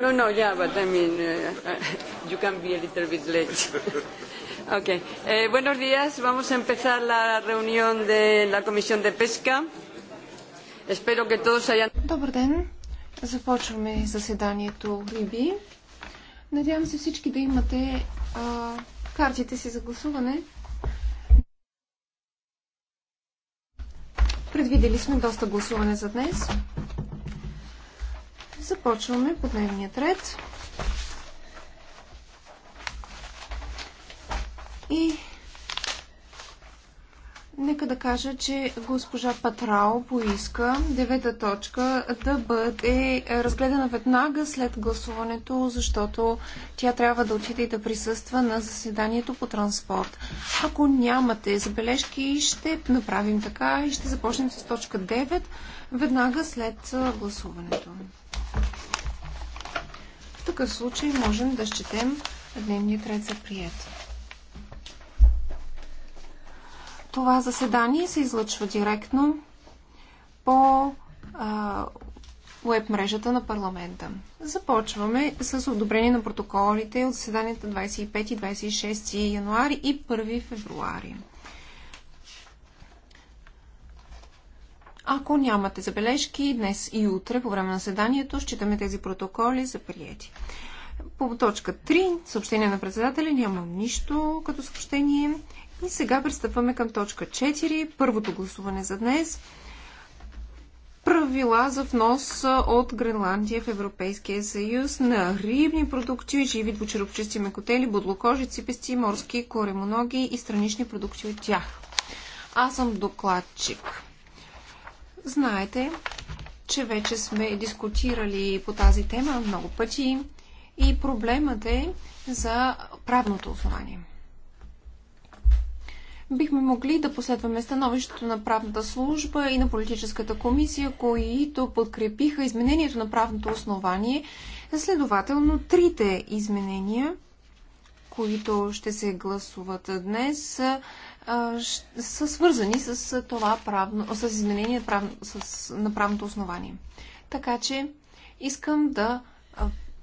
No, no, yeah, but I mean, uh, you can be a little bit late. okay. Eh, buenos días. Vamos a empezar la reunión de la Comisión de Pesca. Espero que todos hayan... Добър ден. Започваме заседанието Риби. Надявам се всички да имате а, картите си за гласуване. Предвидели сме доста гласуване за днес. Започваме по дневният ред. И нека да кажа, че госпожа Патрао поиска девета точка да бъде разгледана веднага след гласуването, защото тя трябва да отиде и да присъства на заседанието по транспорт. Ако нямате забележки, ще направим така и ще започнем с точка 9 веднага след гласуването. В такъв случай можем да счетем дневният ред за прият. Това заседание се излъчва директно по уеб веб мрежата на парламента. Започваме с одобрение на протоколите от заседанията 25 и 26 януари и 1 февруари. Ако нямате забележки, днес и утре по време на заседанието считаме тези протоколи за приети. По точка 3, съобщение на председателя, нямам нищо като съобщение. И сега пристъпваме към точка 4, първото гласуване за днес. Правила за внос от Гренландия в Европейския съюз на рибни продукти, живи двучерупчести мекотели, бодлокожици, ципести, морски коремоноги и странични продукти от тях. Аз съм докладчик. Знаете, че вече сме дискутирали по тази тема много пъти и проблемът е за правното основание. Бихме могли да последваме становището на правната служба и на политическата комисия, които подкрепиха изменението на правното основание. Следователно, трите изменения, които ще се гласуват днес, са свързани с това правно, с изменение прав, с, на правното основание. Така че искам да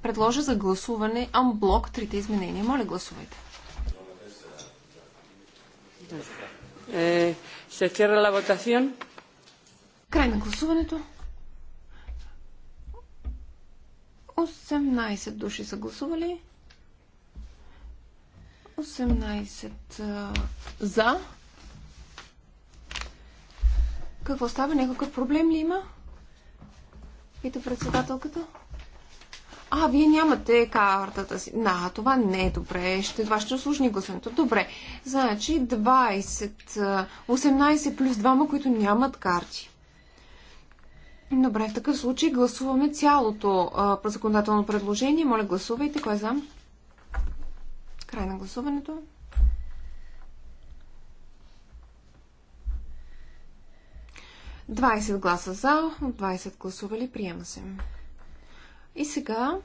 предложа за гласуване амблок трите изменения. Моля, гласувайте. Е, се cierra la votación. Край на гласуването. 18 души са гласували. 18 за. Какво става? Някакъв проблем ли има? Пита председателката. А, вие нямате картата си. На, това не е добре. Ще, това ще осложни гласуването. Добре. Значи 20, 18 плюс 2, които нямат карти. Добре, в такъв случай гласуваме цялото а, законодателно предложение. Моля, гласувайте. Кой е за? Край на гласуването. Двадесет гласа за, от 20 гласували, приема се. И сега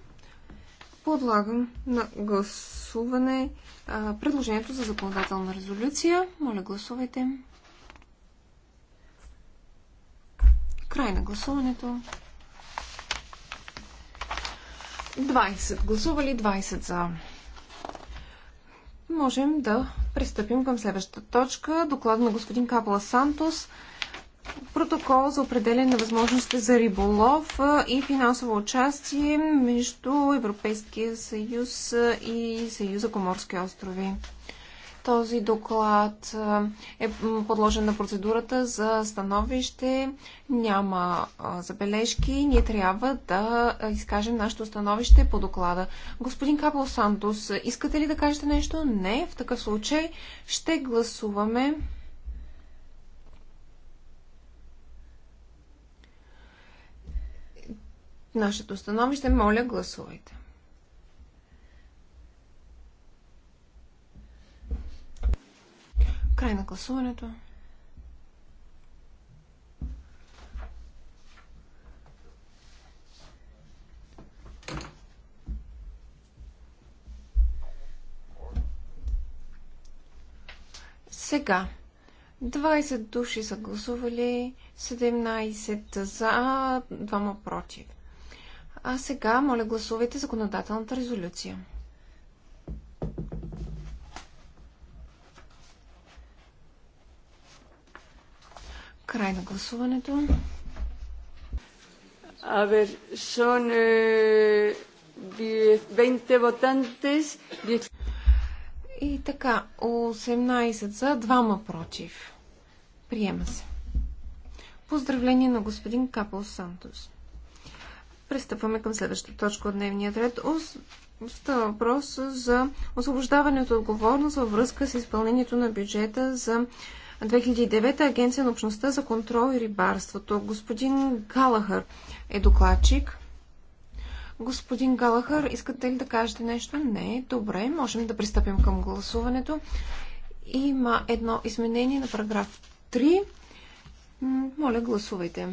подлагам на гласуване а, предложението за законодателна резолюция. Моля, гласувайте. Край на гласуването. 20 гласували, 20 за можем да пристъпим към следващата точка. Доклад на господин Капала Сантос. Протокол за определение на възможностите за риболов и финансово участие между Европейския съюз и Съюза Коморски острови. Този доклад е подложен на процедурата за становище. Няма забележки. Ние трябва да изкажем нашето становище по доклада. Господин Капел Сантос, искате ли да кажете нещо? Не. В такъв случай ще гласуваме. Нашето становище, моля, гласувайте. Край на гласуването. Сега. 20 души са гласували, 17 за, 2 против. А сега, моля, гласувайте законодателната резолюция. Край на гласуването. A ver, son eh, 20 votantes. 10... И така, 18 за, 2 против. Приема се. Поздравление на господин Капел Сантос. Пристъпваме към следващата точка от дневния ред. Става въпрос за освобождаването от отговорност във връзка с изпълнението на бюджета за 2009 Агенция на общността за контрол и рибарството. Господин Галахър е докладчик. Господин Галахър, искате ли да кажете нещо? Не. Добре, можем да пристъпим към гласуването. Има едно изменение на параграф 3. Моля, гласувайте.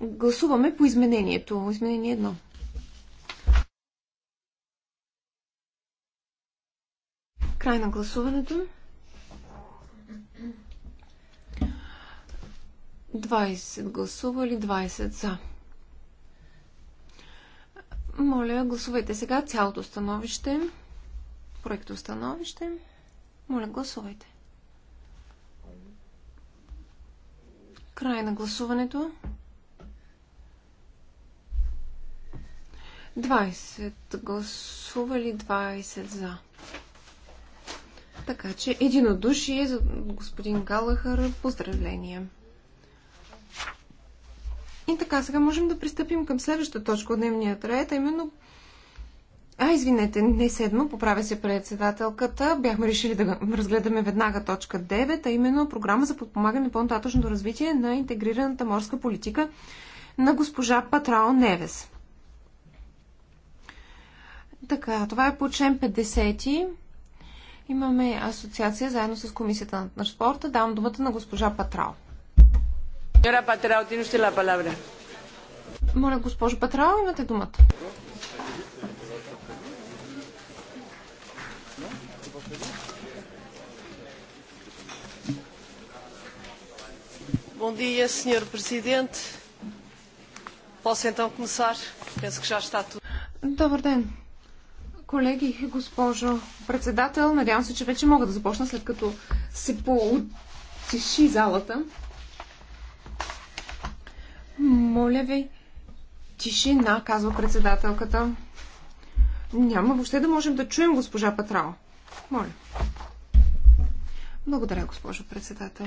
Гласуваме по изменението. Изменение 1. Край на гласуването. 20 гласували, 20 за. Моля, гласувайте сега цялото становище, проекто становище. Моля, гласувайте. Край на гласуването. 20 гласували, 20 за. Така че единодушие за господин Галахър. Поздравления! И така, сега можем да пристъпим към следващата точка от дневния ред, а именно... А, извинете, не седма, поправя се председателката. Бяхме решили да разгледаме веднага точка 9, а именно програма за подпомагане по-нататъчното развитие на интегрираната морска политика на госпожа Патрао Невес. Така, това е по член 50. Имаме асоциация заедно с Комисията на транспорта. Давам думата на госпожа Патрао. Моля, госпожо Патрао, имате думата. Bom dia, Sr. Presidente. Posso então começar? Penso que já está tudo. Добър ден, колеги госпожо председател. Надявам се, че вече мога да започна, след като се поутиши залата. Моля ви, тишина, казва председателката. Няма въобще да можем да чуем госпожа Патрао. Моля. Благодаря, госпожо председател.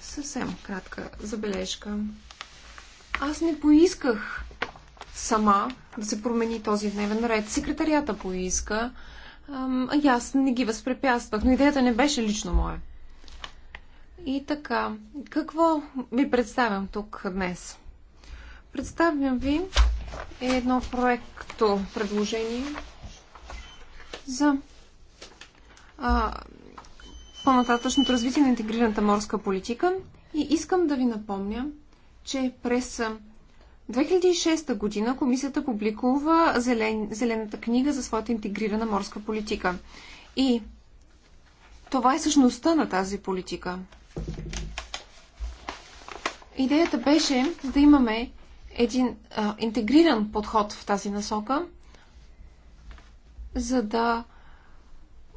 Съвсем кратка забележка. Аз не поисках сама да се промени този дневен ред. Секретарията поиска. Ам, аз не ги възпрепятствах, но идеята не беше лично моя. И така, какво ви представям тук днес? Представям ви едно проекто предложение за по-нататъчното развитие на интегрираната морска политика и искам да ви напомня, че през 2006 година комисията публикува зелен, Зелената книга за своята интегрирана морска политика. И това е същността на тази политика. Идеята беше да имаме един а, интегриран подход в тази насока, за да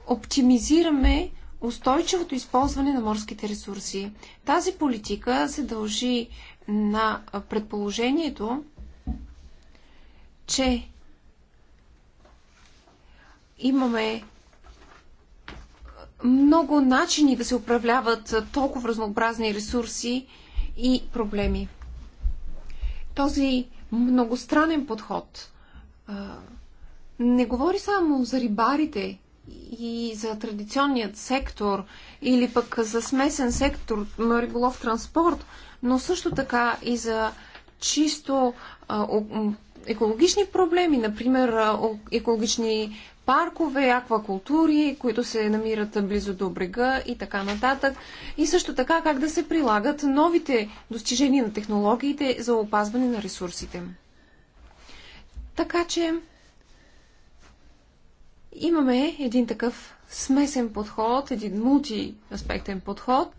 оптимизираме устойчивото използване на морските ресурси. Тази политика се дължи на предположението, че имаме много начини да се управляват толкова разнообразни ресурси и проблеми. Този многостранен подход а, не говори само за рибарите и за традиционният сектор или пък за смесен сектор на риболов транспорт, но също така и за чисто а, екологични проблеми, например екологични паркове, аквакултури, които се намират близо до брега и така нататък. И също така как да се прилагат новите достижения на технологиите за опазване на ресурсите. Така че имаме един такъв смесен подход, един мултиаспектен подход,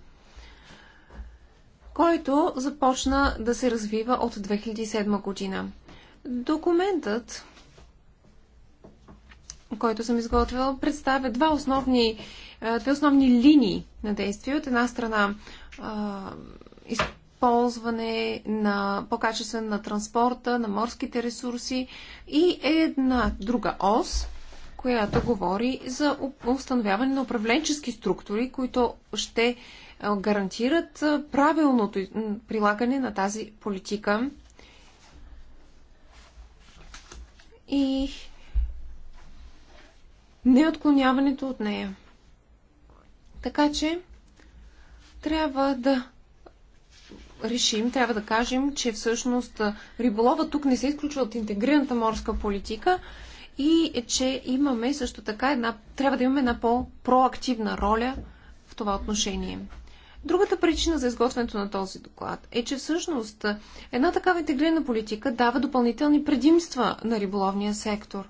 който започна да се развива от 2007 година. Документът който съм изготвила, представя два основни, две основни линии на действие. От една страна използване на по-качествен на транспорта, на морските ресурси и една друга ос, която говори за установяване на управленчески структури, които ще гарантират правилното прилагане на тази политика. И неотклоняването от нея. Така че трябва да решим, трябва да кажем, че всъщност риболова тук не се изключва от интегрираната морска политика и че имаме също така една, трябва да имаме една по-проактивна роля в това отношение. Другата причина за изготвянето на този доклад е, че всъщност една такава интегрирана политика дава допълнителни предимства на риболовния сектор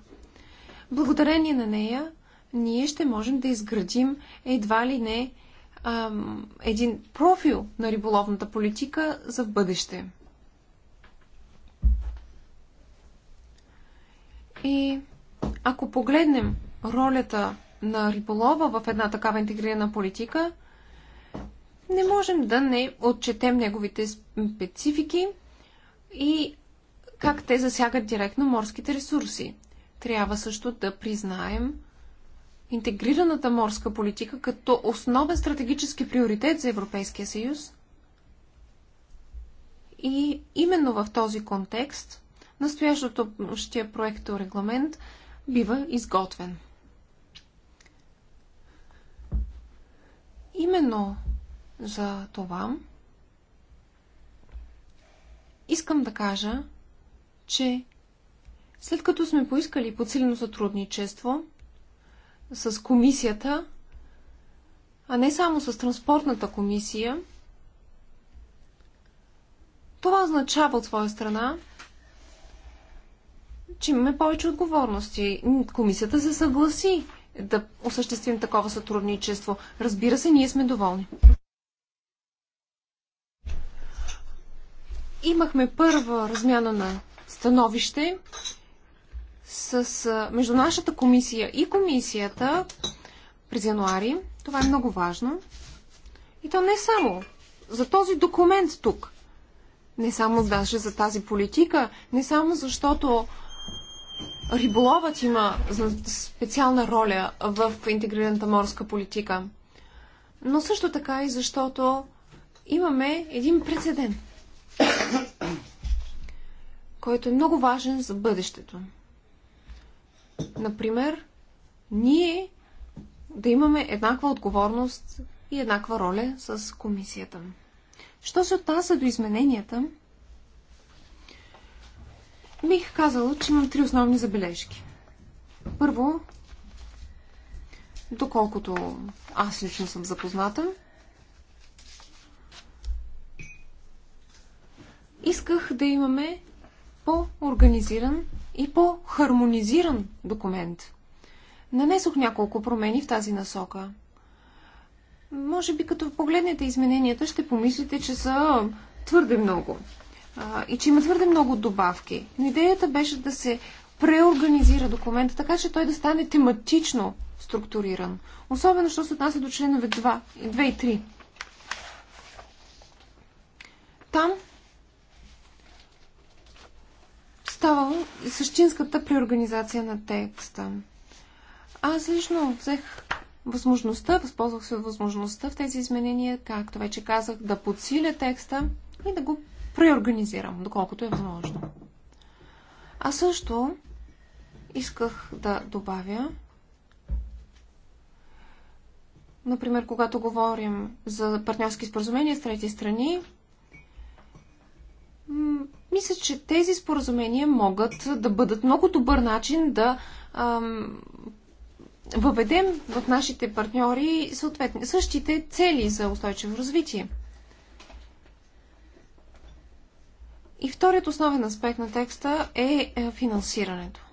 благодарение на нея ние ще можем да изградим едва ли не ам, един профил на риболовната политика за в бъдеще. И ако погледнем ролята на риболова в една такава интегрирана политика, не можем да не отчетем неговите специфики и как те засягат директно морските ресурси. Трябва също да признаем интегрираната морска политика като основен стратегически приоритет за Европейския съюз. И именно в този контекст настоящото проект проекто регламент бива изготвен. Именно за това искам да кажа, че след като сме поискали подсилено сътрудничество с комисията, а не само с транспортната комисия, това означава от своя страна, че имаме повече отговорности. Комисията се съгласи да осъществим такова сътрудничество. Разбира се, ние сме доволни. Имахме първа размяна на становище с, между нашата комисия и комисията през януари. Това е много важно. И то не само за този документ тук. Не само даже за тази политика, не само защото риболовът има специална роля в интегрираната морска политика, но също така и защото имаме един прецедент, който е много важен за бъдещето например, ние да имаме еднаква отговорност и еднаква роля с комисията. Що се отнася до измененията, бих казала, че имам три основни забележки. Първо, доколкото аз лично съм запозната, исках да имаме по-организиран и по-хармонизиран документ. Нанесох няколко промени в тази насока. Може би като погледнете измененията, ще помислите, че са твърде много а, и че има твърде много добавки. Но идеята беше да се преорганизира документа, така че той да стане тематично структуриран. Особено, що се отнася до членове 2, 2 и 3. Там става същинската преорганизация на текста. Аз лично взех възможността, възползвах се от възможността в тези изменения, както вече казах, да подсиля текста и да го преорганизирам, доколкото е възможно. А също исках да добавя, например, когато говорим за партньорски споразумения с трети страни, мисля, че тези споразумения могат да бъдат много добър начин да ам, въведем в нашите партньори съответни, същите цели за устойчиво развитие. И вторият основен аспект на текста е, е финансирането.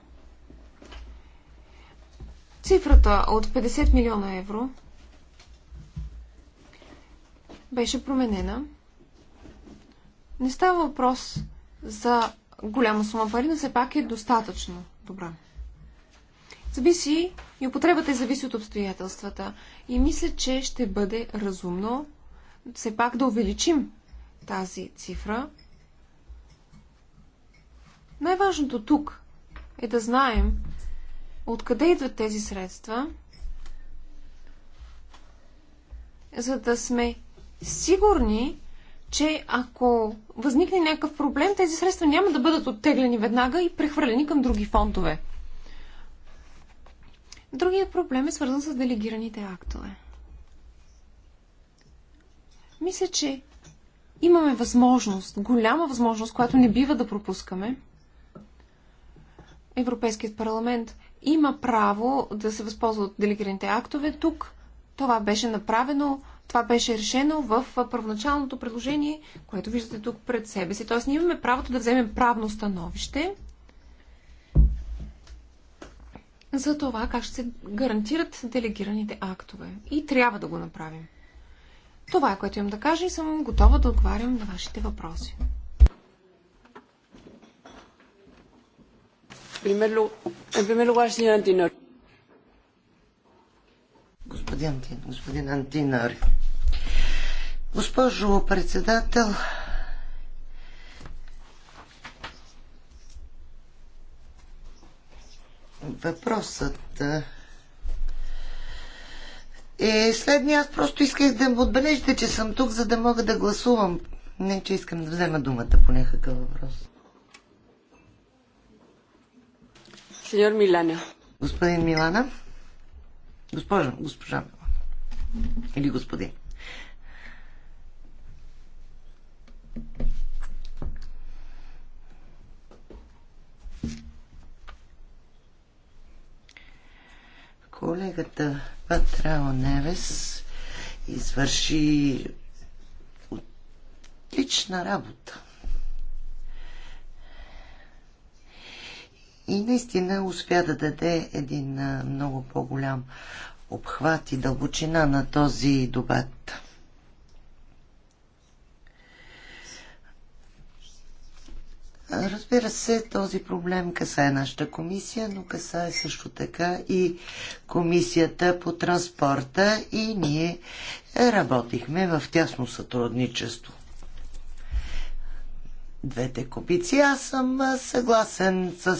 Цифрата от 50 милиона евро беше променена – не става въпрос за голяма сума пари, но все пак е достатъчно добра. Зависи и употребата и е зависи от обстоятелствата. И мисля, че ще бъде разумно все пак да увеличим тази цифра. Най-важното тук е да знаем откъде идват тези средства, за да сме сигурни, че ако възникне някакъв проблем, тези средства няма да бъдат оттеглени веднага и прехвърлени към други фондове. Другият проблем е свързан с делегираните актове. Мисля, че имаме възможност, голяма възможност, която не бива да пропускаме. Европейският парламент има право да се възползва от делегираните актове. Тук това беше направено това беше решено в първоначалното предложение, което виждате тук пред себе си. Тоест, ние имаме правото да вземем правно становище за това как ще се гарантират делегираните актове. И трябва да го направим. Това е което имам да кажа и съм готова да отговарям на вашите въпроси. Примерно, primer lugar, señor Antinor. Господин, господин Антинар. Госпожо председател, въпросът е следния. Аз просто исках да му отбележите, че съм тук, за да мога да гласувам. Не, че искам да взема думата по някакъв въпрос. Сеньор Милана. Господин Милана. Госпожо, госпожа или господин. Колегата Патрао Невес извърши отлична работа. И наистина успя да даде един много по-голям обхват и дълбочина на този дебат. Разбира се, този проблем касае нашата комисия, но касае също така и комисията по транспорта и ние работихме в тясно сътрудничество двете купици. Аз съм съгласен с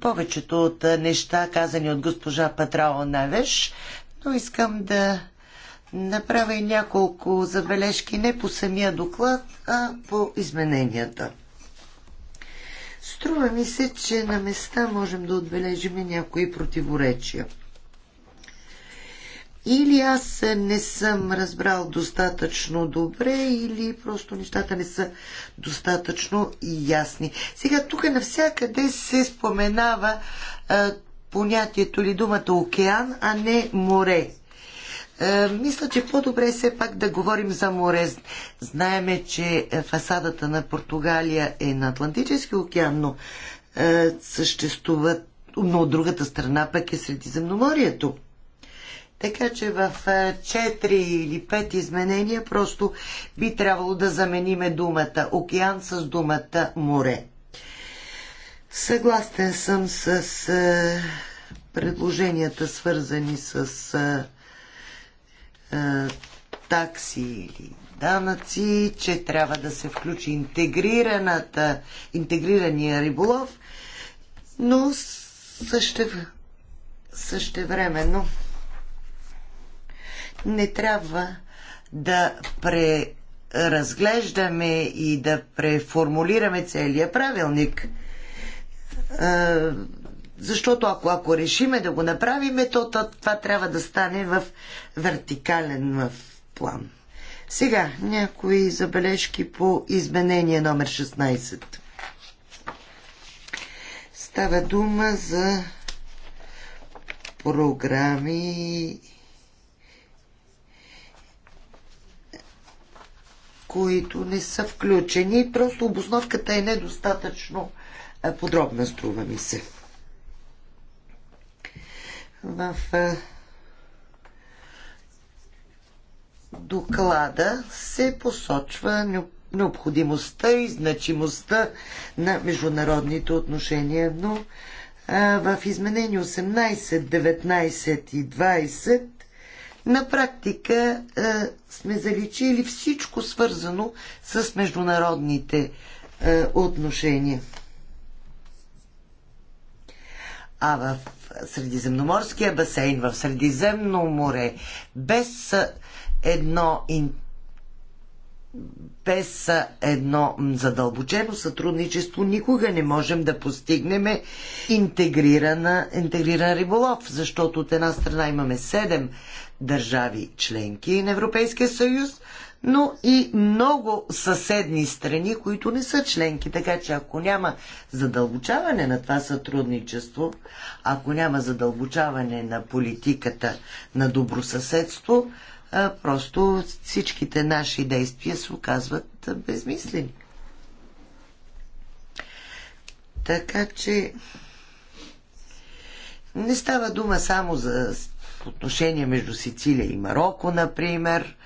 повечето от неща, казани от госпожа Патрао Навеш, но искам да направя и няколко забележки не по самия доклад, а по измененията. Струва ми се, че на места можем да отбележим някои противоречия – или аз не съм разбрал достатъчно добре, или просто нещата не са достатъчно ясни. Сега тук навсякъде се споменава а, понятието или думата океан, а не море. мисля, че по-добре е все пак да говорим за море. Знаеме, че фасадата на Португалия е на Атлантически океан, но е, съществуват, но от другата страна пък е Средиземноморието. Така че в 4 е, или 5 изменения просто би трябвало да замениме думата океан с думата море. Съгласен съм с е, предложенията, свързани с е, такси или данъци, че трябва да се включи интегрираната, интегрирания риболов, но също, същевременно времено не трябва да преразглеждаме и да преформулираме целия правилник. Е, защото ако, ако решиме да го направиме, то, то това трябва да стане в вертикален в план. Сега някои забележки по изменение номер 16. Става дума за програми които не са включени. Просто обосновката е недостатъчно подробна, струва ми се. В доклада се посочва необходимостта и значимостта на международните отношения, но в изменение 18, 19 и 20 на практика е, сме заличили всичко свързано с международните е, отношения. А в Средиземноморския басейн, в Средиземно море, без едно без едно задълбочено сътрудничество никога не можем да постигнем интегриран риболов, защото от една страна имаме седем държави членки на Европейския съюз, но и много съседни страни, които не са членки. Така че ако няма задълбочаване на това сътрудничество, ако няма задълбочаване на политиката на добросъседство, просто всичките наши действия се оказват безмислени. Така че не става дума само за отношения между Сицилия и Марокко, например,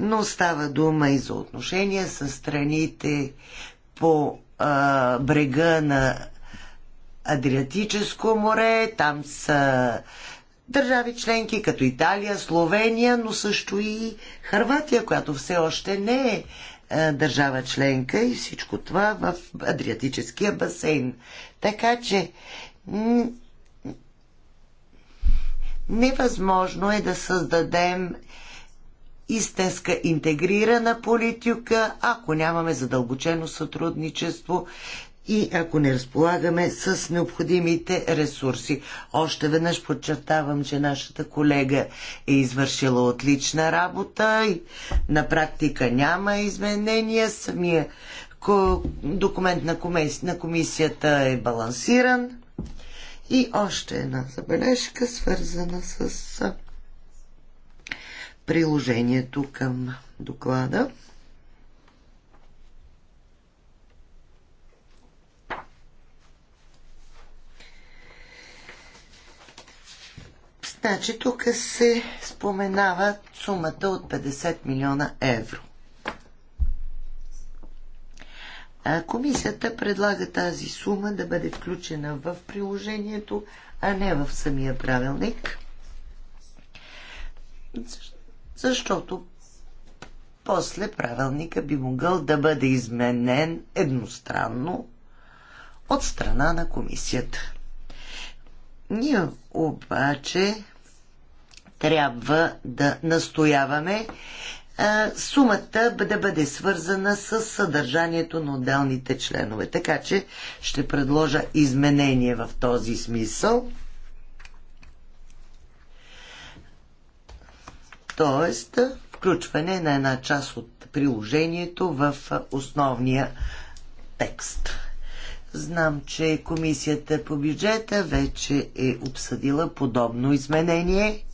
но става дума и за отношения с страните по а, брега на Адриатическо море, там са държави членки като Италия, Словения, но също и Харватия, която все още не е държава членка и всичко това в Адриатическия басейн. Така че невъзможно е да създадем истинска интегрирана политика, ако нямаме задълбочено сътрудничество и ако не разполагаме с необходимите ресурси. Още веднъж подчертавам, че нашата колега е извършила отлична работа и на практика няма изменения. Самия документ на комисията е балансиран и още една забележка, свързана с приложението към доклада. Значи тук се споменава сумата от 50 милиона евро. Комисията предлага тази сума да бъде включена в приложението, а не в самия правилник, защото после правилника би могъл да бъде изменен едностранно от страна на комисията. Ние обаче трябва да настояваме сумата да бъде свързана с съдържанието на отделните членове. Така че ще предложа изменение в този смисъл. Тоест, включване на една част от приложението в основния текст. Знам, че комисията по бюджета вече е обсъдила подобно изменение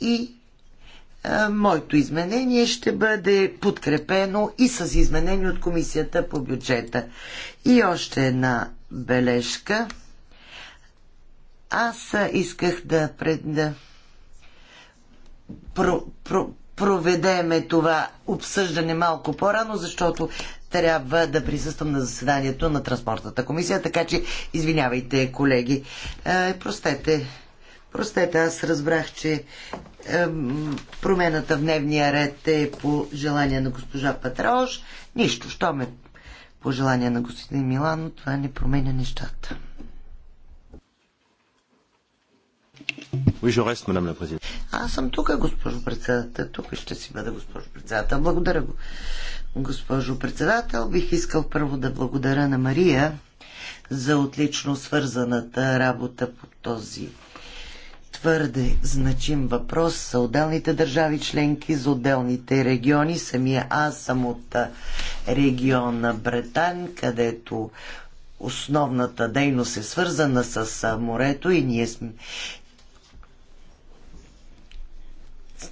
и е, моето изменение ще бъде подкрепено и с изменение от Комисията по бюджета. И още една бележка. Аз исках да, пред, да про, про, проведеме това обсъждане малко по-рано, защото трябва да присъствам на заседанието на Транспортната комисия, така че извинявайте, колеги. Е, простете Простете, аз разбрах, че промената в дневния ред е по желание на госпожа Патраош. Нищо, що ме по желание на господин Милано, това не променя нещата. Аз съм тук, госпожо председател. Тук ще си бъда, госпожо председател. Благодаря го. Госпожо председател, бих искал първо да благодаря на Мария за отлично свързаната работа по този твърде значим въпрос за отделните държави членки, за отделните региони. Самия аз съм от региона Бретан, където основната дейност е свързана с морето и ние сме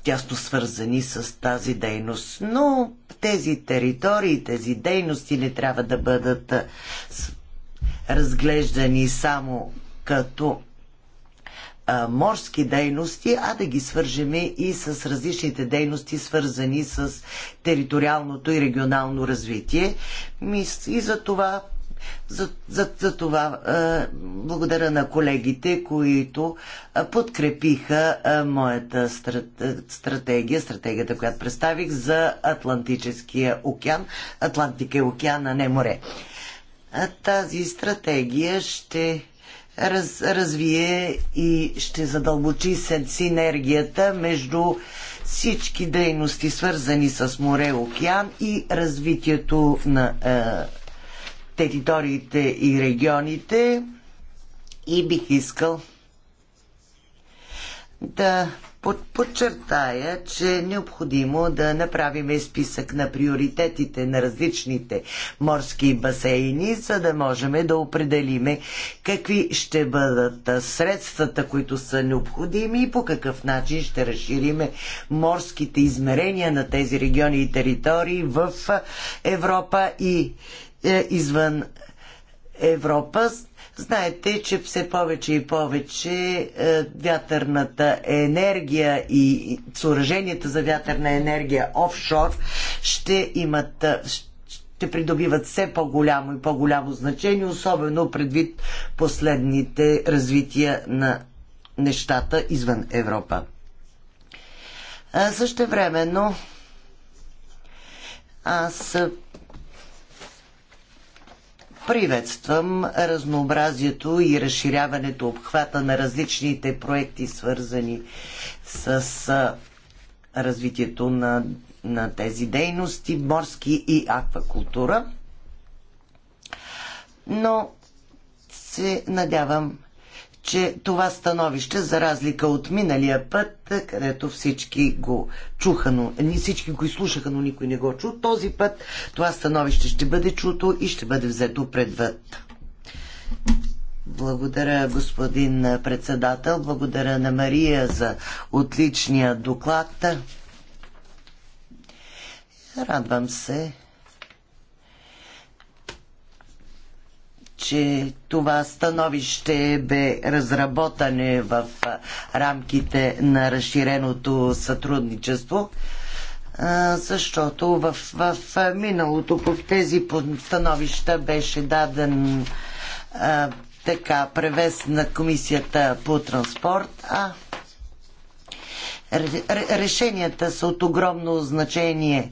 тясно свързани с тази дейност. Но тези територии, тези дейности не трябва да бъдат разглеждани само като морски дейности, а да ги свържем и с различните дейности, свързани с териториалното и регионално развитие. И за това за, за, за това благодаря на колегите, които подкрепиха моята стратегия, стратегията, която представих за Атлантическия океан. Атлантика е океан, а не море. Тази стратегия ще раз, развие и ще задълбочи синергията между всички дейности, свързани с море, океан и развитието на е, териториите и регионите. И бих искал да подчертая, че е необходимо да направим списък на приоритетите на различните морски басейни, за да можем да определиме какви ще бъдат средствата, които са необходими и по какъв начин ще разшириме морските измерения на тези региони и територии в Европа и е, извън Европа Знаете, че все повече и повече е, вятърната енергия и съоръженията за вятърна енергия офшор ще имат е, ще придобиват все по-голямо и по-голямо значение, особено предвид последните развития на нещата извън Европа. Е, също времено аз Приветствам разнообразието и разширяването обхвата на различните проекти, свързани с развитието на, на тези дейности, морски и аквакултура. Но се надявам че това становище, за разлика от миналия път, където всички го чуха, но ни всички го изслушаха, но никой не го чу, този път това становище ще бъде чуто и ще бъде взето предвъд. Благодаря, господин председател. Благодаря на Мария за отличния доклад. Радвам се, че това становище бе разработане в рамките на разширеното сътрудничество, защото в, в миналото по тези становища беше даден а, така превес на комисията по транспорт, а решенията са от огромно значение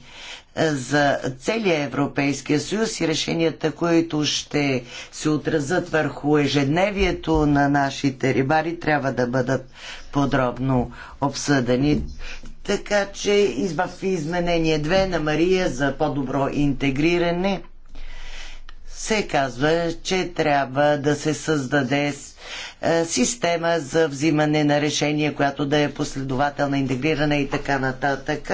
за целия Европейския съюз и решенията, които ще се отразят върху ежедневието на нашите рибари, трябва да бъдат подробно обсъдени. Така че в изменение 2 на Мария за по-добро интегриране се казва, че трябва да се създаде е, система за взимане на решения, която да е последователна, интегрирана и така нататък.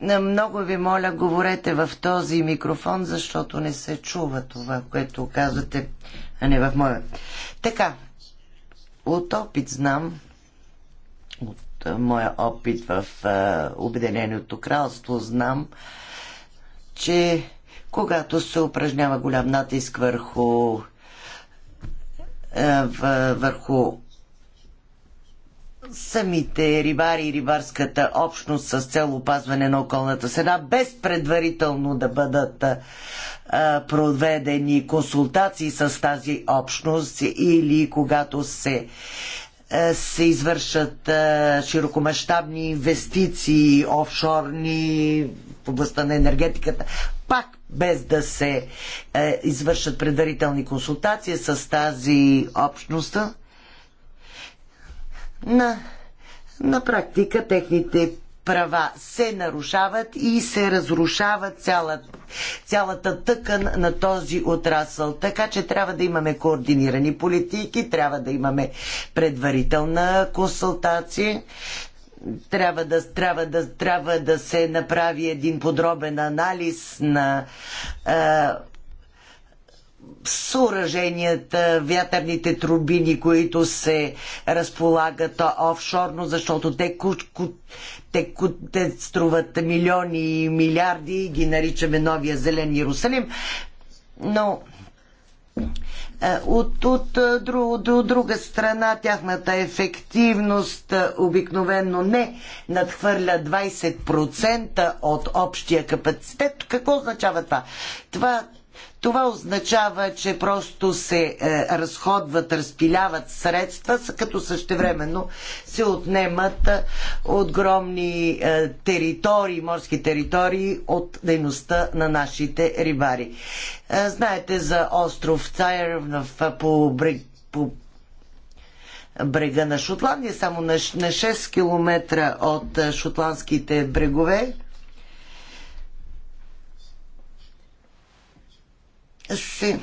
Много ви моля, говорете в този микрофон, защото не се чува това, което казвате, а не в моя. Така, от опит знам, от моя опит в Обединеното кралство знам, че когато се упражнява голям натиск върху, върху самите рибари и рибарската общност с цел опазване на околната среда, без предварително да бъдат проведени консултации с тази общност или когато се се извършат широкомащабни инвестиции, офшорни в областта на енергетиката, пак без да се извършат предварителни консултации с тази общност, на, на практика техните права се нарушават и се разрушава цялата, цялата тъкан на този отрасъл. Така че трябва да имаме координирани политики, трябва да имаме предварителна консултация, трябва да, трябва да, трябва да се направи един подробен анализ на съоръженията, вятърните турбини, които се разполагат офшорно, защото те, те, те струват милиони и милиарди и ги наричаме новия зелен Иерусалим. Но е, от, от, е, от, от друга страна, тяхната ефективност е, обикновено не надхвърля 20% от общия капацитет. Какво означава това? Това това означава, че просто се е, разходват, разпиляват средства, като същевременно се отнемат е, огромни е, територии, морски територии от дейността на нашите рибари. Е, знаете за остров Цайер в, по, брег, по брега на Шотландия, само на, на 6 км от е, шотландските брегове се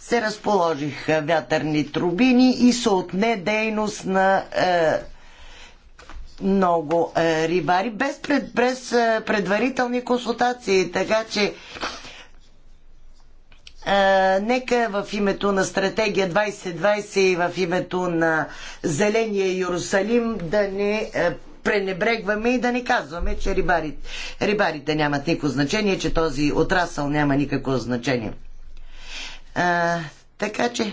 се разположиха вятърни трубини и се отне дейност на е, много е, рибари без, пред, без е, предварителни консултации. Така че е, нека в името на стратегия 2020 и в името на Зеления Иерусалим да не е, пренебрегваме и да не казваме, че рибарите, рибарите нямат никакво значение, че този отрасъл няма никакво значение. А, така че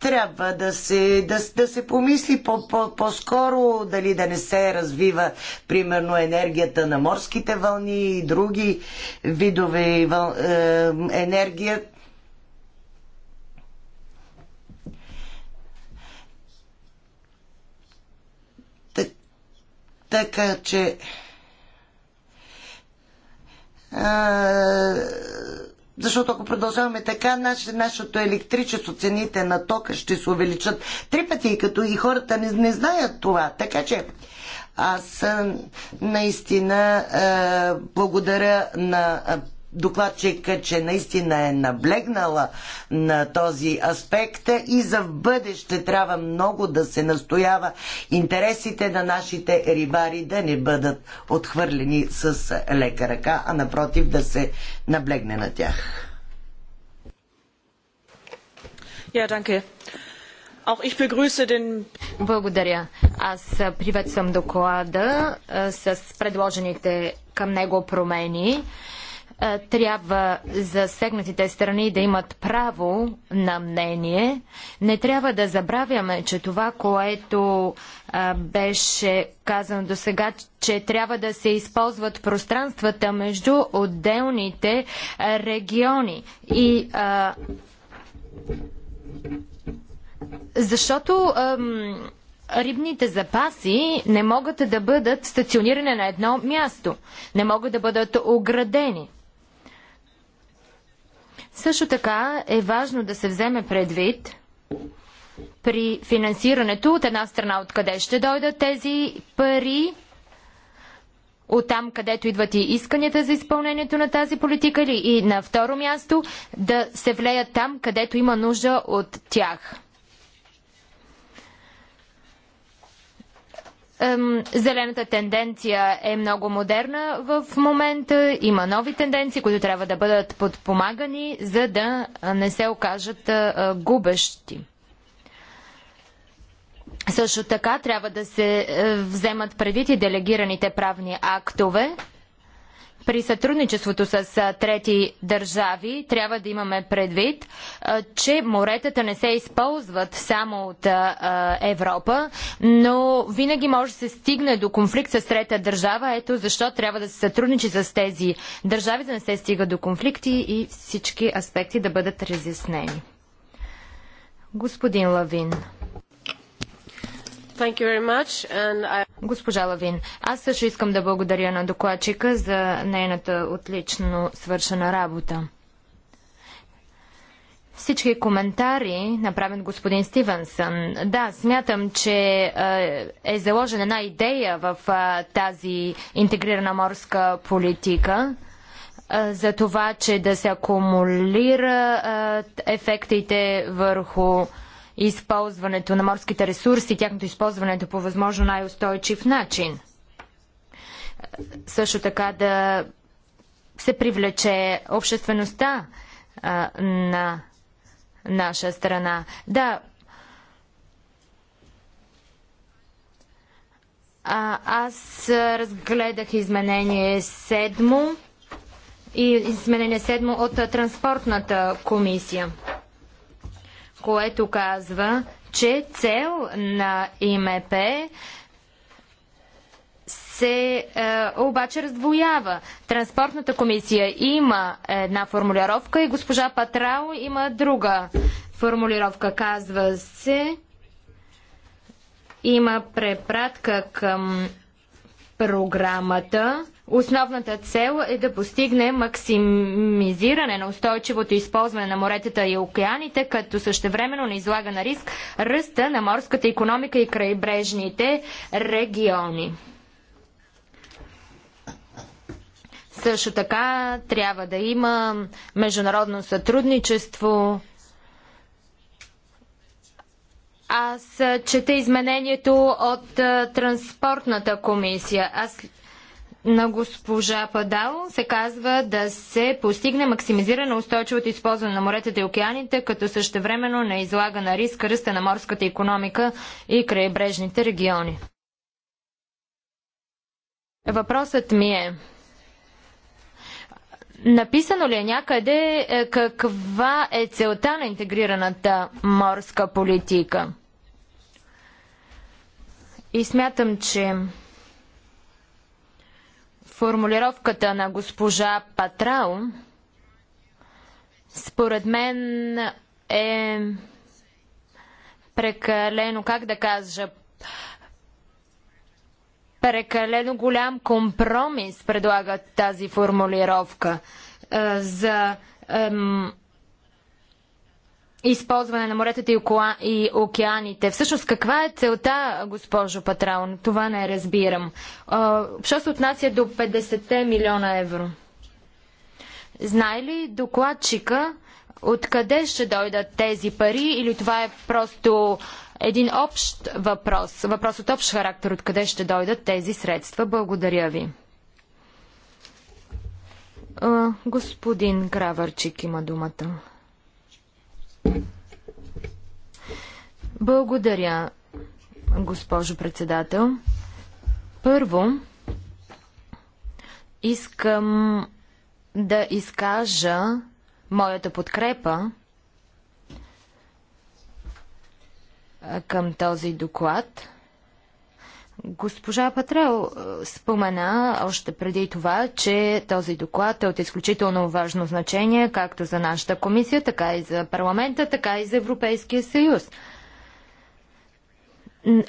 трябва да се, да, да се помисли по-скоро по, по дали да не се развива, примерно, енергията на морските вълни и други видове въл, е, енергия, Така че защото ако продължаваме така, наше, нашето електричество, цените на тока ще се увеличат три пъти, като и хората не, не знаят това. Така че аз наистина благодаря на докладчика, че наистина е наблегнала на този аспект и за в бъдеще трябва много да се настоява интересите на нашите рибари да не бъдат отхвърлени с лека ръка, а напротив да се наблегне на тях. Ja, danke. Благодаря. Аз приветствам доклада с предложените към него промени. Е, трябва засегнатите страни да имат право на мнение. Не трябва да забравяме, че това, което а, е, беше казано до сега, че трябва да се използват пространствата между отделните е, региони. И а, защото ам, рибните запаси не могат да бъдат стационирани на едно място, не могат да бъдат оградени. Също така е важно да се вземе предвид при финансирането от една страна откъде ще дойдат тези пари, от там където идват и исканията за изпълнението на тази политика или и на второ място да се влеят там, където има нужда от тях. Зелената тенденция е много модерна в момента. Има нови тенденции, които трябва да бъдат подпомагани, за да не се окажат е, губещи. Също така трябва да се е, вземат предвид и делегираните правни актове, при сътрудничеството с трети държави трябва да имаме предвид, че моретата не се използват само от Европа, но винаги може да се стигне до конфликт с трета държава. Ето защо трябва да се сътрудничи с тези държави, да не се стига до конфликти и всички аспекти да бъдат разяснени. Господин Лавин. Госпожа Лавин, аз също искам да благодаря на докладчика за нейната отлично свършена работа. Всички коментари направен господин Стивенсън. Да, смятам, че е, е заложена една идея в тази интегрирана морска политика за това, че да се акумулира ефектите върху използването на морските ресурси, тяхното използването по възможно най-устойчив начин. Също така да се привлече обществеността а, на наша страна. Да, А, аз разгледах изменение седмо и изменение седмо от транспортната комисия което казва, че цел на ИМП се е, обаче раздвоява. Транспортната комисия има една формулировка и госпожа Патрао има друга формулировка. Казва се, има препратка към програмата Основната цел е да постигне максимизиране на устойчивото използване на моретата и океаните, като същевременно не излага на риск ръста на морската економика и крайбрежните региони. Също така трябва да има международно сътрудничество. Аз чета изменението от Транспортната комисия. Аз на госпожа Падал се казва да се постигне максимизирана устойчивото използване на моретата и океаните, като същевременно не излага на риск ръста на морската економика и крайбрежните региони. Въпросът ми е, Написано ли е някъде е, каква е целта на интегрираната морска политика? И смятам, че формулировката на госпожа Патрао, според мен е прекалено, как да кажа, прекалено голям компромис предлага тази формулировка за ем, използване на моретата и, окуа... и океаните. Всъщност, каква е целта, госпожо Патраун? Това не разбирам. А, що се отнася до 50 милиона евро? Знае ли докладчика откъде ще дойдат тези пари или това е просто един общ въпрос, въпрос от общ характер, откъде ще дойдат тези средства? Благодаря ви. А, господин Краварчик има думата. Благодаря, госпожо председател. Първо, искам да изкажа моята подкрепа към този доклад. Госпожа Патрел е, спомена още преди това, че този доклад е от изключително важно значение както за нашата комисия, така и за парламента, така и за Европейския съюз.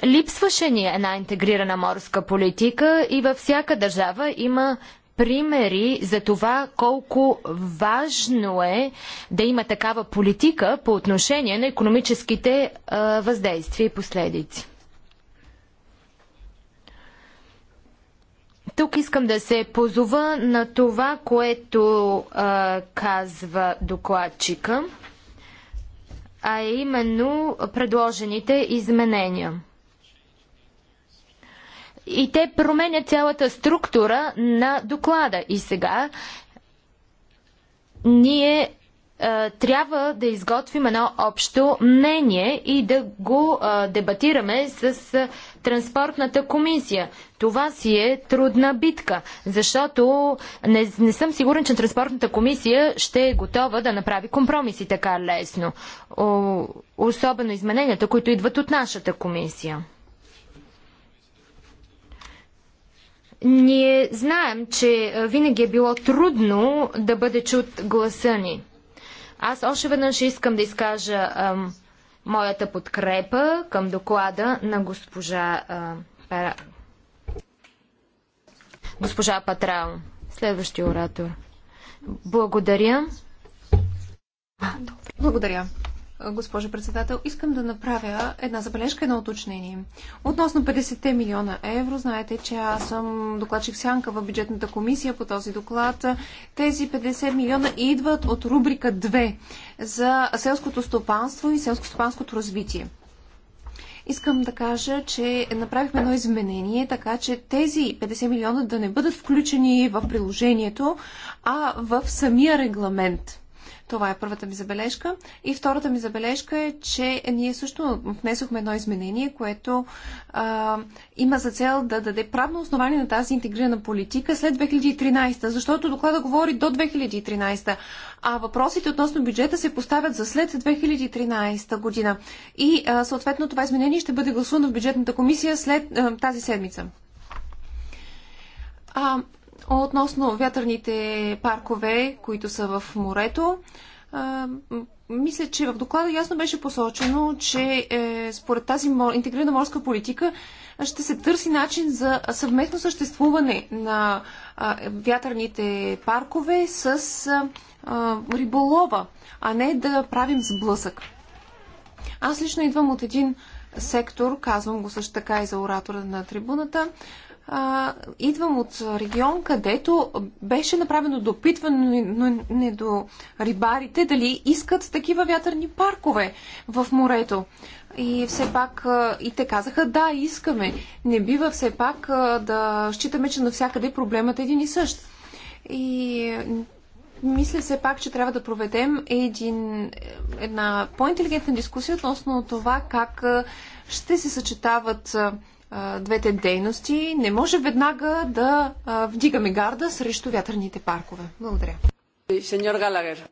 Липсваше ни една интегрирана морска политика и във всяка държава има примери за това колко важно е да има такава политика по отношение на економическите а, въздействия и последици. Тук искам да се позова на това, което а, казва докладчика, а именно предложените изменения. И те променят цялата структура на доклада. И сега ние а, е, трябва да изготвим едно общо мнение и да го а, е, дебатираме с а, е, транспортната комисия. Това си е трудна битка, защото не, не съм сигурен, че транспортната комисия ще е готова да направи компромиси така лесно. О, особено измененията, които идват от нашата комисия. Ние знаем, че винаги е било трудно да бъде чут гласа ни. Аз още веднъж искам да изкажа ам, моята подкрепа към доклада на госпожа, ам, пара... госпожа Патрао. Следващия оратор. Благодаря. Благодаря госпожо председател. Искам да направя една забележка, едно уточнение. Относно 50 милиона евро, знаете, че аз съм докладчик сянка в бюджетната комисия по този доклад. Тези 50 милиона идват от рубрика 2 за селското стопанство и селско-стопанското развитие. Искам да кажа, че направихме едно изменение, така че тези 50 милиона да не бъдат включени в приложението, а в самия регламент. Това е първата ми забележка. И втората ми забележка е, че ние също внесохме едно изменение, което а, има за цел да даде правно основание на тази интегрирана политика след 2013, защото доклада говори до 2013, а въпросите относно бюджета се поставят за след 2013 година. И а, съответно това изменение ще бъде гласувано в бюджетната комисия след а, тази седмица. А, Относно вятърните паркове, които са в морето, мисля, че в доклада ясно беше посочено, че е, според тази интегрирана морска политика ще се търси начин за съвместно съществуване на вятърните паркове с риболова, а не да правим сблъсък. Аз лично идвам от един сектор, казвам го също така и за оратора на трибуната, а, идвам от регион, където беше направено допитване, но не до рибарите, дали искат такива вятърни паркове в морето. И все пак а, и те казаха, да, искаме. Не бива все пак а, да считаме, че навсякъде проблемът е един и същ. И мисля все пак, че трябва да проведем един, една по-интелигентна дискусия относно това как ще се съчетават двете дейности, не може веднага да вдигаме гарда срещу вятърните паркове. Благодаря. Сеньор Галагер.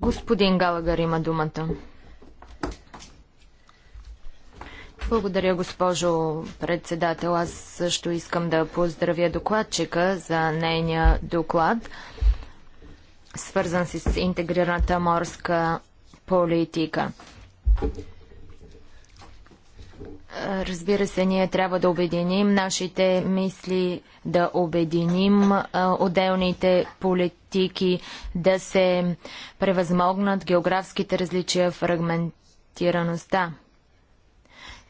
Господин Галагер има думата. Благодаря, госпожо председател. Аз също искам да поздравя докладчика за нейния доклад, свързан с интегрираната морска политика. Разбира се, ние трябва да обединим нашите мисли, да обединим отделните политики, да се превъзмогнат географските различия, фрагментираността.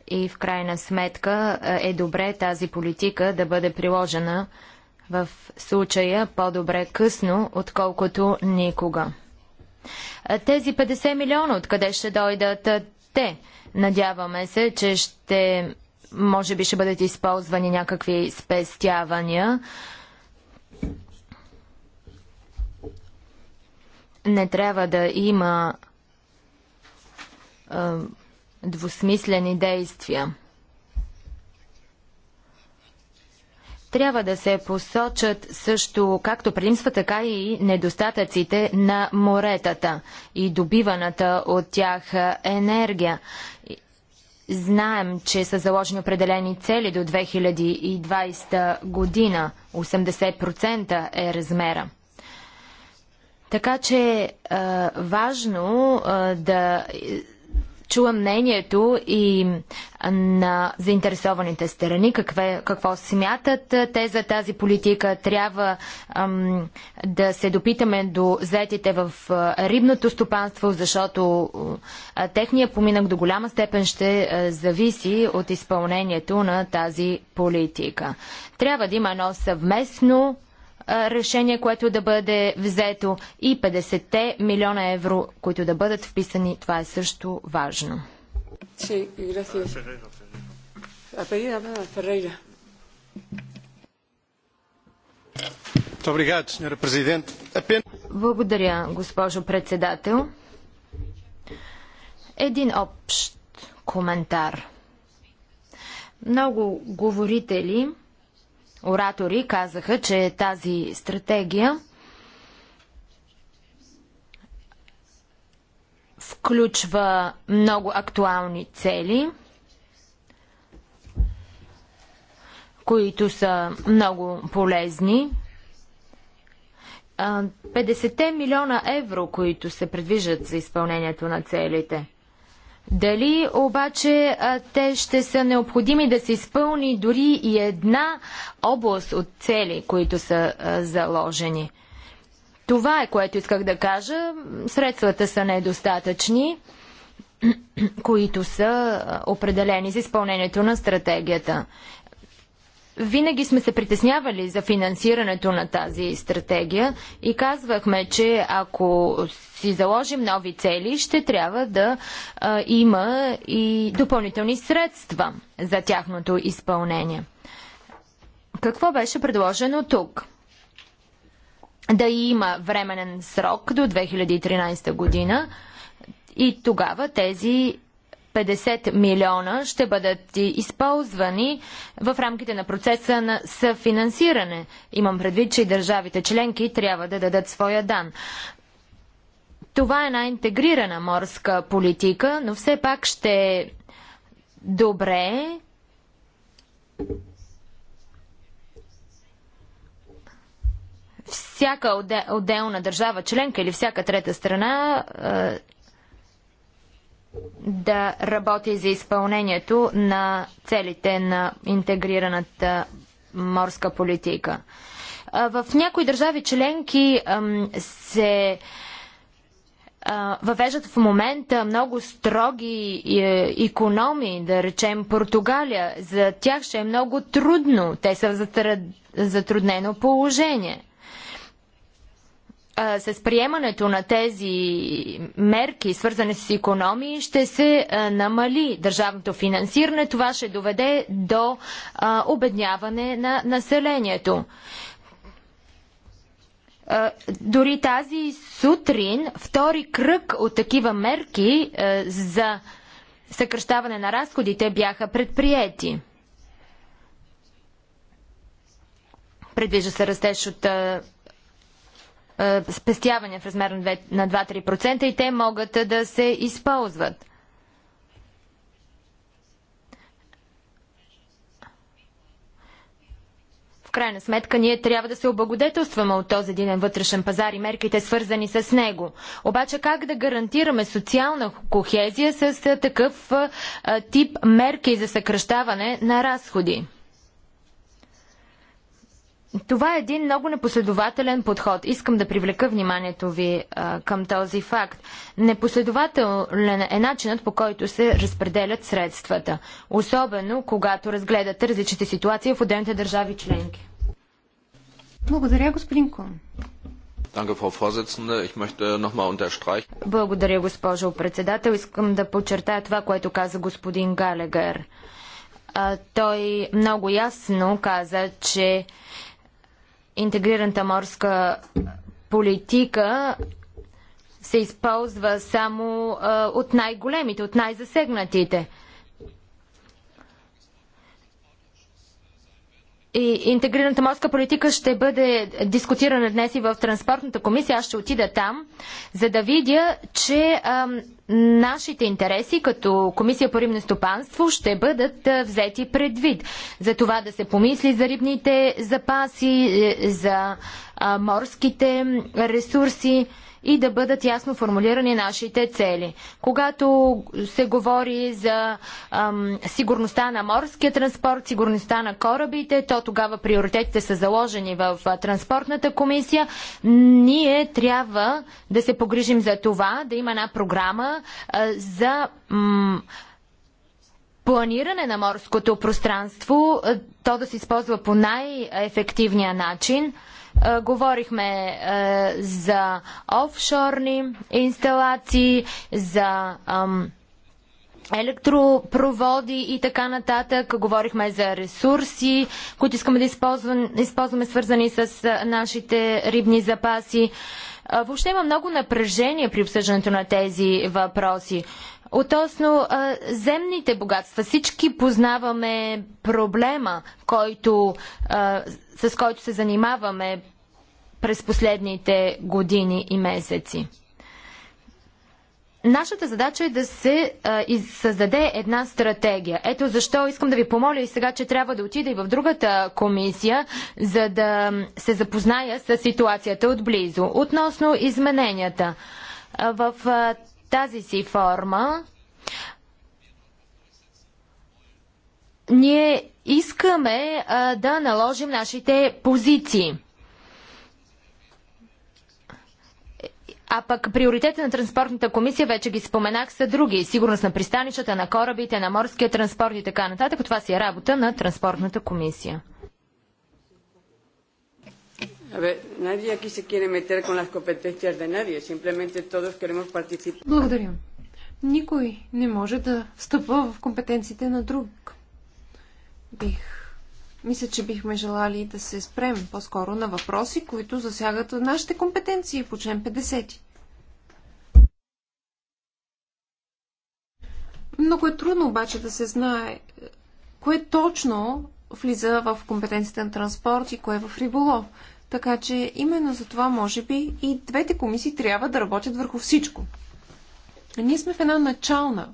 И в крайна сметка е добре тази политика да бъде приложена в случая по-добре късно, отколкото никога. Тези 50 милиона, откъде ще дойдат те? Надяваме се, че ще може би ще бъдат използвани някакви спестявания. Не трябва да има а, двусмислени действия. Трябва да се посочат също както предимства, така и недостатъците на моретата и добиваната от тях енергия. Знаем, че са заложени определени цели до 2020 година. 80% е размера. Така че е важно е, да чула мнението и на заинтересованите страни, какве, какво смятат те за тази политика. Трябва ам, да се допитаме до заетите в рибното стопанство, защото а, техния поминък до голяма степен ще а, зависи от изпълнението на тази политика. Трябва да има едно съвместно решение, което да бъде взето и 50-те милиона евро, които да бъдат вписани. Това е също важно. Благодаря, госпожо председател. Един общ коментар. Много говорители оратори казаха, че тази стратегия включва много актуални цели, които са много полезни. 50 милиона евро, които се предвижат за изпълнението на целите – дали обаче те ще са необходими да се изпълни дори и една област от цели, които са заложени? Това е което исках да кажа. Средствата са недостатъчни, които са определени за изпълнението на стратегията винаги сме се притеснявали за финансирането на тази стратегия и казвахме, че ако си заложим нови цели, ще трябва да а, има и допълнителни средства за тяхното изпълнение. Какво беше предложено тук? Да има временен срок до 2013 година и тогава тези 50 милиона ще бъдат използвани в рамките на процеса на съфинансиране. Имам предвид, че и държавите членки трябва да дадат своя дан. Това е една интегрирана морска политика, но все пак ще е добре всяка отделна държава членка или всяка трета страна да работи за изпълнението на целите на интегрираната морска политика. В някои държави членки се въвеждат в момента много строги економии, да речем Португалия. За тях ще е много трудно. Те са в затруднено положение а, с приемането на тези мерки, свързани с економии, ще се а, намали държавното финансиране. Това ще доведе до а, обедняване на населението. Дори тази сутрин втори кръг от такива мерки за съкръщаване на разходите бяха предприети. Предвижда се растеж от е, спестявания в размер на 2-3% и те могат да се използват. В крайна сметка ние трябва да се облагодетелстваме от този единен вътрешен пазар и мерките свързани с него. Обаче как да гарантираме социална кохезия с е, такъв е, тип мерки за съкръщаване на разходи? Това е един много непоследователен подход. Искам да привлека вниманието ви а, към този факт. Непоследователен е начинът по който се разпределят средствата, особено когато разгледате различните ситуации в отделните държави членки. Благодаря, господин Кун. Благодаря, госпожо председател. Искам да подчертая това, което каза господин Галегер. А, той много ясно каза, че интегрираната морска политика се използва само а, от най-големите, от най-засегнатите. И интегрираната морска политика ще бъде дискутирана днес и в Транспортната комисия. Аз ще отида там, за да видя, че ам, нашите интереси като Комисия по рибно стопанство ще бъдат взети предвид. За това да се помисли за рибните запаси, е, за морските ресурси и да бъдат ясно формулирани нашите цели. Когато се говори за ам, сигурността на морския транспорт, сигурността на корабите, то тогава приоритетите са заложени в транспортната комисия. Ние трябва да се погрижим за това, да има една програма, за планиране на морското пространство, то да се използва по най-ефективния начин. говорихме за офшорни инсталации, за електропроводи и така нататък. Говорихме за ресурси, които искаме да използваме, свързани с нашите рибни запаси. Въобще има много напрежение при обсъждането на тези въпроси. Относно земните богатства, всички познаваме проблема, който, с който се занимаваме през последните години и месеци. Нашата задача е да се а, създаде една стратегия. Ето защо искам да ви помоля и сега, че трябва да отида и в другата комисия, за да се запозная с ситуацията отблизо. Относно измененията. А, в а, тази си форма ние искаме а, да наложим нашите позиции. А пък приоритетите на транспортната комисия, вече ги споменах, са други. Сигурност на пристанищата, на корабите, на морския транспорт и така нататък. Това си е работа на транспортната комисия. Благодаря. Никой не може да встъпва в компетенциите на друг. Бих мисля, че бихме желали да се спрем по-скоро на въпроси, които засягат нашите компетенции по член 50. Много е трудно обаче да се знае е, кое точно влиза в компетенцията на транспорт и кое е в риболов. Така че именно за това, може би, и двете комисии трябва да работят върху всичко. Ние сме в една начална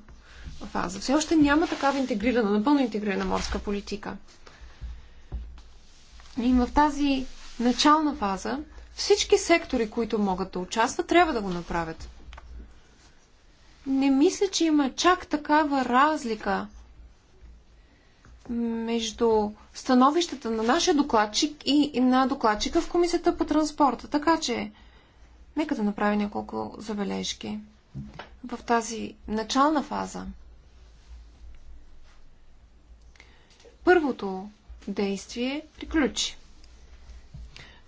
фаза. Все още няма такава интегрирана, напълно интегрирана морска политика. И в тази начална фаза всички сектори, които могат да участват, трябва да го направят. Не мисля, че има чак такава разлика между становищата на нашия докладчик и на докладчика в Комисията по транспорта. Така че, нека да направим няколко забележки в тази начална фаза. Първото, действие приключи.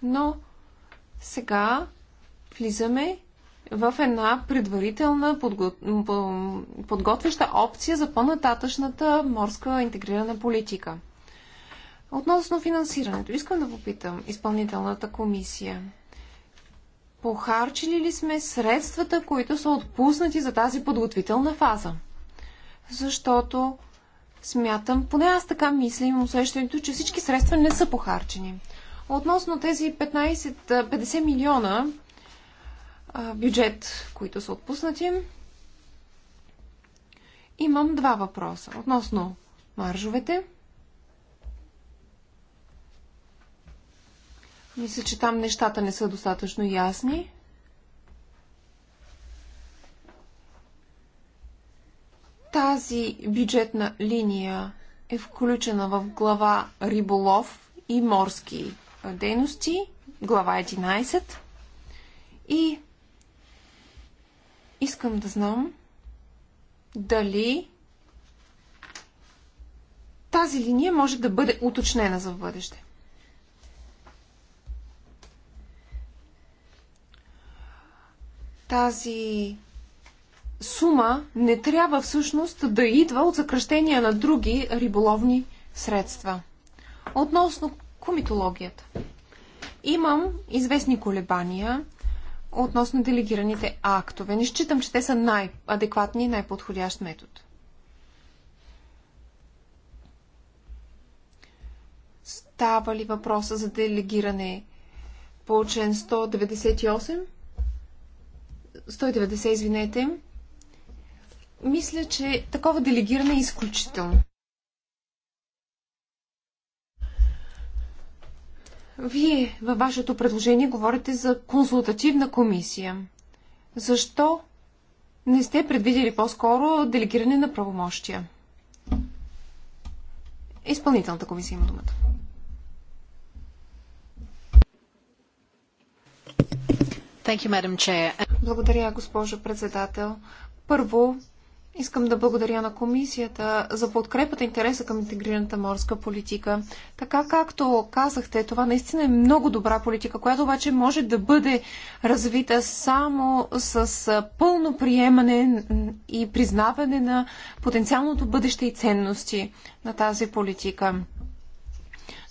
Но сега влизаме в една предварителна подго... подготвяща опция за по-нататъчната морска интегрирана политика. Относно финансирането, искам да попитам изпълнителната комисия. Похарчили ли сме средствата, които са отпуснати за тази подготвителна фаза? Защото Смятам, поне аз така мисля, имам усещането, че всички средства не са похарчени. Относно тези 15, 50 милиона а, бюджет, които са отпуснати, имам два въпроса. Относно маржовете. Мисля, че там нещата не са достатъчно ясни. Тази бюджетна линия е включена в глава Риболов и морски дейности, глава 11. И искам да знам дали тази линия може да бъде уточнена за бъдеще. Тази сума не трябва всъщност да идва от съкръщения на други риболовни средства. Относно комитологията. Имам известни колебания относно делегираните актове. Не считам, че те са най-адекватни и най-подходящ метод. Става ли въпроса за делегиране по член 198? 190, извинете, мисля, че такова делегиране е изключително. Вие във вашето предложение говорите за консултативна комисия. Защо не сте предвидели по-скоро делегиране на правомощия? Изпълнителната комисия има думата. You, Благодаря, госпожо председател. Първо, Искам да благодаря на комисията за подкрепата интереса към интегрираната морска политика. Така както казахте, това наистина е много добра политика, която обаче може да бъде развита само с пълно приемане и признаване на потенциалното бъдеще и ценности на тази политика.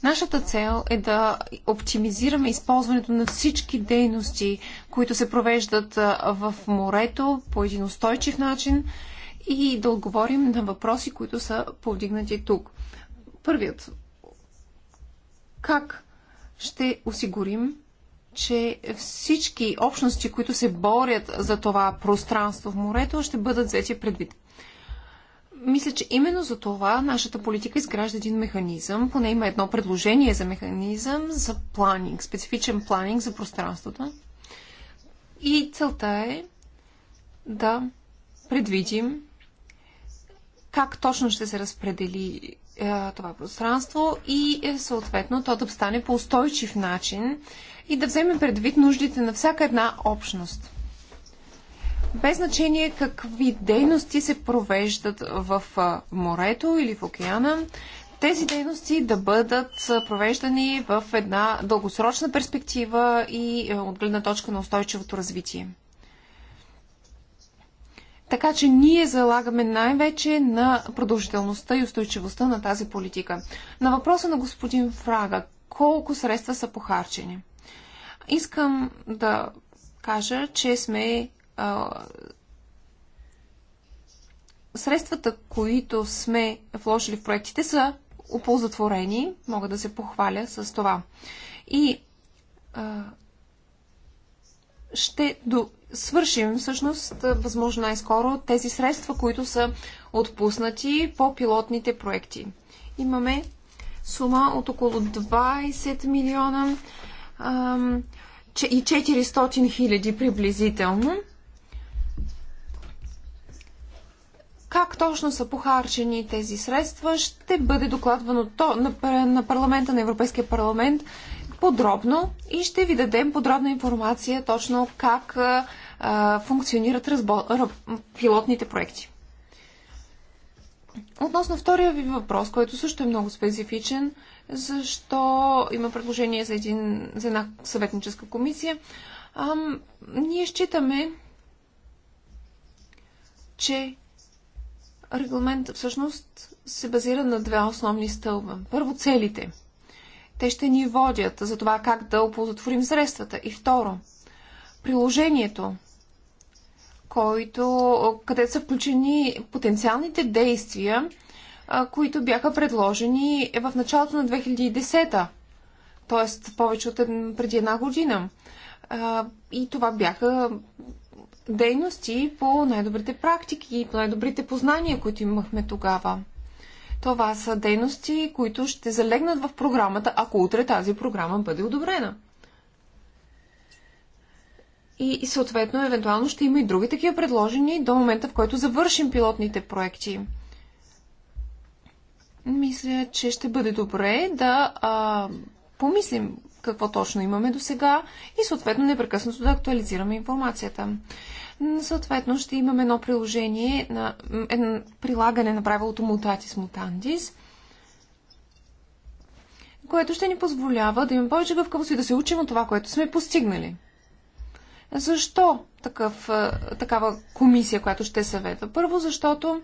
Нашата цел е да оптимизираме използването на всички дейности, които се провеждат в морето по един устойчив начин – и да отговорим на въпроси, които са повдигнати тук. Първият. Как ще осигурим, че всички общности, които се борят за това пространство в морето, ще бъдат взети предвид? Мисля, че именно за това нашата политика изгражда един механизъм, поне има едно предложение за механизъм за планинг, специфичен планинг за пространството. И целта е да предвидим как точно ще се разпредели е, това пространство и е, съответно то да стане по устойчив начин и да вземе предвид нуждите на всяка една общност. Без значение какви дейности се провеждат в е, морето или в океана, тези дейности да бъдат е, провеждани в една дългосрочна перспектива и е, от гледна точка на устойчивото развитие. Така че ние залагаме най-вече на продължителността и устойчивостта на тази политика. На въпроса на господин Фрага, колко средства са похарчени? Искам да кажа, че сме а, средствата, които сме вложили в проектите, са оползотворени. Мога да се похваля с това. И а, ще до, свършим всъщност възможно най-скоро тези средства, които са отпуснати по пилотните проекти. Имаме сума от около 20 милиона и 400 хиляди приблизително. Как точно са похарчени тези средства ще бъде докладвано то на парламента на Европейския парламент подробно и ще ви дадем подробна информация точно как а, функционират разбо... р... пилотните проекти. Относно втория ви въпрос, който също е много специфичен, защо има предложение за, един, за една съветническа комисия, а, ние считаме, че регламент всъщност се базира на две основни стълба. Първо целите – те ще ни водят за това как да оползотворим средствата. И второ, приложението, който, където са включени потенциалните действия, които бяха предложени в началото на 2010 т.е. повече от една, преди една година. И това бяха дейности по най-добрите практики и по най-добрите познания, които имахме тогава. Това са дейности, които ще залегнат в програмата, ако утре тази програма бъде одобрена. И, и съответно, евентуално ще има и други такива предложени до момента, в който завършим пилотните проекти. Мисля, че ще бъде добре да а, помислим какво точно имаме до сега и съответно непрекъснато да актуализираме информацията. Съответно ще имаме едно приложение на едно прилагане на правилото мутатис мутандис, което ще ни позволява да имаме повече гъвкавост и да се учим от това, което сме постигнали. Защо такъв, е, такава комисия, която ще съветва? Първо, защото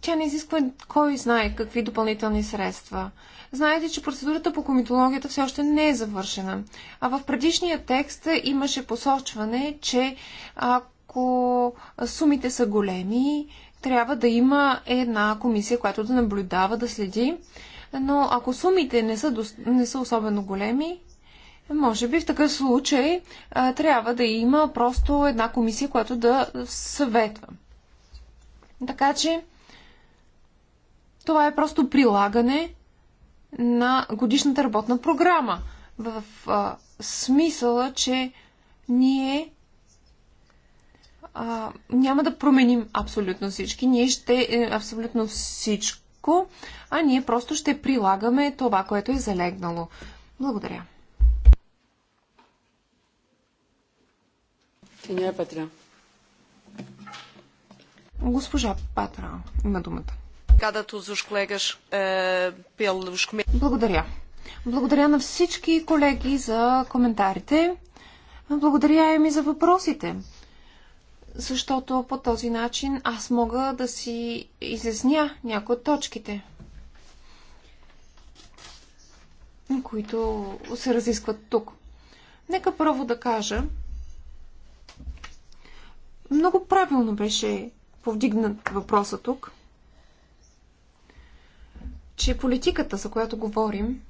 тя не изисква кой знае какви допълнителни средства. Знаете, че процедурата по комитологията все още не е завършена. А в предишния текст имаше посочване, че ако сумите са големи, трябва да има една комисия, която да наблюдава, да следи. Но ако сумите не са, дос... не са особено големи, може би в такъв случай а, трябва да има просто една комисия, която да съветва. Така че това е просто прилагане на годишната работна програма. В а, смисъла, че ние а, няма да променим абсолютно всички. Ние ще е, абсолютно всичко, а ние просто ще прилагаме това, което е залегнало. Благодаря. Госпожа Патра има думата. Eh, Благодаря. Благодаря на всички колеги за коментарите. Благодаря им и за въпросите. Защото по този начин аз мога да си изясня някои от точките, които се разискват тук. Нека първо да кажа, много правилно беше повдигнат въпроса тук че политиката, за която говорим,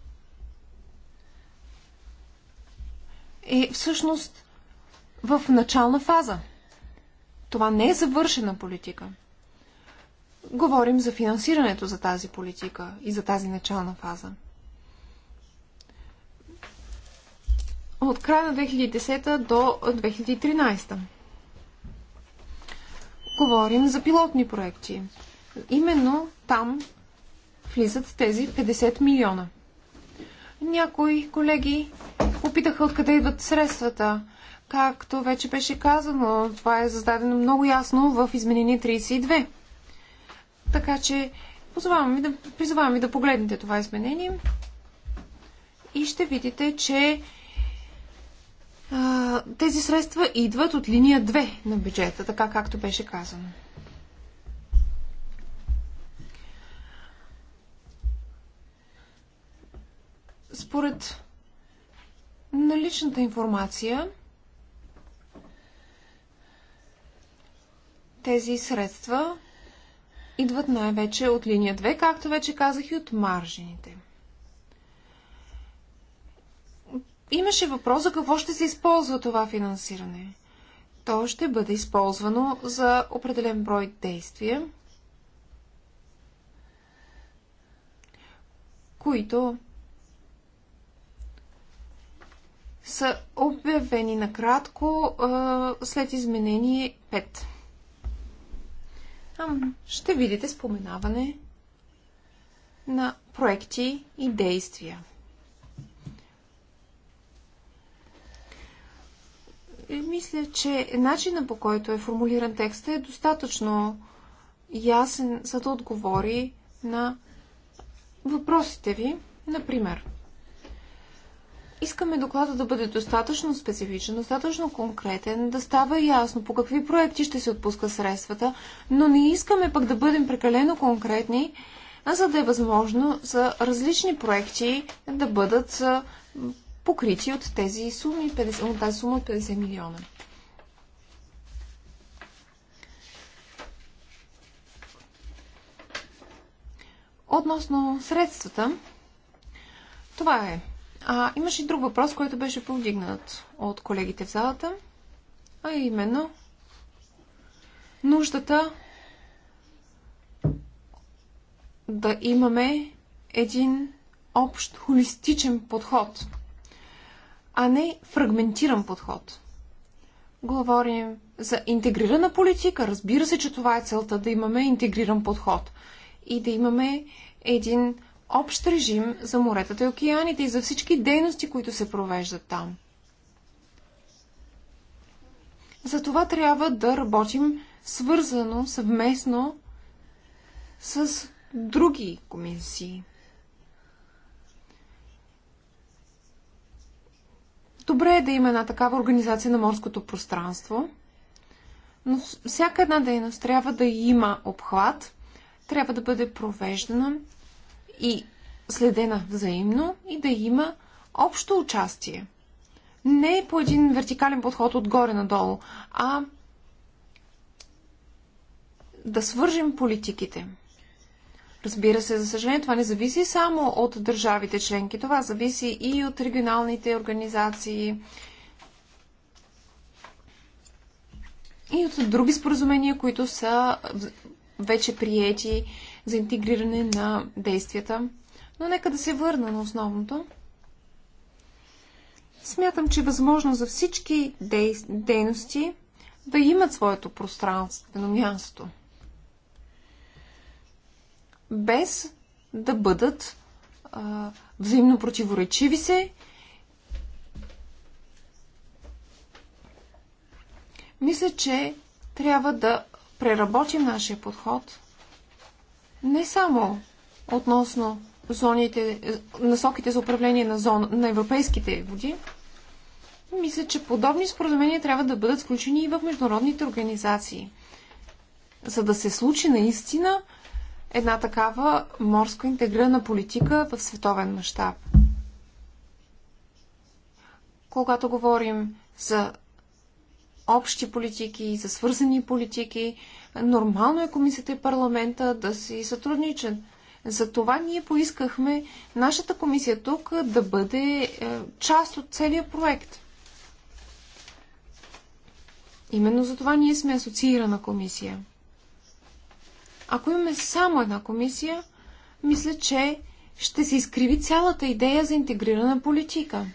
е всъщност в начална фаза. Това не е завършена политика. Говорим за финансирането за тази политика и за тази начална фаза. От края на 2010 до 2013. Говорим за пилотни проекти. Именно там влизат тези 50 милиона. Някои колеги попитаха откъде идват средствата. Както вече беше казано, това е зададено много ясно в изменение 32. Така че позовавам ви да, призовавам ви да погледнете това изменение и ще видите, че а, тези средства идват от линия 2 на бюджета, така както беше казано. Според наличната информация, тези средства идват най-вече от линия 2, както вече казах и от маржините. Имаше въпрос за какво ще се използва това финансиране. То ще бъде използвано за определен брой действия, които са обявени накратко а, след изменение 5. Там ще видите споменаване на проекти и действия. И е, мисля, че начина по който е формулиран текста е достатъчно ясен, за да отговори на въпросите ви. Например, искаме доклада да бъде достатъчно специфичен, достатъчно конкретен, да става ясно по какви проекти ще се отпуска средствата, но не искаме пък да бъдем прекалено конкретни, за да е възможно за различни проекти да бъдат покрити от тези суми, от тази сума от 50 милиона. Относно средствата, това е а, имаше и друг въпрос, който беше повдигнат от колегите в залата, а именно нуждата да имаме един общ холистичен подход, а не фрагментиран подход. Говорим за интегрирана политика. Разбира се, че това е целта да имаме интегриран подход и да имаме един общ режим за моретата и океаните и за всички дейности, които се провеждат там. За това трябва да работим свързано, съвместно с други комисии. Добре е да има една такава организация на морското пространство, но всяка една дейност трябва да има обхват, трябва да бъде провеждана и следена взаимно и да има общо участие. Не по един вертикален подход отгоре надолу, а да свържим политиките. Разбира се, за съжаление, това не зависи само от държавите членки. Това зависи и от регионалните организации, и от други споразумения, които са вече приети за интегриране на действията. Но нека да се върна на основното. Смятам, че е възможно за всички дей... дейности да имат своето пространствено място. Без да бъдат а, взаимно противоречиви се. Мисля, че трябва да преработим нашия подход не само относно зоните, насоките за управление на, зон, на европейските води, мисля, че подобни споразумения трябва да бъдат включени и в международните организации. За да се случи наистина една такава морска интегрирана политика в световен мащаб. Когато говорим за общи политики, за свързани политики, Нормално е комисията и парламента да си сътрудничат. Затова ние поискахме нашата комисия тук да бъде е, част от целия проект. Именно за това ние сме асоциирана комисия. Ако имаме само една комисия, мисля, че ще се изкриви цялата идея за интегрирана политика.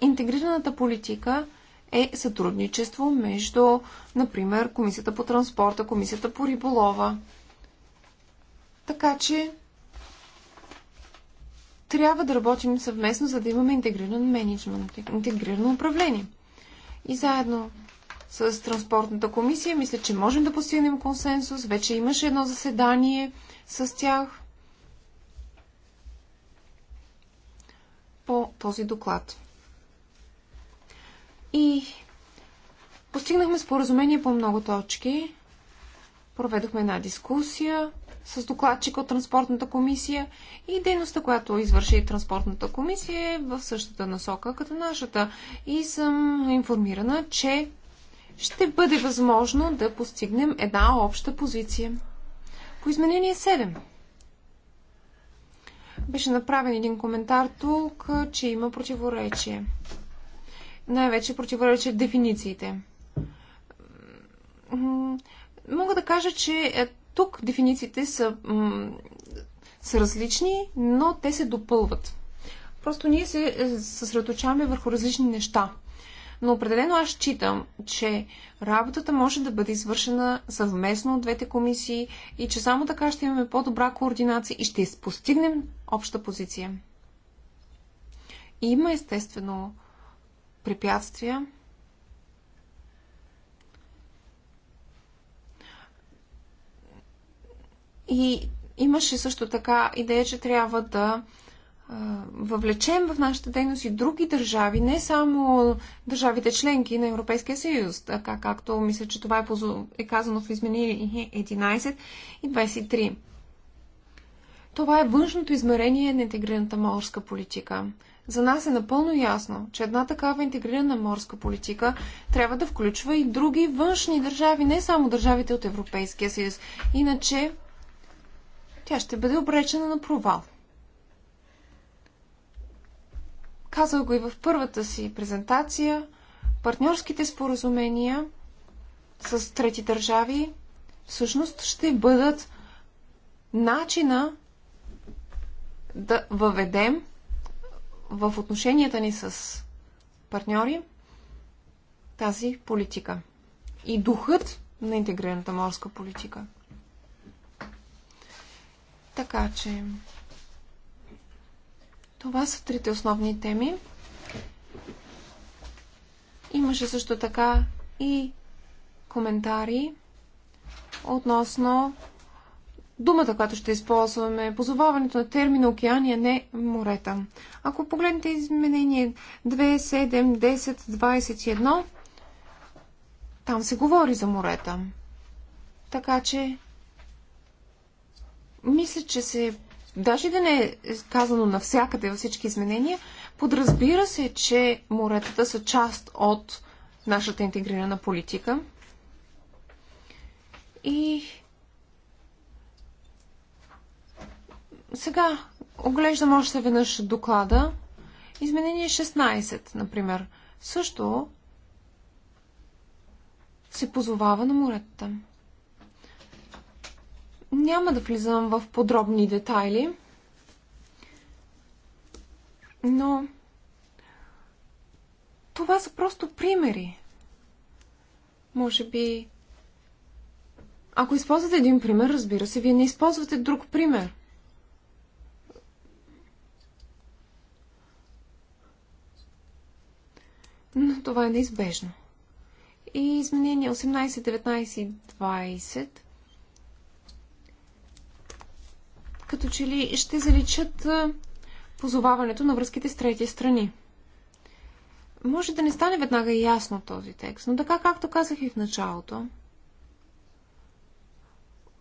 Интегрираната политика е сътрудничество между, например, Комисията по транспорта, Комисията по риболова. Така че трябва да работим съвместно, за да имаме интегриран менеджмент, интегрирано управление. И заедно с Транспортната комисия, мисля, че можем да постигнем консенсус. Вече имаше едно заседание с тях по този доклад. И постигнахме споразумение по много точки. Проведохме една дискусия с докладчика от Транспортната комисия и дейността, която извърши Транспортната комисия е в същата насока като нашата. И съм информирана, че ще бъде възможно да постигнем една обща позиция. По изменение 7. Беше направен един коментар тук, че има противоречие най-вече противоречат дефинициите. Мога да кажа, че е, тук дефинициите са, са различни, но те се допълват. Просто ние се е, съсредоточаваме върху различни неща. Но определено аз считам, че работата може да бъде извършена съвместно от двете комисии и че само така ще имаме по-добра координация и ще постигнем обща позиция. И има естествено препятствия. И имаше също така идея, че трябва да въвлечем в нашата дейност и други държави, не само държавите членки на Европейския съюз, така както мисля, че това е, е казано в изменение 11 и 23. Това е външното измерение на интегрираната морска политика. За нас е напълно ясно, че една такава интегрирана морска политика трябва да включва и други външни държави, не само държавите от Европейския съюз. Иначе тя ще бъде обречена на провал. Казах го и в първата си презентация. Партньорските споразумения с трети държави всъщност ще бъдат начина да въведем в отношенията ни с партньори тази политика и духът на интегрираната морска политика. Така че това са трите основни теми. Имаше също така и коментари относно думата, която ще използваме, позоваването на термина океания, не морета. Ако погледнете изменение 2, 7, 10, 21, там се говори за морета. Така че, мисля, че се, даже да не е казано навсякъде във всички изменения, подразбира се, че моретата са част от нашата интегрирана политика. И Сега оглеждам още веднъж доклада. Изменение 16, например, също се позовава на моретата. Няма да влизам в подробни детайли, но това са просто примери. Може би, ако използвате един пример, разбира се, вие не използвате друг пример – но това е неизбежно. И изменения 18, 19 и 20 като че ли ще заличат позоваването на връзките с трети страни. Може да не стане веднага ясно този текст, но така както казах и в началото,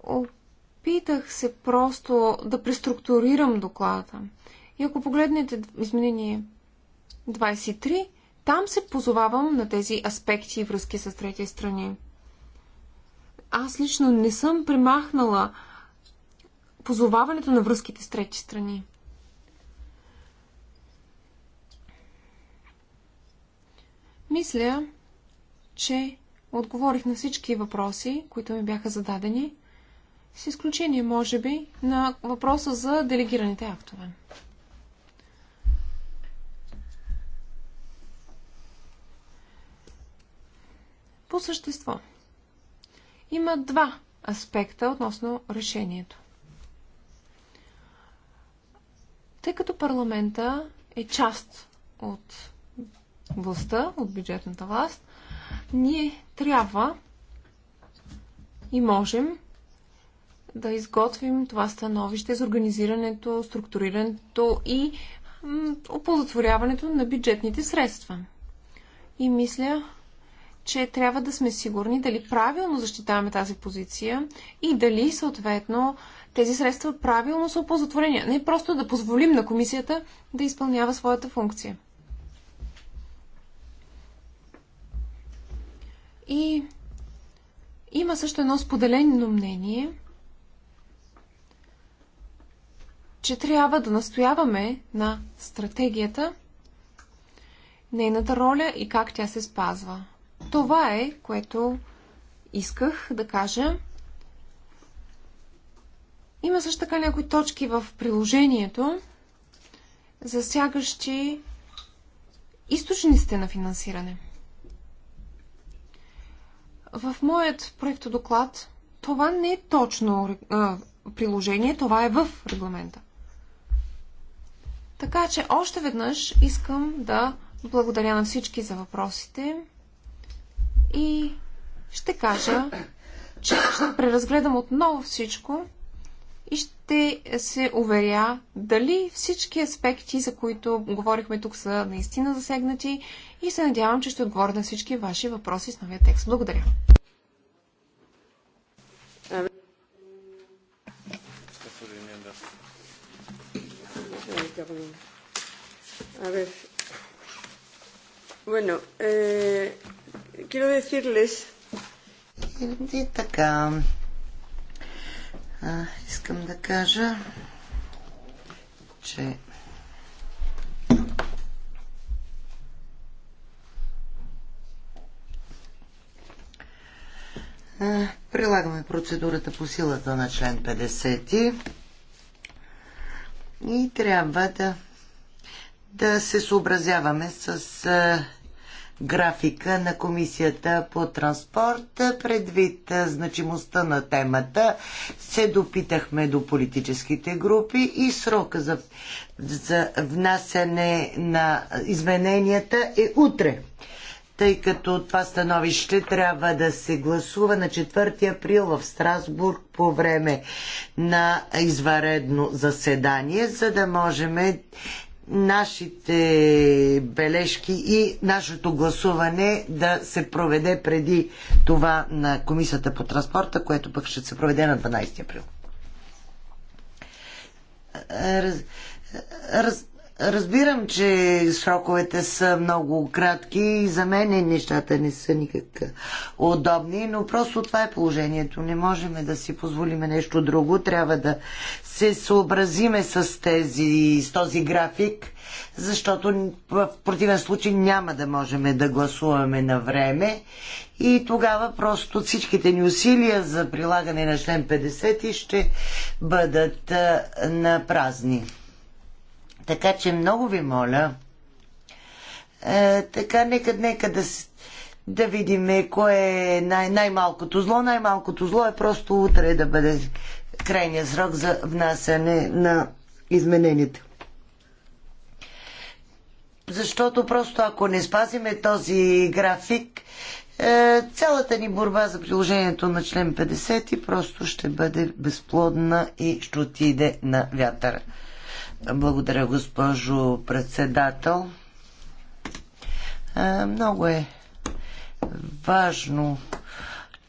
опитах се просто да преструктурирам доклада. И ако погледнете изменение 23, там се позовавам на тези аспекти и връзки с трети страни. Аз лично не съм примахнала позоваването на връзките с трети страни. Мисля, че отговорих на всички въпроси, които ми бяха зададени, с изключение, може би, на въпроса за делегираните актове. По същество, има два аспекта относно решението. Тъй като парламента е част от властта, от бюджетната власт, ние трябва и можем да изготвим това становище за организирането, структурирането и оползотворяването на бюджетните средства. И мисля, че трябва да сме сигурни дали правилно защитаваме тази позиция и дали съответно тези средства правилно са оползотворени. Не просто да позволим на комисията да изпълнява своята функция. И има също едно споделено мнение, че трябва да настояваме на стратегията, нейната роля и как тя се спазва. Това е, което исках да кажа. Има също така някои точки в приложението, засягащи източниците на финансиране. В моят проектодоклад това не е точно приложение, това е в регламента. Така че още веднъж искам да благодаря на всички за въпросите и ще кажа, че ще преразгледам отново всичко и ще се уверя дали всички аспекти, за които говорихме тук, са наистина засегнати и се надявам, че ще отговоря на всички ваши въпроси с новия текст. Благодаря. A ver, bueno, eh, Quiero decirles. И така. А, искам да кажа, че прилагаме процедурата по силата на член 50 и трябва да да се съобразяваме с графика на Комисията по транспорт. Предвид значимостта на темата се допитахме до политическите групи и срока за, за внасяне на измененията е утре тъй като това становище трябва да се гласува на 4 април в Страсбург по време на изваредно заседание, за да можем нашите бележки и нашето гласуване да се проведе преди това на Комисията по транспорта, което пък ще се проведе на 12 април. Раз, раз, Разбирам, че сроковете са много кратки и за мен нещата не са никак удобни, но просто това е положението. Не можем да си позволим нещо друго. Трябва да се съобразиме с, тези, с този график, защото в противен случай няма да можем да гласуваме на време и тогава просто всичките ни усилия за прилагане на член 50 ще бъдат на празни. Така че много ви моля, е, така нека, нека да, да видим кое е най- най-малкото зло. Най-малкото зло е просто утре да бъде крайния срок за внасяне на измененията. Защото просто ако не спазиме този график, е, цялата ни борба за приложението на член 50 просто ще бъде безплодна и ще отиде на вятъра. Благодаря, госпожо председател. Много е важно,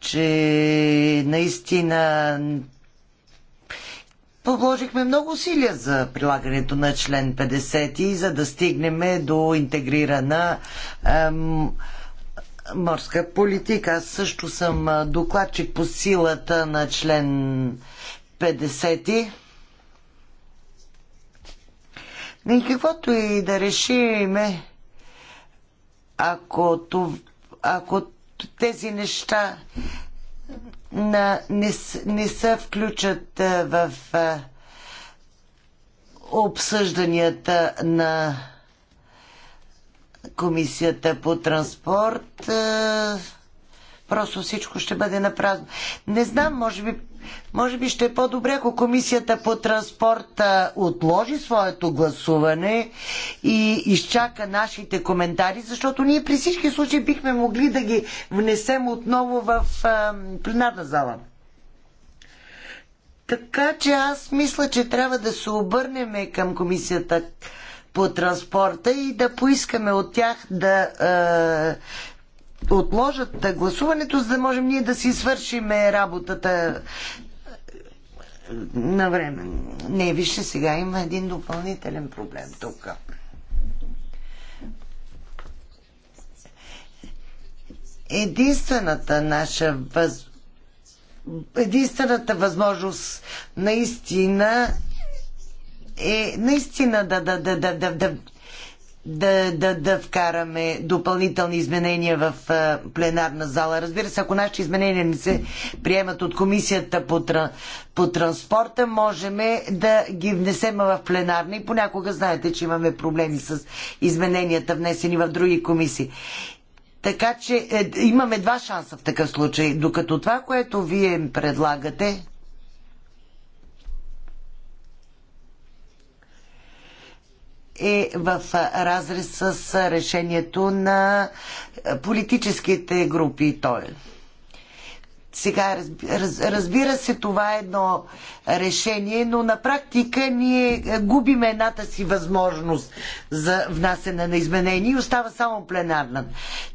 че наистина Положихме много усилия за прилагането на член 50 и за да стигнем до интегрирана ем, морска политика. Аз също съм докладчик по силата на член 50. И каквото и да решиме, ако, ако тези неща на, не, не се включат в обсъжданията на Комисията по транспорт, Просто всичко ще бъде на празно. Не знам, може би, може би ще е по-добре, ако комисията по транспорта отложи своето гласуване и изчака нашите коментари, защото ние при всички случаи бихме могли да ги внесем отново в пленарна зала. Така че аз мисля, че трябва да се обърнем към комисията по транспорта и да поискаме от тях да отложат гласуването, за да можем ние да си свършим работата на време. Не, вижте, сега има един допълнителен проблем тук. Единствената наша въз... единствената възможност наистина е наистина да, да, да, да, да, да да, да, да вкараме допълнителни изменения в пленарна зала. Разбира се, ако нашите изменения не се приемат от комисията по, по транспорта, можем да ги внесем в пленарна и понякога знаете, че имаме проблеми с измененията внесени в други комисии. Така че е, имаме два шанса в такъв случай. Докато това, което вие предлагате, е в разрез с решението на политическите групи. Той. Сега, разбира се, това е едно решение, но на практика ние губим едната си възможност за внасене на изменения и остава само пленарна.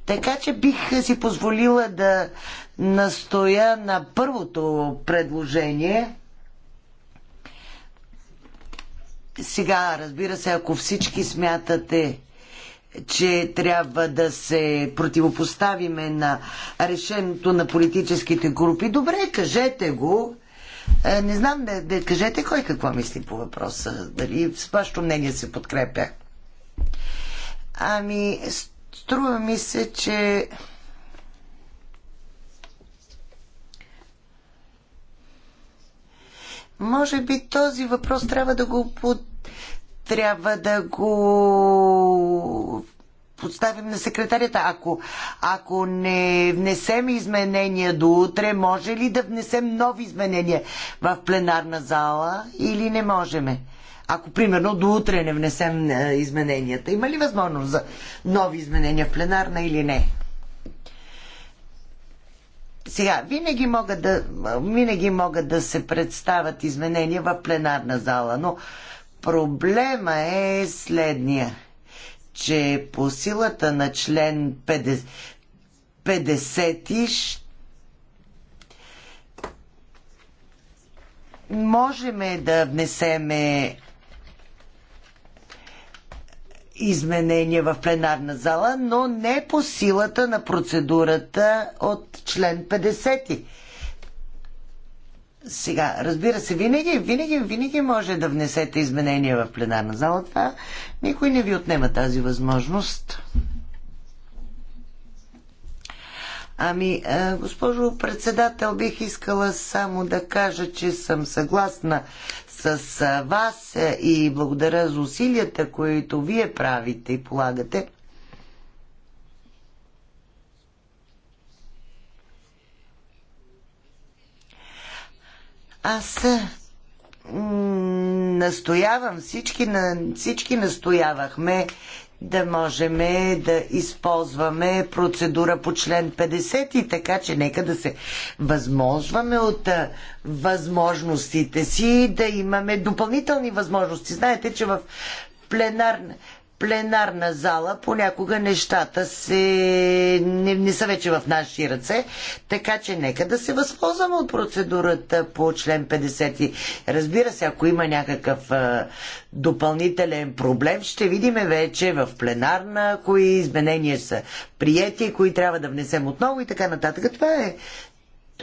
Така че бих си позволила да настоя на първото предложение Сега, разбира се, ако всички смятате, че трябва да се противопоставиме на решението на политическите групи, добре, кажете го. Е, не знам, да, да кажете кой какво мисли по въпроса. Дали с вашето мнение се подкрепя. Ами, струва ми се, че Може би този въпрос трябва да го под... трябва да го подставим на секретарията. Ако, ако не внесем изменения до утре, може ли да внесем нови изменения в пленарна зала или не можеме? Ако, примерно, до утре не внесем е, измененията, има ли възможност за нови изменения в пленарна или не? Сега, винаги могат, да, винаги могат да се представят изменения в пленарна зала, но проблема е следния, че по силата на член 50, 50 можем да внесеме изменения в пленарна зала, но не по силата на процедурата от член 50. Сега, разбира се, винаги, винаги, винаги може да внесете изменения в пленарна зала. Това никой не ви отнема тази възможност. Ами, е, госпожо председател, бих искала само да кажа, че съм съгласна с вас е, и благодаря за усилията, които вие правите и полагате. Аз настоявам, всички, всички настоявахме да можем да използваме процедура по член 50 и така, че нека да се възможваме от възможностите си да имаме допълнителни възможности. Знаете, че в пленарна пленарна зала понякога нещата се... не, не са вече в наши ръце, така че нека да се възползваме от процедурата по член 50. Разбира се, ако има някакъв а, допълнителен проблем, ще видим вече в пленарна кои изменения са приети, кои трябва да внесем отново и така нататък. Това е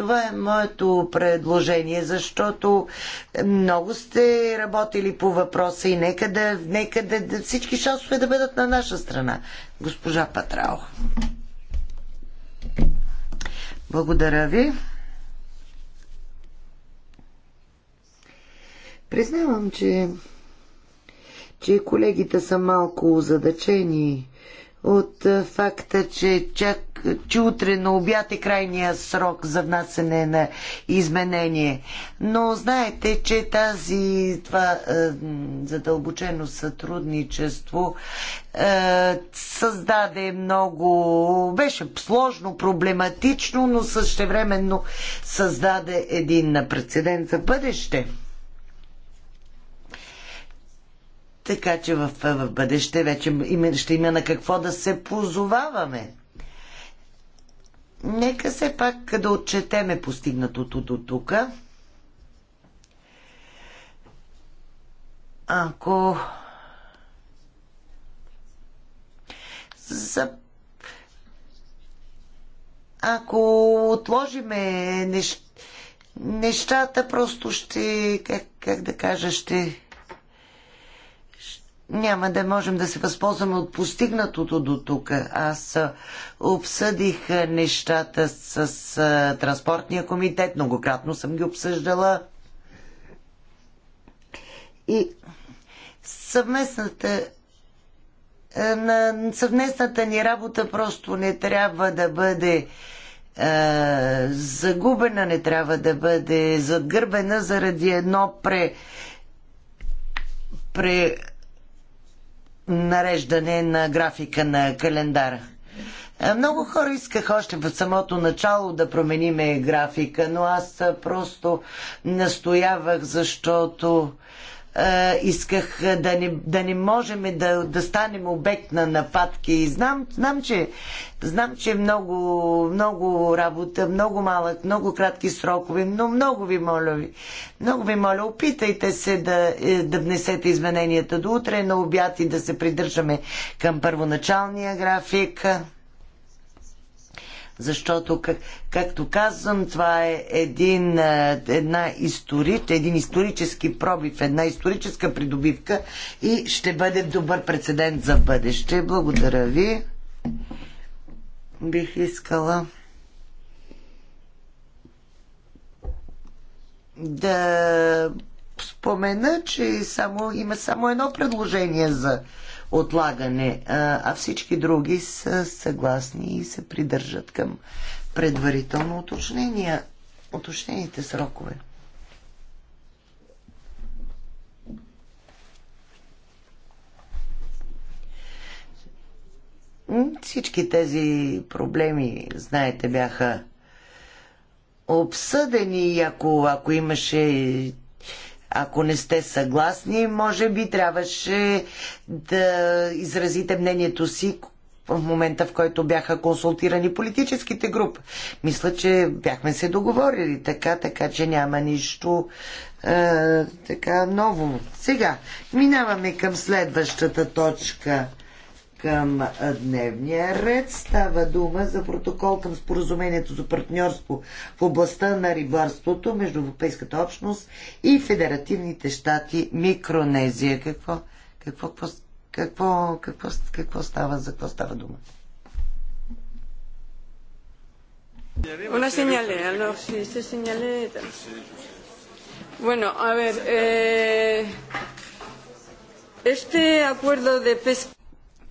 това е моето предложение, защото много сте работили по въпроса и нека да, нека да, да всички шансове да бъдат на наша страна. Госпожа Патрао. Благодаря ви. Признавам, че, че колегите са малко задачени от е, факта, че, чак, че утре на обяд е крайния срок за внасене на изменение. Но знаете, че тази, това е, задълбочено сътрудничество е, създаде много... беше сложно, проблематично, но същевременно създаде един прецедент за бъдеще. Така че в, в бъдеще вече има, ще има на какво да се позоваваме. Нека се пак да отчетеме постигнатото до тук. Ако за ако отложиме нещ... нещата, просто ще, как, как да кажа, ще няма да можем да се възползваме от постигнатото до тук. Аз обсъдих нещата с, с транспортния комитет, многократно съм ги обсъждала. И съвместната на съвместната ни работа просто не трябва да бъде е, загубена, не трябва да бъде задгърбена заради едно пре, пре нареждане на графика на календара. Е, много хора искаха още в самото начало да промениме графика, но аз просто настоявах, защото е, исках да не, да не можем да, да станем обект на нападки. И знам, знам, че, знам, че много, много работа, много малък, много кратки срокове, но много ви моля ви, много ви моля, опитайте се да, е, да внесете измененията до утре на обяд и да се придържаме към първоначалния график. Защото, как, както казвам, това е един, една историч, един исторически пробив, една историческа придобивка и ще бъде добър прецедент за бъдеще. Благодаря ви. Бих искала. да спомена, че само, има само едно предложение за отлагане, а всички други са съгласни и се придържат към предварително уточнения, уточнените срокове. Всички тези проблеми, знаете, бяха обсъдени и ако, ако имаше ако не сте съгласни, може би трябваше да изразите мнението си в момента, в който бяха консултирани политическите групи. Мисля, че бяхме се договорили така, така че няма нищо е, така ново. Сега, минаваме към следващата точка към дневния ред. Става дума за протокол към споразумението за партньорство в областта на рибарството между Европейската общност и Федеративните щати Микронезия. Какво, какво, какво, какво, какво, става, за какво става дума? Una señale, alors si se señale... Bueno, a ver, eh, este acuerdo de pesca...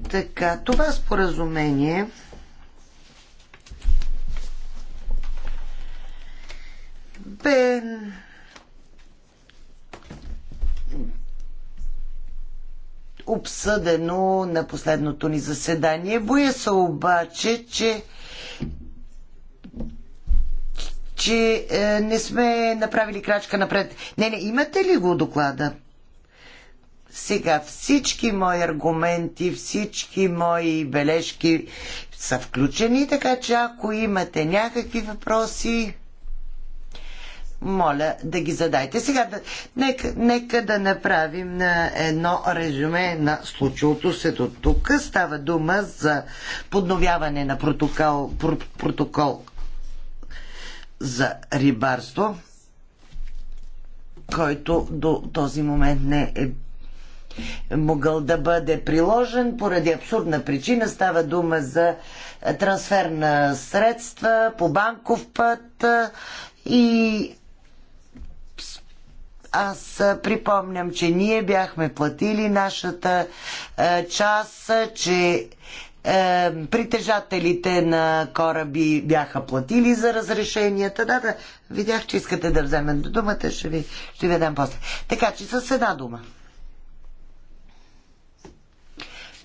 Така, това споразумение бе обсъдено на последното ни заседание. Боя се обаче, че че е, не сме направили крачка напред. Не, не, имате ли го доклада? Сега всички мои аргументи, всички мои бележки са включени, така че ако имате някакви въпроси, моля да ги задайте. Сега да, нека, нека да направим на едно резюме на случилото се до тук. Става дума за подновяване на протокол, протокол за рибарство, който до този момент не е могъл да бъде приложен. Поради абсурдна причина става дума за трансфер на средства по банков път и аз припомням, че ние бяхме платили нашата е, част, че е, притежателите на кораби бяха платили за разрешенията. Да, да, видях, че искате да вземете думата, ще ви, ще ви дам после. Така че с една дума.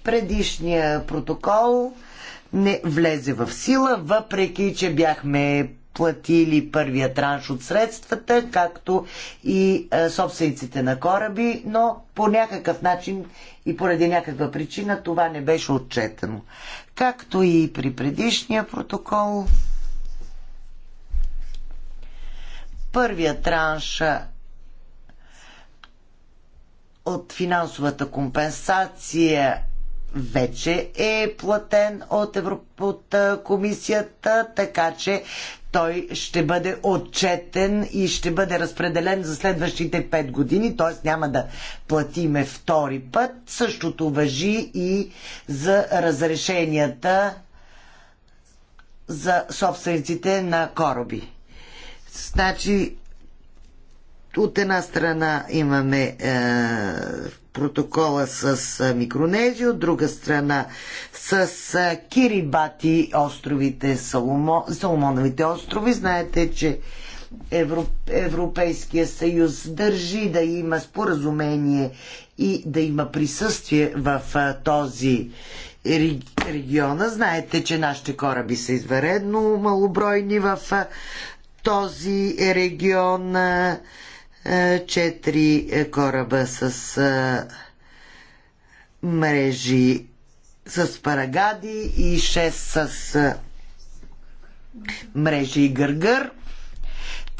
предишния протокол не влезе в сила, въпреки че бяхме платили първия транш от средствата, както и е, собствениците на кораби, но по някакъв начин и поради някаква причина това не беше отчетено. Както и при предишния протокол, първия транш е, от финансовата компенсация вече е платен от, Европ... от комисията, така че той ще бъде отчетен и ще бъде разпределен за следващите 5 години, т.е. няма да платиме втори път. Същото въжи и за разрешенията за собствениците на кораби. Значи, от една страна имаме е, протокола с Микронезия, от друга страна с Кирибати островите, Соломо, Соломоновите острови. Знаете, че Европейския съюз държи да има споразумение и да има присъствие в този региона. Знаете, че нашите кораби са изваредно малобройни в този регион. Е, четири е, кораба с а, е, мрежи с парагади и шест с а, мрежи и гъргър.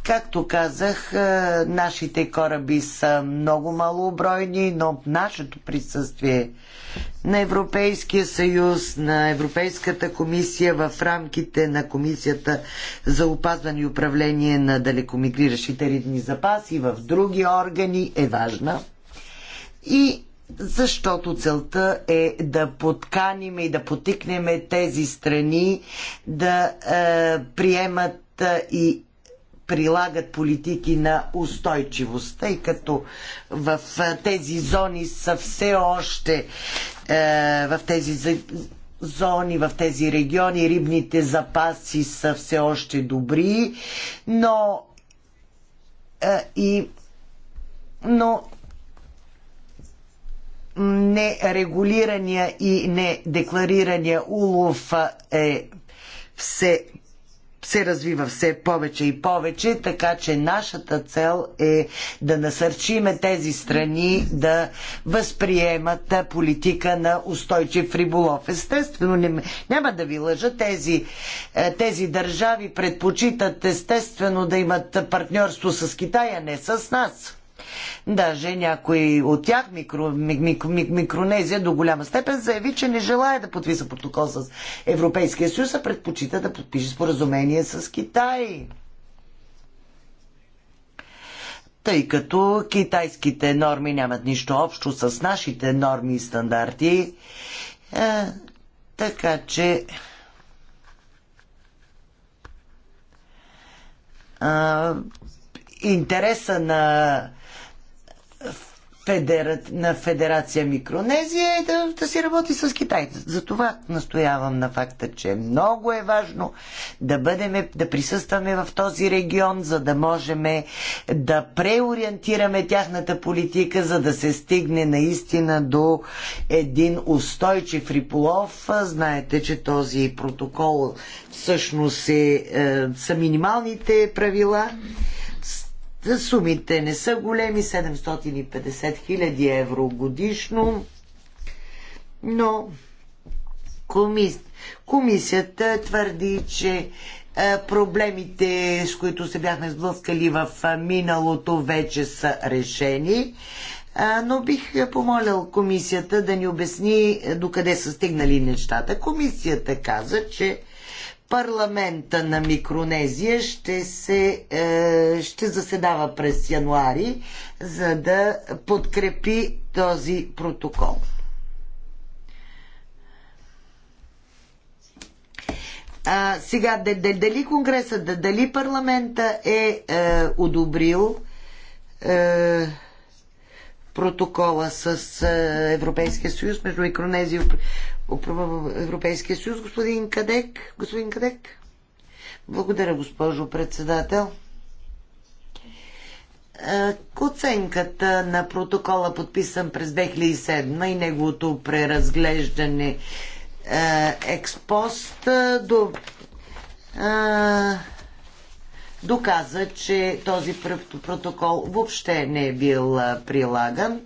Както казах, е, нашите кораби са много малобройни, но нашето присъствие на Европейския съюз, на Европейската комисия в рамките на Комисията за опазване и управление на далекомигриращите ридни запаси в други органи е важна. И защото целта е да подканиме и да потикнем тези страни да е, приемат е, и прилагат политики на устойчивост, тъй като в тези зони са все още е, в тези зони, в тези региони рибните запаси са все още добри, но е, и но нерегулирания и недекларирания улов е все се развива все повече и повече, така че нашата цел е да насърчиме тези страни да възприемат политика на устойчив риболов. Естествено, не, няма да ви лъжа, тези, е, тези държави предпочитат естествено да имат партньорство с Китая, не с нас. Даже някой от тях, микро, микро, микро, Микронезия до голяма степен, заяви, че не желая да подписа протокол с Европейския съюз, а предпочита да подпише споразумение с Китай. Тъй като китайските норми нямат нищо общо с нашите норми и стандарти, е, така че. Е, интереса на федера... на Федерация Микронезия е да, да си работи с Китай. Затова настоявам на факта, че много е важно да, бъдеме, да присъстваме в този регион, за да можем да преориентираме тяхната политика, за да се стигне наистина до един устойчив риполов. Знаете, че този протокол всъщност е, е, са минималните правила. Сумите не са големи, 750 хиляди евро годишно, но комис... комисията твърди, че проблемите, с които се бяхме сблъскали в миналото, вече са решени. Но бих помолял комисията да ни обясни докъде са стигнали нещата. Комисията каза, че парламента на Микронезия ще, се, е, ще заседава през януари, за да подкрепи този протокол. А, сега, дали Конгресът, дали парламента е, е одобрил е, протокола с е, Европейския съюз между Микронезия упрува в Европейския съюз. Господин Кадек, господин Кадек. Благодаря, госпожо председател. Е, оценката на протокола, подписан през 2007 и неговото преразглеждане е, експост е, до, доказа, че този протокол въобще не е бил прилаган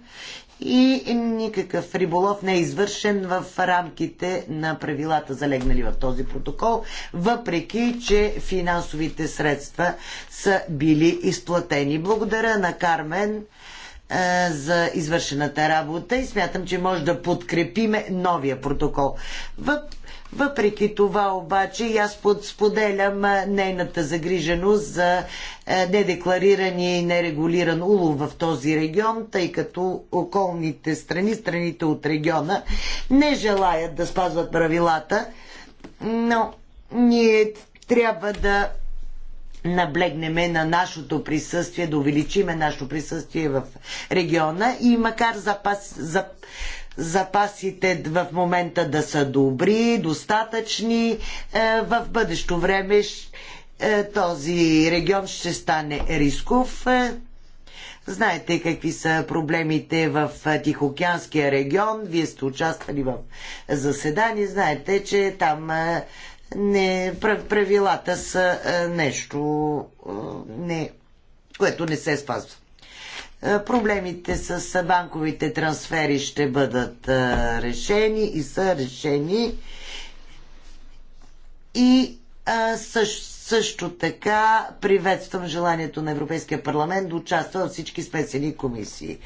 и никакъв риболов не е извършен в рамките на правилата залегнали в този протокол, въпреки че финансовите средства са били изплатени. Благодаря на Кармен е, за извършената работа и смятам, че може да подкрепиме новия протокол. Въпреки това обаче и аз споделям нейната загриженост за недекларирания и нерегулиран улов в този регион, тъй като околните страни, страните от региона не желаят да спазват правилата, но ние трябва да наблегнеме на нашето присъствие, да увеличиме нашето присъствие в региона и макар запас, за, запасите в момента да са добри, достатъчни. Е, в бъдещо време е, този регион ще стане рисков. Е, знаете какви са проблемите в Тихоокеанския регион. Вие сте участвали в заседание. Знаете, че там не, правилата са нещо, не, което не се спазва. Е, проблемите с банковите трансфери ще бъдат е, решени и са решени. И е, също, така приветствам желанието на Европейския парламент да участва във всички спесени комисии.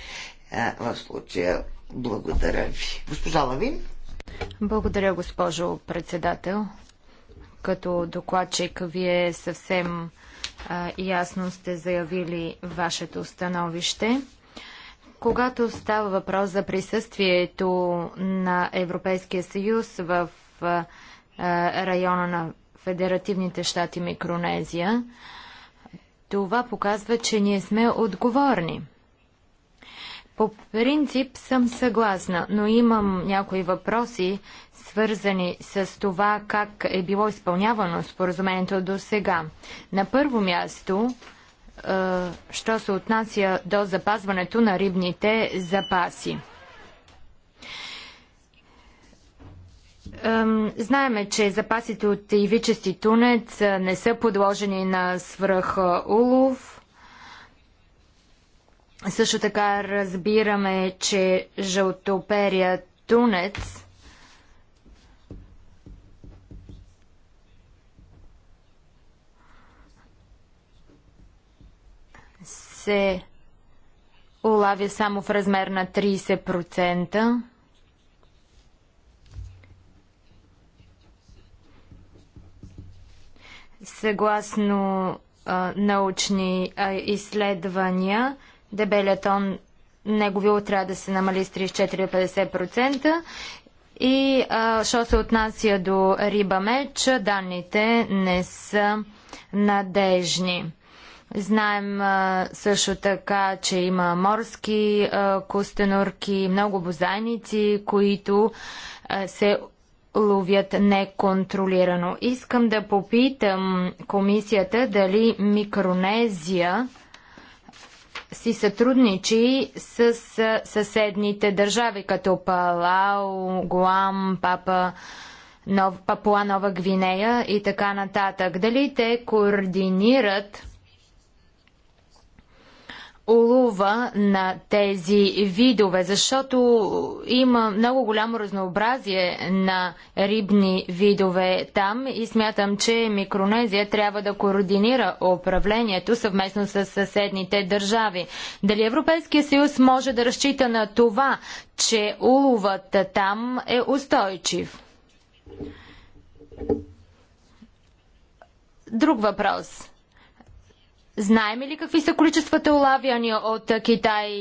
В случая благодаря ви. Госпожа Лавин. Благодаря, госпожо председател. Като докладчик, вие съвсем ясно сте заявили вашето становище. Когато става въпрос за присъствието на Европейския съюз в района на Федеративните щати Микронезия, това показва, че ние сме отговорни. По принцип съм съгласна, но имам някои въпроси, свързани с това как е било изпълнявано споразумението до сега. На първо място, е, що се отнася до запазването на рибните запаси. Знаеме, че запасите от ивичести тунец не са подложени на свръх е, улов. Също така разбираме, че жълтоперият тунец се улавя само в размер на 30%. Съгласно а, научни а, изследвания, дебелият тон негови трябва да се намали с 34-50% и а, що се отнася до риба меч, данните не са надежни. Знаем също така, че има морски костенурки, много бозайници, които се ловят неконтролирано. Искам да попитам комисията дали Микронезия си сътрудничи с съседните държави, като Палао, Гуам, Папа, Нов, Папуа Нова Гвинея и така нататък. Дали те координират улова на тези видове, защото има много голямо разнообразие на рибни видове там и смятам, че Микронезия трябва да координира управлението съвместно с съседните държави. Дали Европейския съюз може да разчита на това, че уловът там е устойчив? Друг въпрос – Знаем ли какви са количествата улавяни от Китай,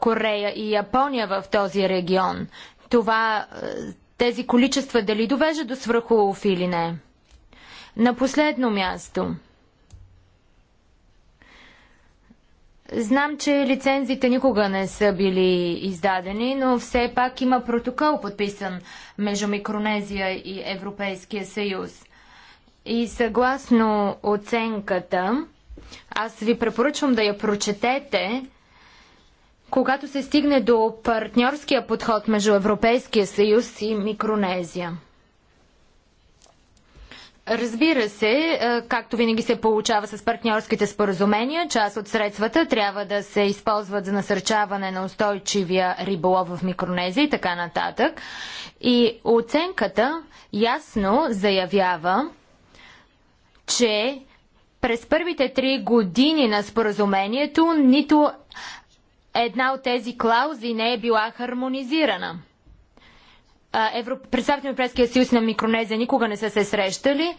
Корея и Япония в този регион? Това, тези количества дали довежда до свръхулов или не? На последно място. Знам, че лицензите никога не са били издадени, но все пак има протокол подписан между Микронезия и Европейския съюз. И съгласно оценката, аз ви препоръчвам да я прочетете. Когато се стигне до партньорския подход между Европейския съюз и Микронезия. Разбира се, е, както винаги се получава с партньорските споразумения, част от средствата трябва да се използват за насърчаване на устойчивия риболов в Микронезия и така нататък. И оценката ясно заявява, че през първите три години на споразумението нито една от тези клаузи не е била хармонизирана. Евро... Представителите на Европейския съюз на Микронезия никога не са се срещали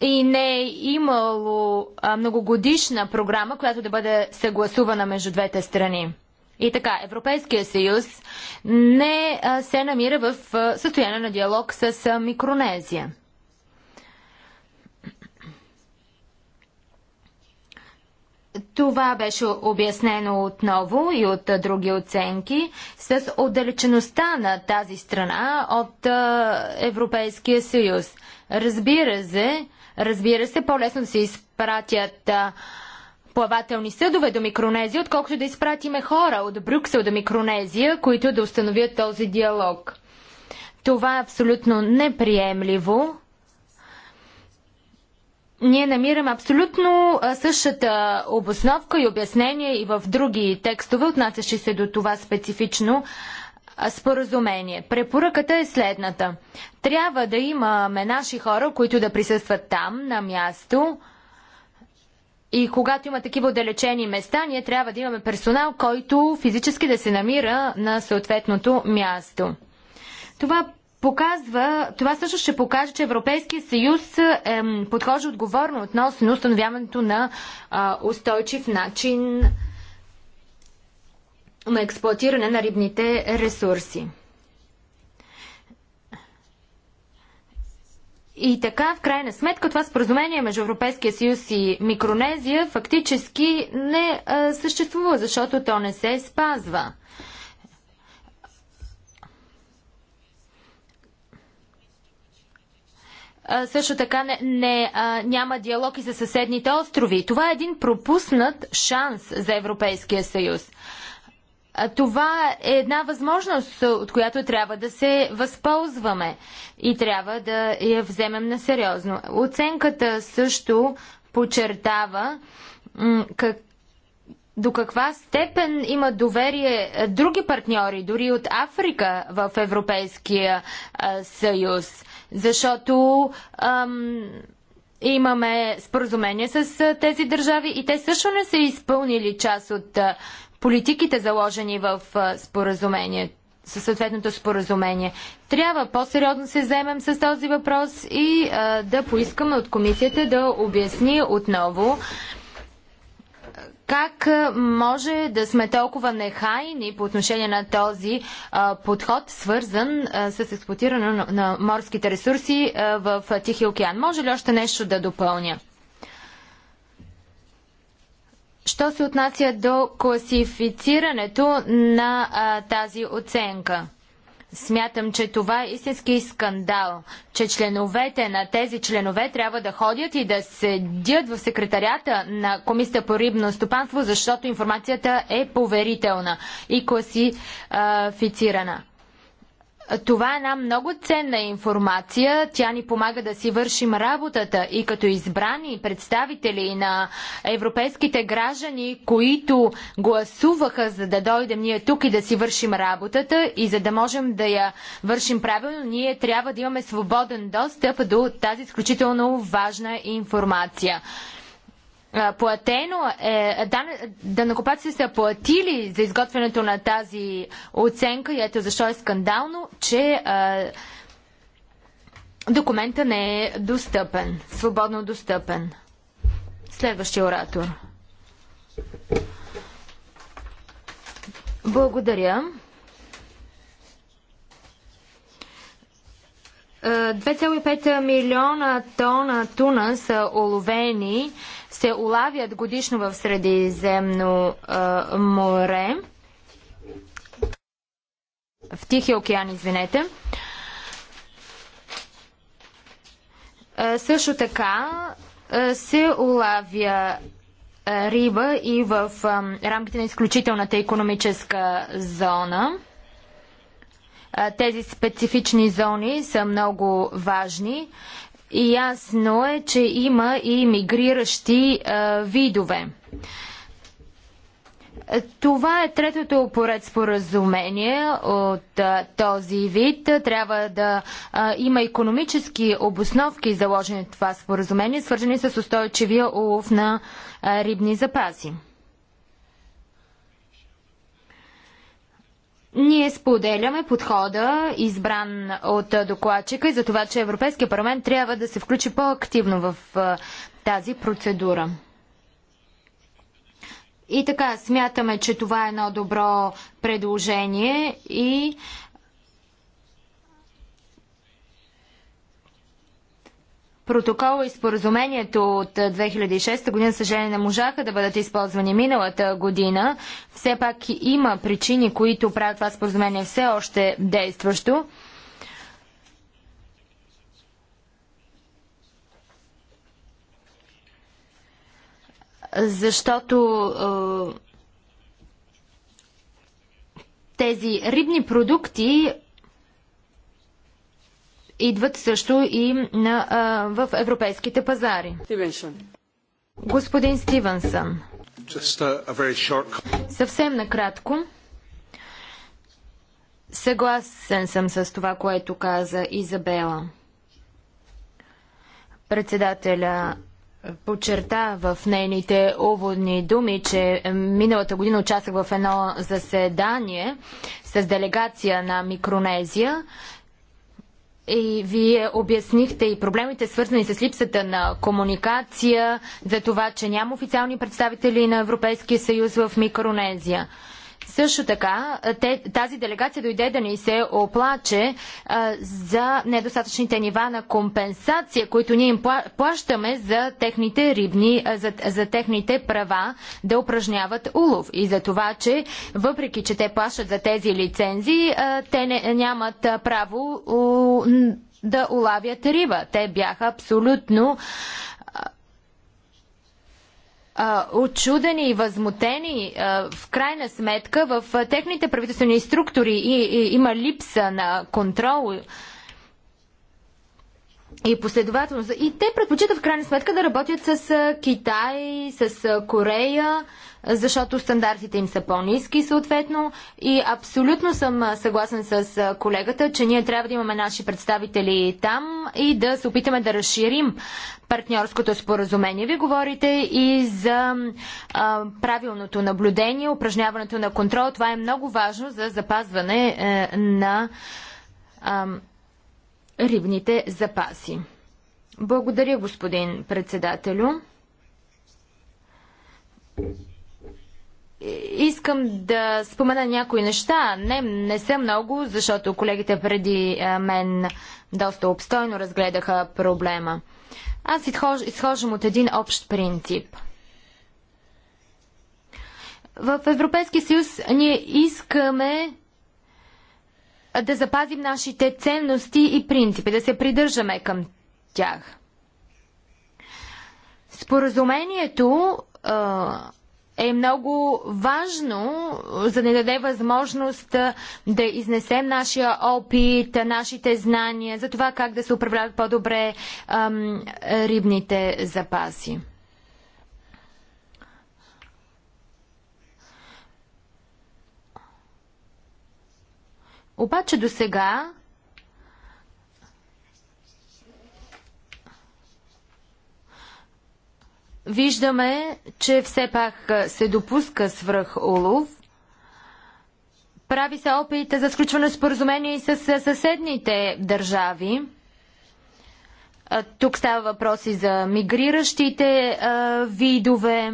и не е имало многогодишна програма, която да бъде съгласувана между двете страни. И така, Европейския съюз не се намира в състояние на диалог с Микронезия. Това беше обяснено отново и от други оценки с отдалечеността на тази страна от Европейския съюз. Разбира се, разбира се, по-лесно да се изпратят плавателни съдове до Микронезия, отколкото да изпратиме хора от Брюксел до Микронезия, които да установят този диалог. Това е абсолютно неприемливо ние намираме абсолютно същата обосновка и обяснение и в други текстове, отнасящи се до това специфично споразумение. Препоръката е следната. Трябва да имаме наши хора, които да присъстват там, на място. И когато има такива отдалечени места, ние трябва да имаме персонал, който физически да се намира на съответното място. Това показва, това също ще покаже, че Европейския съюз е, подхожда отговорно относно установяването на а, устойчив начин на експлуатиране на рибните ресурси. И така, в крайна сметка, това споразумение между Европейския съюз и Микронезия фактически не а, съществува, защото то не се спазва. също така не, не, а, няма диалог и за съседните острови. Това е един пропуснат шанс за Европейския съюз. А, това е една възможност, от която трябва да се възползваме и трябва да я вземем на сериозно. Оценката също подчертава как, до каква степен има доверие други партньори, дори от Африка в Европейския а, съюз защото ам, имаме споразумение с тези държави и те също не са изпълнили част от политиките заложени в споразумение, със съответното споразумение. Трябва по-сериозно се вземем с този въпрос и а, да поискаме от комисията да обясни отново как може да сме толкова нехайни по отношение на този а, подход, свързан а, с експлуатиране на, на морските ресурси а, в Тихия океан? Може ли още нещо да допълня? Що се отнася до класифицирането на а, тази оценка? Смятам, че това е истински скандал, че членовете на тези членове трябва да ходят и да седят в секретарията на Комисията по рибно стопанство, защото информацията е поверителна и класифицирана. Това е една много ценна информация. Тя ни помага да си вършим работата и като избрани представители на европейските граждани, които гласуваха за да дойдем ние тук и да си вършим работата и за да можем да я вършим правилно, ние трябва да имаме свободен достъп до тази изключително важна информация платено, е, данъкопаците са платили за изготвянето на тази оценка и ето защо е скандално, че е, документа не е достъпен, свободно достъпен. Следващия оратор. Благодаря. 2,5 е, милиона тона туна са оловени се улавят годишно в Средиземно а, море, в Тихия океан, извинете. А, също така а, се улавя а, риба и в а, рамките на изключителната економическа зона тези специфични зони са много важни. И ясно е, че има и мигриращи а, е, видове. Това е третото поред споразумение от а, е, този вид. Трябва да а, е, има економически обосновки заложени в това споразумение, свържени с устойчивия улов на а, рибни запаси. Ние споделяме подхода, избран от докладчика и за това, че Европейския парламент трябва да се включи по-активно в тази процедура. И така, смятаме, че това е едно добро предложение и Протокола и споразумението от 2006 година, съжаление, не можаха да бъдат използвани миналата година. Все пак има причини, които правят това споразумение все още действащо. Защото тези рибни продукти идват също и на, а, в европейските пазари. Стивенсън. Господин Стивенсън. A, a short... Съвсем накратко. Съгласен съм с това, което каза Изабела. Председателя подчерта в нейните уводни думи, че миналата година участвах в едно заседание с делегация на Микронезия и вие обяснихте и проблемите свързани с липсата на комуникация, за това, че няма официални представители на Европейския съюз в Микронезия. Също така, тази делегация дойде да ни се оплаче за недостатъчните нива на компенсация, които ние им плащаме за техните рибни, за, за техните права да упражняват улов. И за това, че въпреки, че те плащат за тези лицензии, те не, нямат право да улавят риба. Те бяха абсолютно очудени и възмутени. В крайна сметка в техните правителствени структури и, и, има липса на контрол и последователност. И те предпочитат в крайна сметка да работят с Китай, с Корея, защото стандартите им са по-низки съответно и абсолютно съм съгласен с колегата, че ние трябва да имаме наши представители там и да се опитаме да разширим партньорското споразумение. Вие говорите и за а, правилното наблюдение, упражняването на контрол. Това е много важно за запазване е, на а, рибните запаси. Благодаря, господин председателю. Искам да спомена някои неща. Не, не са много, защото колегите преди мен доста обстойно разгледаха проблема. Аз изхож, изхождам от един общ принцип. В Европейския съюз ние искаме да запазим нашите ценности и принципи, да се придържаме към тях. Споразумението а, е много важно, за да ни даде възможност да изнесем нашия опит, нашите знания за това как да се управляват по-добре рибните запаси. Обаче до сега Виждаме, че все пак се допуска свръх улов. Прави се опит за сключване споразумение и с съседните държави. Тук става въпроси за мигриращите видове.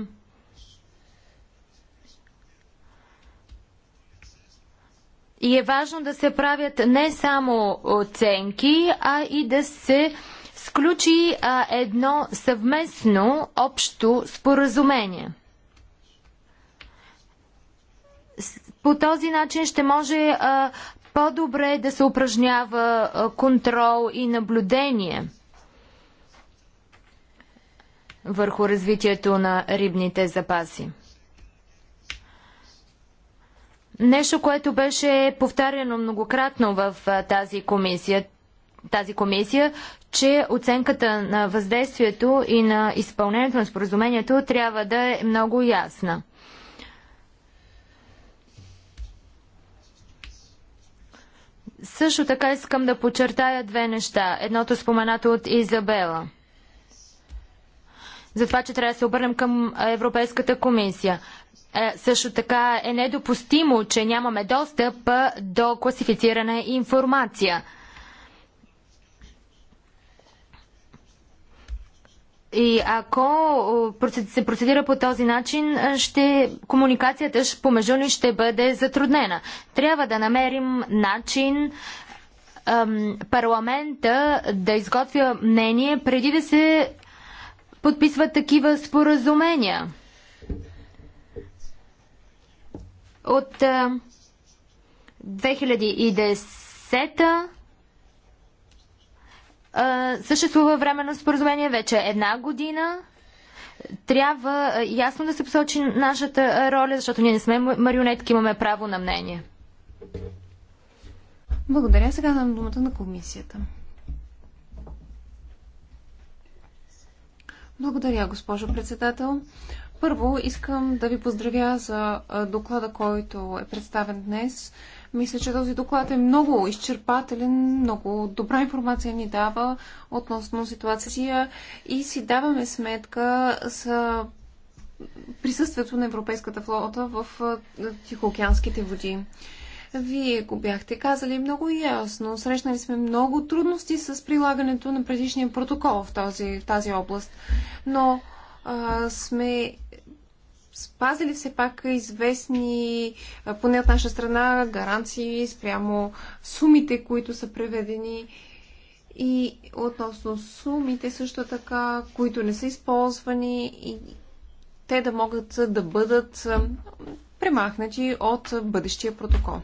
И е важно да се правят не само оценки, а и да се а, сключи а, едно съвместно общо споразумение. По този начин ще може по-добре да се упражнява а, контрол и наблюдение върху развитието на рибните запаси. Нещо, което беше повтаряно многократно в тази комисия тази комисия, че оценката на въздействието и на изпълнението на споразумението трябва да е много ясна. Също така искам да подчертая две неща. Едното споменато от Изабела. За това, че трябва да се обърнем към Европейската комисия. Е, също така е недопустимо, че нямаме достъп до класифицирана информация. И ако се процедира по този начин, ще, комуникацията помежду ни ще бъде затруднена. Трябва да намерим начин ем, парламента да изготвя мнение преди да се подписват такива споразумения. От е, 2010 съществува временно споразумение вече една година. Трябва ясно да се посочи нашата роля, защото ние не сме марионетки, имаме право на мнение. Благодаря. Сега дам думата на комисията. Благодаря, госпожо председател. Първо искам да ви поздравя за доклада, който е представен днес. Мисля, че този доклад е много изчерпателен, много добра информация ни дава относно ситуация и си даваме сметка с присъствието на европейската флота в Тихоокеанските води. Вие го бяхте казали много ясно. Срещнали сме много трудности с прилагането на предишния протокол в този, в тази област. Но а, сме спазили все пак известни, поне от наша страна, гаранции спрямо сумите, които са преведени и относно сумите също така, които не са използвани и те да могат да бъдат премахнати от бъдещия протокол.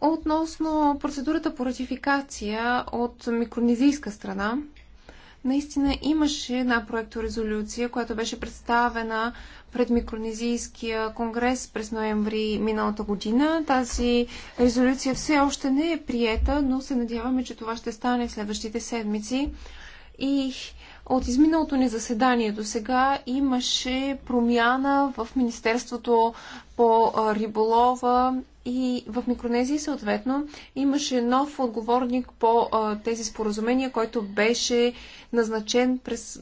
Относно процедурата по ратификация от микронезийска страна, наистина имаше една проекторезолюция, която беше представена пред Микронезийския конгрес през ноември миналата година. Тази резолюция все още не е приета, но се надяваме, че това ще стане в следващите седмици. И от изминалото ни заседание до сега имаше промяна в Министерството по риболова и в Микронезия съответно имаше нов отговорник по а, тези споразумения, който беше назначен през,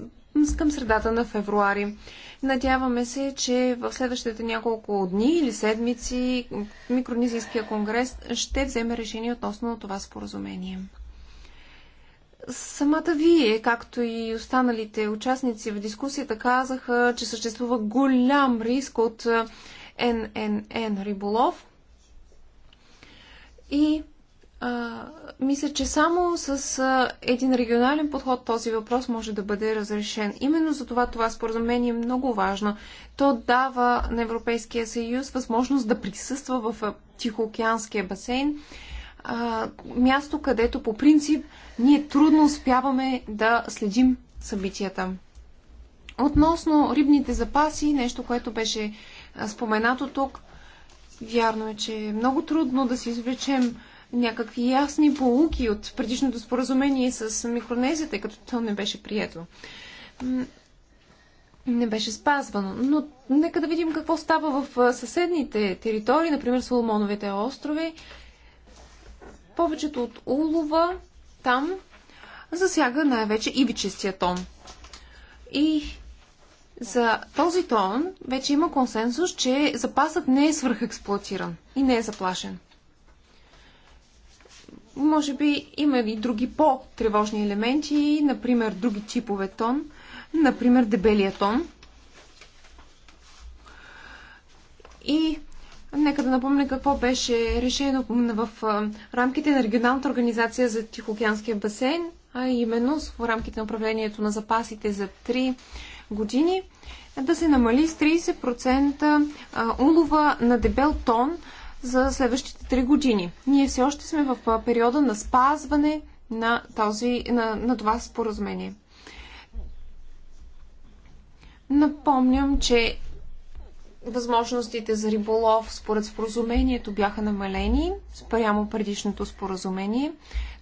към средата на февруари. Надяваме се, че в следващите няколко дни или седмици Микронезийския конгрес ще вземе решение относно това споразумение. Самата вие, както и останалите участници в дискусията, казаха, че съществува голям риск от ННН риболов – и а, мисля, че само с а, един регионален подход този въпрос може да бъде разрешен. Именно за това това споразумение е много важно. То дава на Европейския съюз възможност да присъства в Тихоокеанския басейн, а, място, където по принцип ние трудно успяваме да следим събитията. Относно рибните запаси, нещо, което беше споменато тук, Вярно е, че е много трудно да си извлечем някакви ясни полуки от предишното споразумение с Микронезия, тъй като то не беше прието. Не беше спазвано. Но нека да видим какво става в съседните територии, например Соломоновите острови. Повечето от улова там засяга най-вече ивичестия тон. И за този тон вече има консенсус, че запасът не е свръхексплуатиран и не е заплашен. Може би има и други по-тревожни елементи, например други типове тон, например дебелия тон. И нека да напомня какво беше решено в рамките на регионалната организация за Тихоокеанския басейн, а именно в рамките на управлението на запасите за три години да се намали с 30% улова на дебел тон за следващите 3 години. Ние все още сме в периода на спазване на, този, на, на това споразумение. Напомням, че възможностите за риболов според споразумението бяха намалени спрямо предишното споразумение.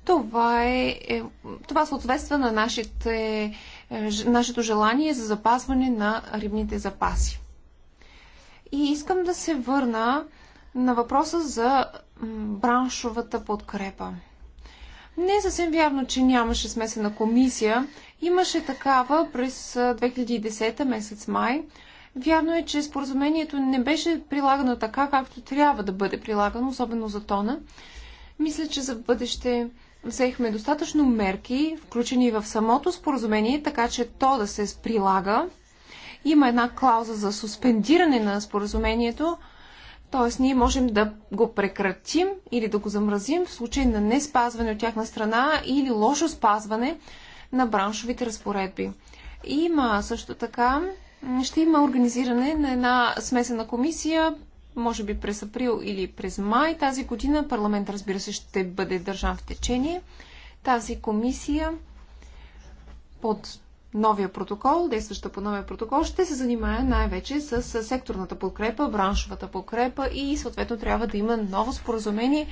Това, е, е това съответства на нашите е, нашето желание за запазване на рибните запаси. И искам да се върна на въпроса за браншовата подкрепа. Не е съвсем вярно, че нямаше смесена комисия. Имаше такава през 2010 е, месец май. Вярно е, че споразумението не беше прилагано така, както трябва да бъде прилагано, особено за тона. Мисля, че за бъдеще взехме достатъчно мерки, включени в самото споразумение, така че то да се прилага. Има една клауза за суспендиране на споразумението, т.е. ние можем да го прекратим или да го замразим в случай на не спазване от тяхна страна или лошо спазване на браншовите разпоредби. Има също така, ще има организиране на една смесена комисия може би през април или през май тази година. Парламент, разбира се, ще бъде държан в течение. Тази комисия под новия протокол, действаща по новия протокол, ще се занимае най-вече с секторната подкрепа, браншовата подкрепа и съответно трябва да има ново споразумение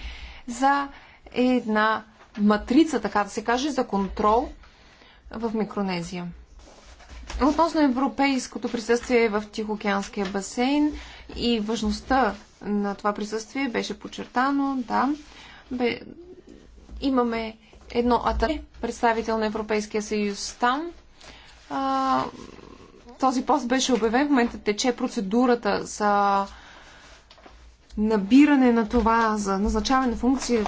за една матрица, така да се каже, за контрол в Микронезия. Относно европейското присъствие в Тихоокеанския басейн, и важността на това присъствие беше подчертано, да. Бе, имаме едно ателе, представител на Европейския съюз там. А, този пост беше обявен, в момента тече процедурата за набиране на това, за назначаване на функция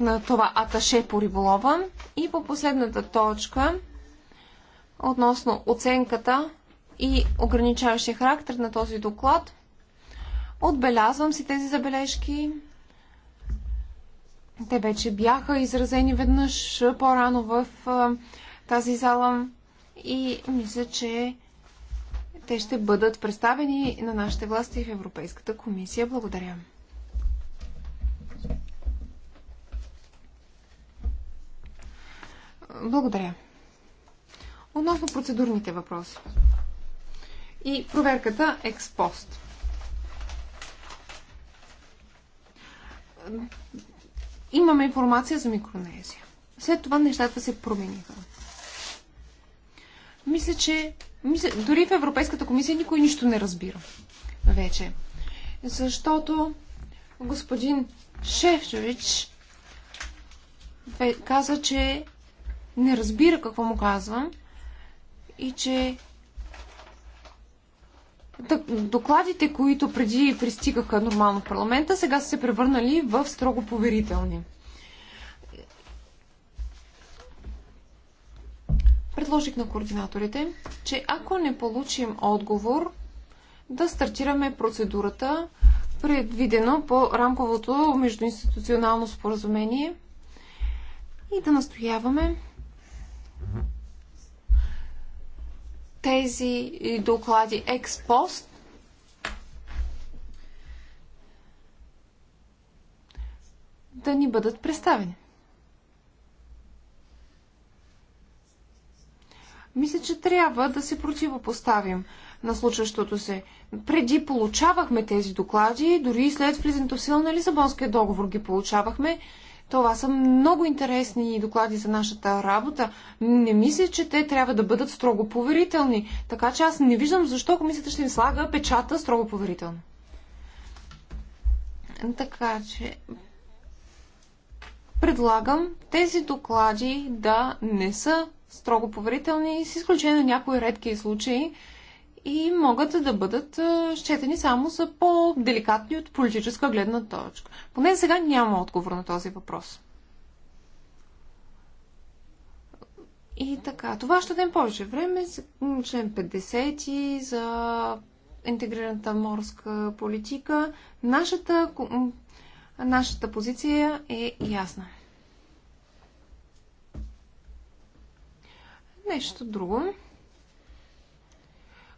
на това аташе по риболова. И по последната точка, относно оценката и ограничаващия характер на този доклад, Отбелязвам си тези забележки. Те вече бяха изразени веднъж по-рано в тази зала и мисля, че те ще бъдат представени на нашите власти в Европейската комисия. Благодаря. Благодаря. Относно процедурните въпроси и проверката експост. имаме информация за Микронезия. След това нещата се промениха. Мисля, че мисля, дори в Европейската комисия никой нищо не разбира вече. Защото господин Шефчович каза, че не разбира какво му казвам и че докладите, които преди пристигаха нормално в парламента, сега са се превърнали в строго поверителни. Предложих на координаторите, че ако не получим отговор, да стартираме процедурата, предвидено по рамковото междуинституционално споразумение и да настояваме тези доклади експост, да ни бъдат представени. Мисля, че трябва да се противопоставим на случващото се. Преди получавахме тези доклади, дори и след влизането в сила на Лисабонския договор ги получавахме това са много интересни доклади за нашата работа. Не мисля, че те трябва да бъдат строго поверителни. Така че аз не виждам защо комисията ще им слага печата строго поверително. Така че предлагам тези доклади да не са строго поверителни, с изключение на някои редки случаи, и могат да бъдат счетени само за по-деликатни от политическа гледна точка. Поне сега няма отговор на този въпрос. И така, това ще дадем повече време. Член 50 за интегрираната морска политика. Нашата, нашата позиция е ясна. Нещо друго.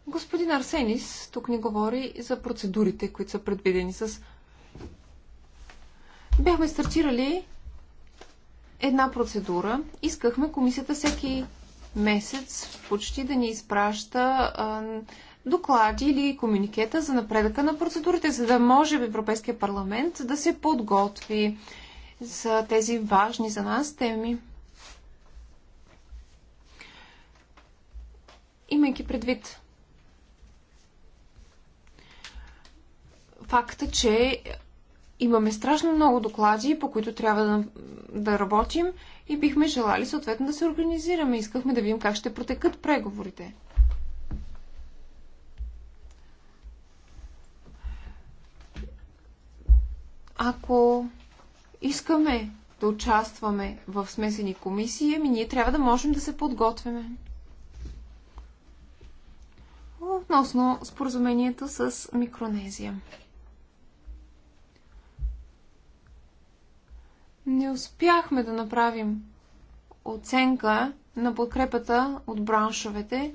Господин Арсенис тук ни говори за процедурите, които са предвидени с... Бяхме стартирали една процедура. Искахме комисията всеки месец почти да ни изпраща а, доклади или комуникета за напредъка на процедурите, за да може в Европейския парламент да се подготви за тези важни за нас теми. Имайки предвид факта, че имаме страшно много доклади, по които трябва да, да работим и бихме желали съответно да се организираме. Искахме да видим как ще протекат преговорите. Ако искаме да участваме в смесени комисии, ами ние трябва да можем да се подготвяме. Относно споразумението с Микронезия. не успяхме да направим оценка на подкрепата от браншовете,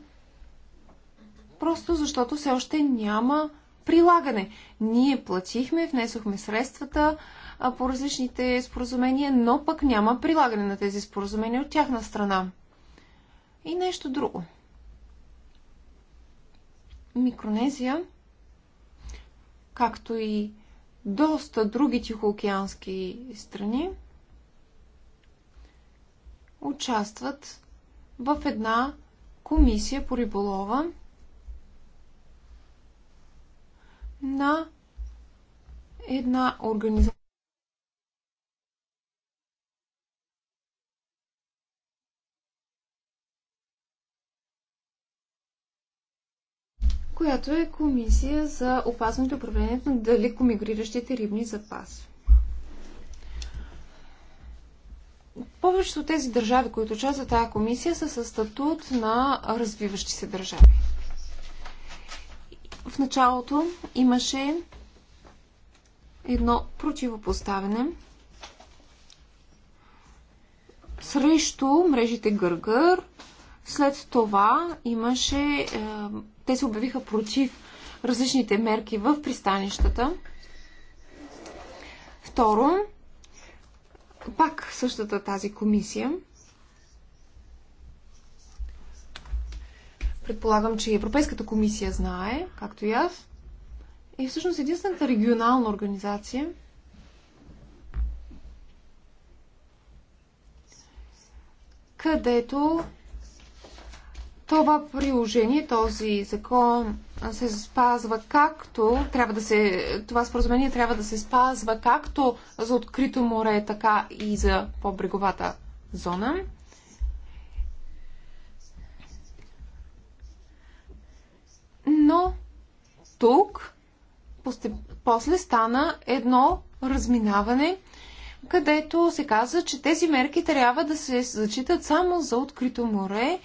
просто защото все още няма прилагане. Ние платихме, внесохме средствата по различните споразумения, но пък няма прилагане на тези споразумения от тяхна страна. И нещо друго. Микронезия, както и доста други тихоокеански страни участват в една комисия по риболова на една организация. която е комисия за опазването и управлението на далеко мигриращите рибни запаси. Повечето от тези държави, които участват в тази комисия, са със статут на развиващи се държави. В началото имаше едно противопоставяне срещу мрежите Гъргър след това имаше. Е, те се обявиха против различните мерки в пристанищата. Второ, пак същата тази комисия. Предполагам, че Европейската комисия знае, както и аз, е всъщност единствената регионална организация, където това приложение, този закон се спазва както трябва да се, това споразумение трябва да се спазва както за открито море, така и за по-бреговата зона. Но тук после стана едно разминаване, където се каза, че тези мерки трябва да се зачитат само за открито море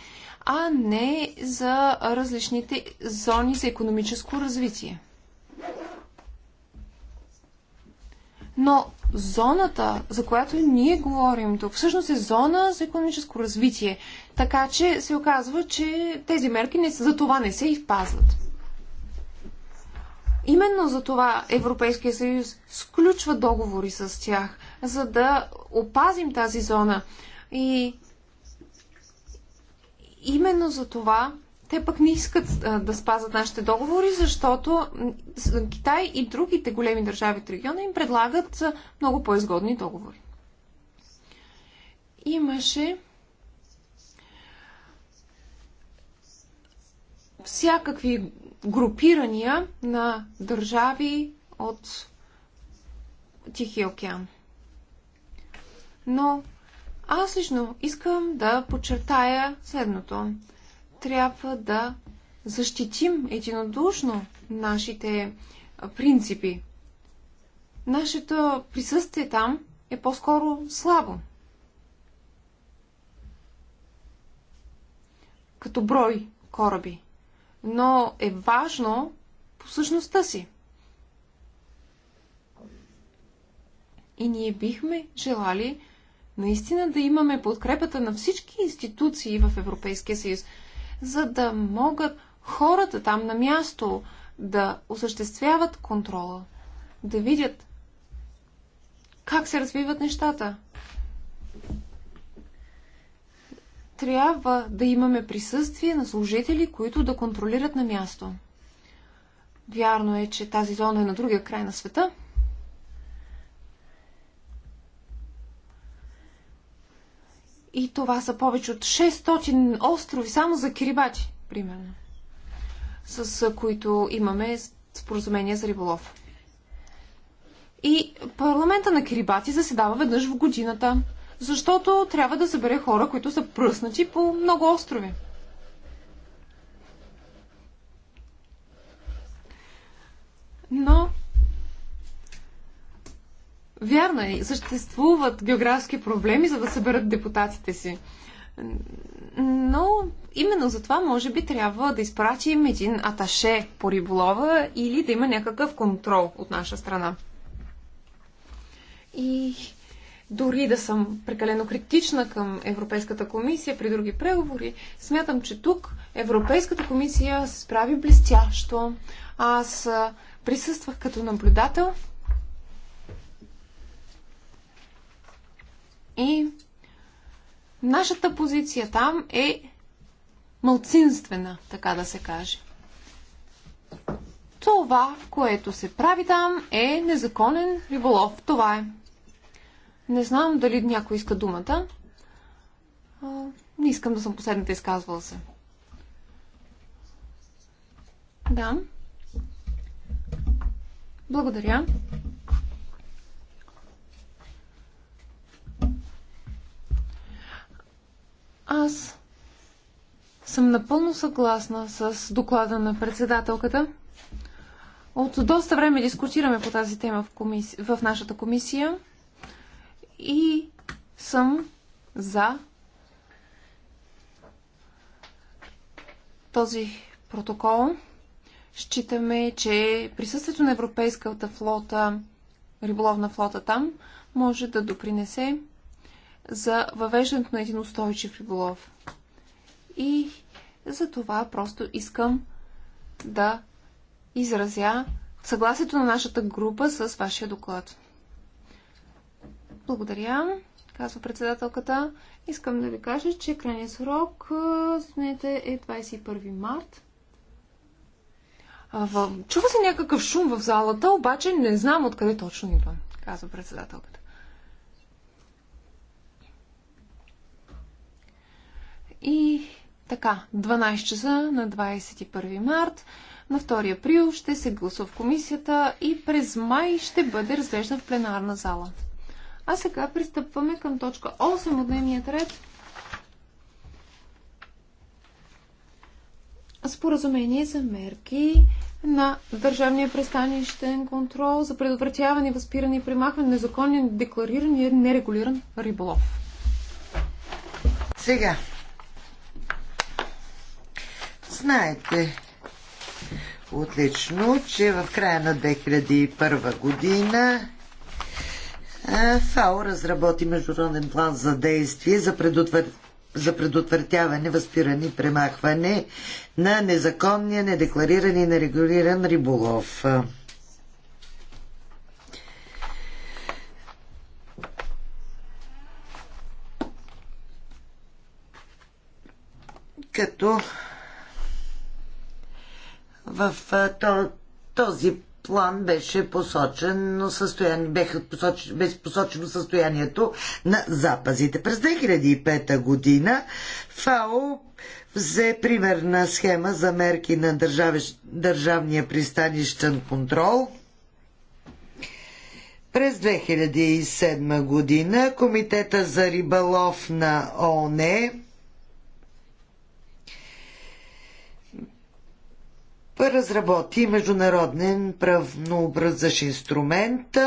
а не за различните зони за економическо развитие. Но зоната, за която ние говорим тук, всъщност е зона за економическо развитие. Така че се оказва, че тези мерки не, за това не се изпазват. Именно за това Европейския съюз сключва договори с тях, за да опазим тази зона. И именно за това те пък не искат а, да спазат нашите договори, защото Китай и другите големи държави от региона им предлагат много по-изгодни договори. Имаше всякакви групирания на държави от Тихия океан. Но аз лично искам да подчертая следното. Трябва да защитим единодушно нашите принципи. Нашето присъствие там е по-скоро слабо. Като брой кораби. Но е важно по същността си. И ние бихме желали наистина да имаме подкрепата на всички институции в Европейския съюз, за да могат хората там на място да осъществяват контрола, да видят как се развиват нещата. Трябва да имаме присъствие на служители, които да контролират на място. Вярно е, че тази зона е на другия край на света – И това са повече от 600 острови само за Кирибати, примерно, с които имаме споразумение за риболов. И парламента на Кирибати заседава веднъж в годината, защото трябва да събере хора, които са пръснати по много острови. Но Вярно е, съществуват географски проблеми, за да съберат депутатите си. Но именно за това може би трябва да изпратим един аташе по риболова или да има някакъв контрол от наша страна. И дори да съм прекалено критична към Европейската комисия при други преговори, смятам, че тук Европейската комисия се справи блестящо. Аз присъствах като наблюдател И нашата позиция там е мълцинствена, така да се каже. Това, което се прави там е незаконен риболов. Това е. Не знам дали някой иска думата. не искам да съм последната изказвала се. Да. Благодаря. Аз съм напълно съгласна с доклада на председателката. От доста време дискутираме по тази тема в, комиси... в нашата комисия и съм за този протокол. Считаме, че присъствието на европейската флота, риболовна флота там, може да допринесе за въвеждането на един устойчив риболов. И за това просто искам да изразя съгласието на нашата група с вашия доклад. Благодаря, казва председателката. Искам да ви кажа, че крайният срок е 21 март. Чува се някакъв шум в залата, обаче не знам откъде точно идва, казва председателката. И така, 12 часа на 21 март, на 2 април ще се гласува в комисията и през май ще бъде разглеждан в пленарна зала. А сега пристъпваме към точка 8 от дневния ред. Споразумение за мерки на държавния пристанищен контрол за предотвратяване, възпиране и примахване на незаконен, деклариран и нерегулиран риболов. Сега, Знаете отлично, че в края на 2001 година ФАО разработи международен план за действие за, предотвър... за предотвратяване, възпиране и премахване на незаконния, недеклариран и нерегулиран риболов. Като в този план беше посочено състояние, беше посочено, беше посочено състоянието на запазите. През 2005 година ФАО взе примерна схема за мерки на държави, държавния пристанищен контрол. През 2007 година Комитета за рибалов на ОНЕ разработи международен правнообразъщ инструмент,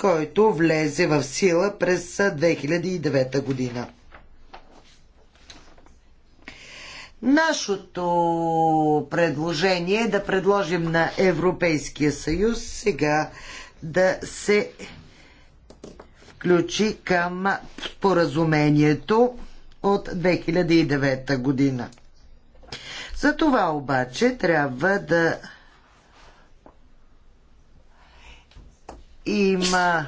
който влезе в сила през 2009 година. Нашето предложение е да предложим на Европейския съюз сега да се включи към споразумението от 2009 година. За това обаче трябва да има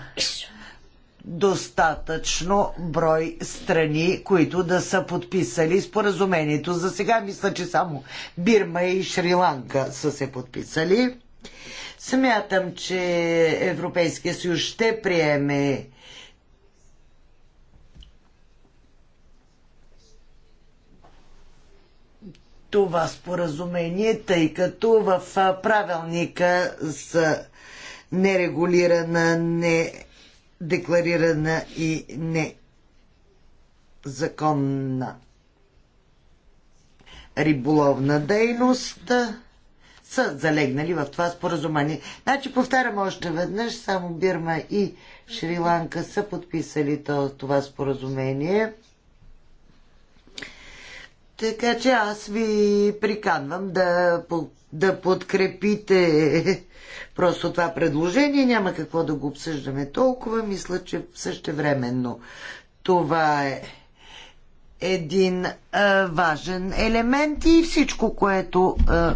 достатъчно брой страни, които да са подписали споразумението. За сега мисля, че само Бирма и Шри-Ланка са се подписали. Смятам, че Европейския съюз ще приеме това споразумение, тъй като в правилника са нерегулирана, недекларирана и незаконна риболовна дейност са залегнали в това споразумение. Значи, повтарям още веднъж, само Бирма и Шри-Ланка са подписали това споразумение така че аз ви приканвам да, да подкрепите просто това предложение. Няма какво да го обсъждаме толкова. Мисля, че същевременно това е един а, важен елемент и всичко, което, а,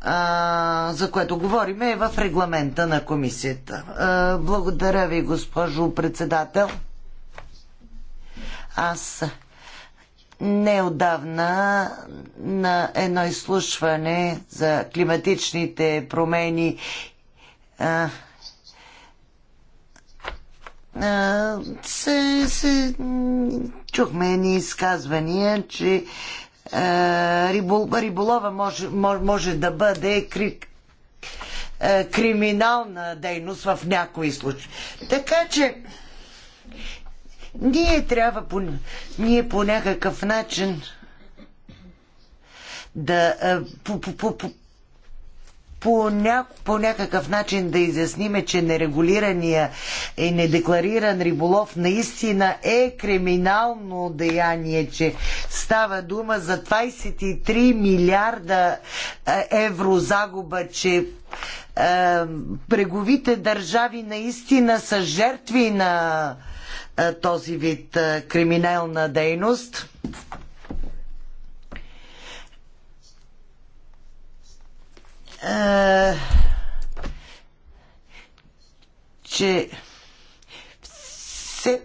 а, за което говорим е в регламента на комисията. А, благодаря ви, госпожо председател. Аз неодавна на едно изслушване за климатичните промени а, а, се, се чухме едни изказвания, че а, рибол, риболова може, може, може да бъде крик, криминална дейност в някои случаи. Така че ние трябва по, ние по някакъв начин да по, по, по, по, по, ня, по някакъв начин да изясниме, че нерегулирания и недеклариран риболов наистина е криминално деяние, че става дума за 23 милиарда евро загуба, че преговите държави наистина са жертви на е, този вид е, криминална дейност. Е, че се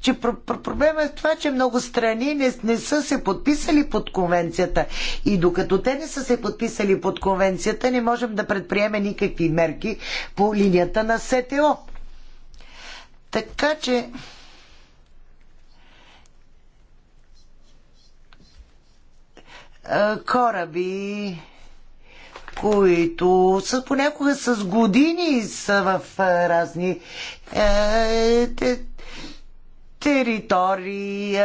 че проблема е в това, че много страни не, не са се подписали под конвенцията. И докато те не са се подписали под конвенцията, не можем да предприемем никакви мерки по линията на СТО. Така че кораби, които са понякога с години са в разни е, те, територии,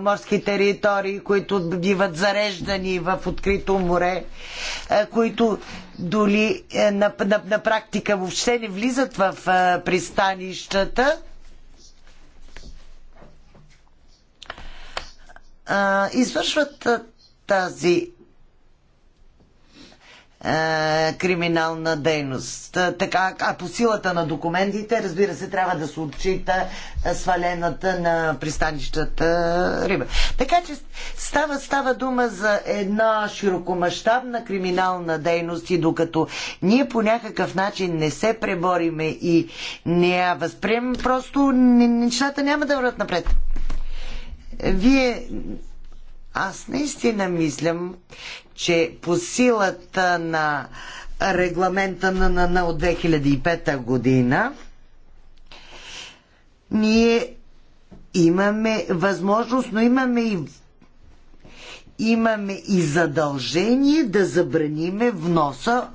морски територии, които биват зареждани в открито море, които доли е, на, на, на практика въобще не влизат в пристанищата. Извършват тази е, криминална дейност. Е, така, а по силата на документите, разбира се, трябва да се отчита е, свалената на пристанищата риба. Така че става, става дума за една широкомащабна криминална дейност и докато ние по някакъв начин не се пребориме и не я възприем, просто нещата няма да върват напред. Вие аз наистина мислям, че по силата на регламента на НАНА от 2005 година ние имаме възможност, но имаме и имаме и задължение да забраниме вноса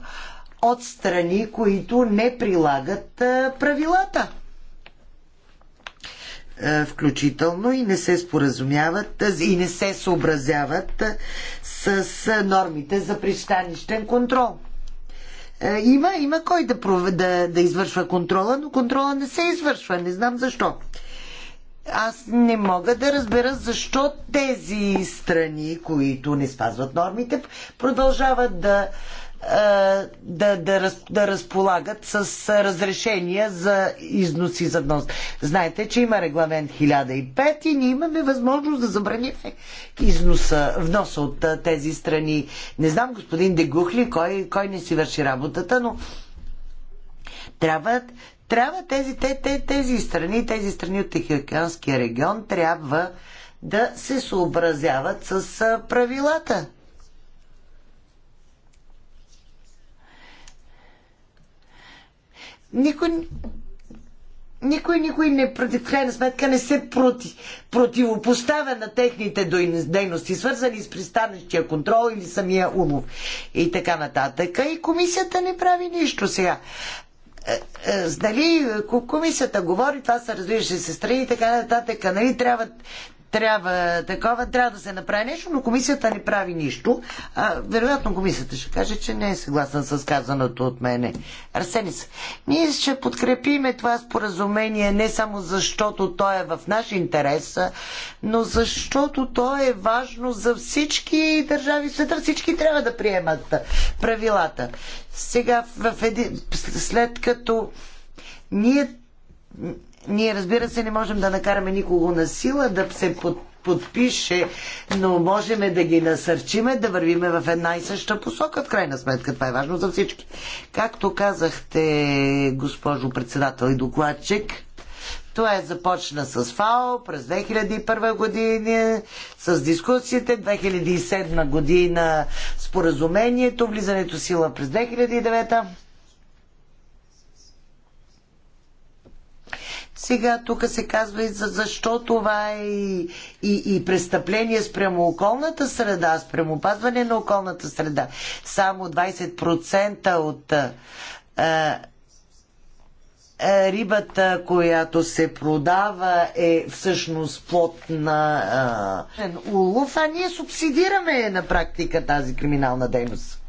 от страни, които не прилагат правилата. Е, включително и не се споразумяват и не се съобразяват с нормите за пристанищен контрол. Е, има, има кой да, да, да извършва контрола, но контрола не се извършва. Не знам защо. Аз не мога да разбера защо тези страни, които не спазват нормите, продължават да да, да, раз, да разполагат с разрешения за износ и за внос. Знаете, че има регламент 1005 и ние имаме възможност да забраним износа, вноса от тези страни. Не знам, господин Дегухли, кой, кой не си върши работата, но трябва, трябва тези, те, те, тези страни, тези страни от Тихоокеанския регион трябва да се съобразяват с правилата. Никой, никой, никой не, в крайна сметка не се проти, противопоставя на техните дейности, свързани с пристанищия контрол или самия улов и така нататък. И комисията не прави нищо сега. Е, е, нали, комисията говори, това са различни сестри и така нататък, нали, трябва, трябва такова, трябва да се направи нещо, но комисията не прави нищо. А, вероятно комисията ще каже, че не е съгласна с казаното от мене. Арсенис, ние ще подкрепиме това споразумение не само защото то е в наш интерес, но защото то е важно за всички държави в света. Всички трябва да приемат правилата. Сега, в един, след като ние ние, разбира се, не можем да накараме никого на сила да се под, подпише, но можем да ги насърчиме да вървиме в една и съща посока. В крайна сметка това е важно за всички. Както казахте, госпожо председател и докладчик, това е започна с ФАО през 2001 година, с дискусиите, 2007 година споразумението, влизането сила през 2009. Сега тук се казва и за, защо това е и, и, и престъпление спрямо околната среда, спрямо опазване на околната среда. Само 20% от а, рибата, която се продава, е всъщност плод на а, улов, а ние субсидираме на практика тази криминална дейност.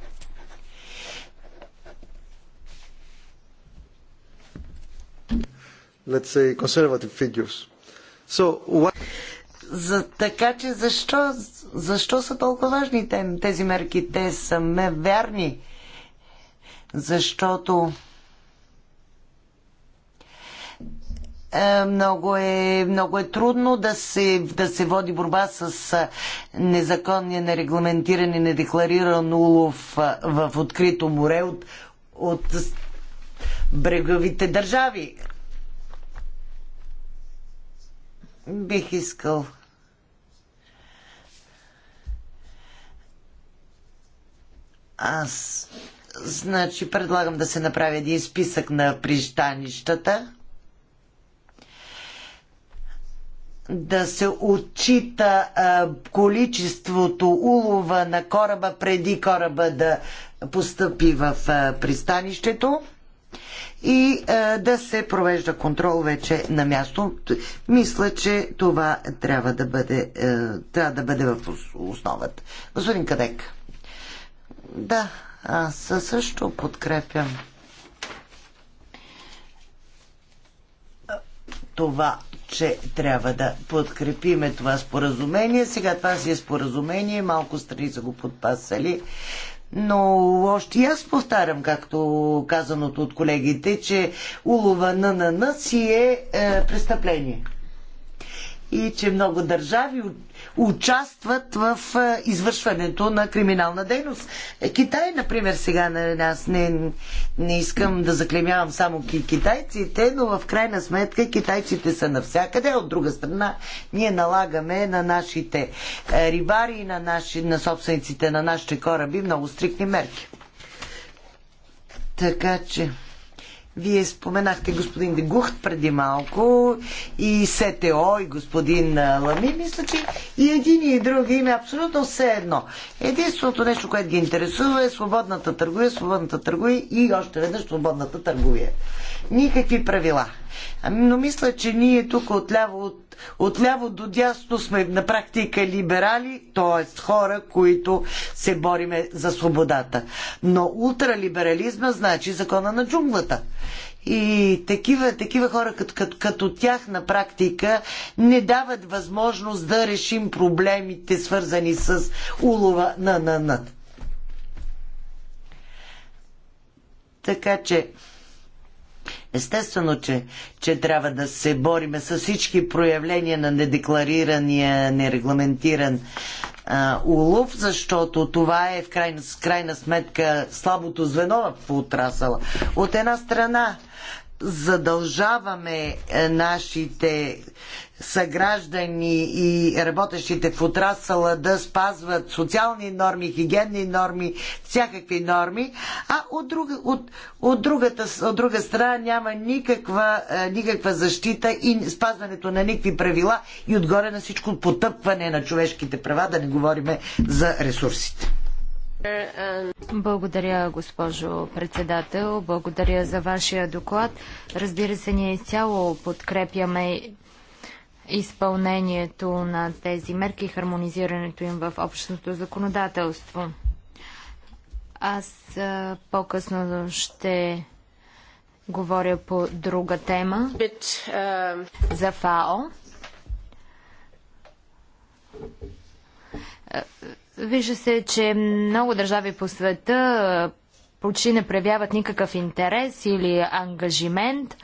let's say, conservative figures. So, what... За, така че защо, защо са толкова важни тези мерки? Те са ме верни, защото е, много е, много е трудно да се, да се води борба с е, незаконния, нерегламентиран и недеклариран улов е, в открито море от, от бреговите държави. бих искал аз значи предлагам да се направи един списък на пристанищата да се отчита а, количеството улова на кораба преди кораба да постъпи в а, пристанището и а, е, да се провежда контрол вече на място. Мисля, че това трябва да бъде, а, е, трябва да бъде в основата. Господин Кадек. Да, аз също подкрепям това, че трябва да подкрепиме това споразумение. Сега това си е споразумение, малко страни са го подпасали но още и аз повтарям, както казаното от колегите, че улова на нана си е, е престъпление. И че много държави участват в е, извършването на криминална дейност. Е, Китай, например, сега, нали, аз не, не искам да заклемявам само китайците, но в крайна сметка китайците са навсякъде. От друга страна, ние налагаме на нашите е, рибари, на, наши, на собствениците на нашите кораби много стрикни мерки. Така че. Вие споменахте господин Дегухт преди малко и СТО и господин Лами. Мисля, че и един и други им е абсолютно все едно. Единственото нещо, което ги интересува е свободната търговия, свободната търговия и още веднъж свободната търговия. Никакви правила. Но мисля, че ние тук отляво, от, отляво до дясно сме на практика либерали, т.е. хора, които се бориме за свободата. Но ултралиберализма значи закона на джунглата. И такива, такива хора като, като, като тях на практика не дават възможност да решим проблемите, свързани с улова на на на. Така че Естествено, че, че трябва да се бориме с всички проявления на недекларирания, нерегламентиран а, улов, защото това е в крайна, крайна сметка слабото звено в отрасъла. От една страна задължаваме е, нашите съграждани и работещите в отрасъла да спазват социални норми, хигиенни норми, всякакви норми, а от друга, от, от другата, от друга страна няма никаква, е, никаква защита и спазването на никакви правила и отгоре на всичко потъпване на човешките права, да не говорим за ресурсите. Благодаря, госпожо председател. Благодаря за вашия доклад. Разбира се, ние изцяло подкрепяме изпълнението на тези мерки и хармонизирането им в общото законодателство. Аз по-късно ще говоря по друга тема за ФАО Вижда се, че много държави по света почти не проявяват никакъв интерес или ангажимент.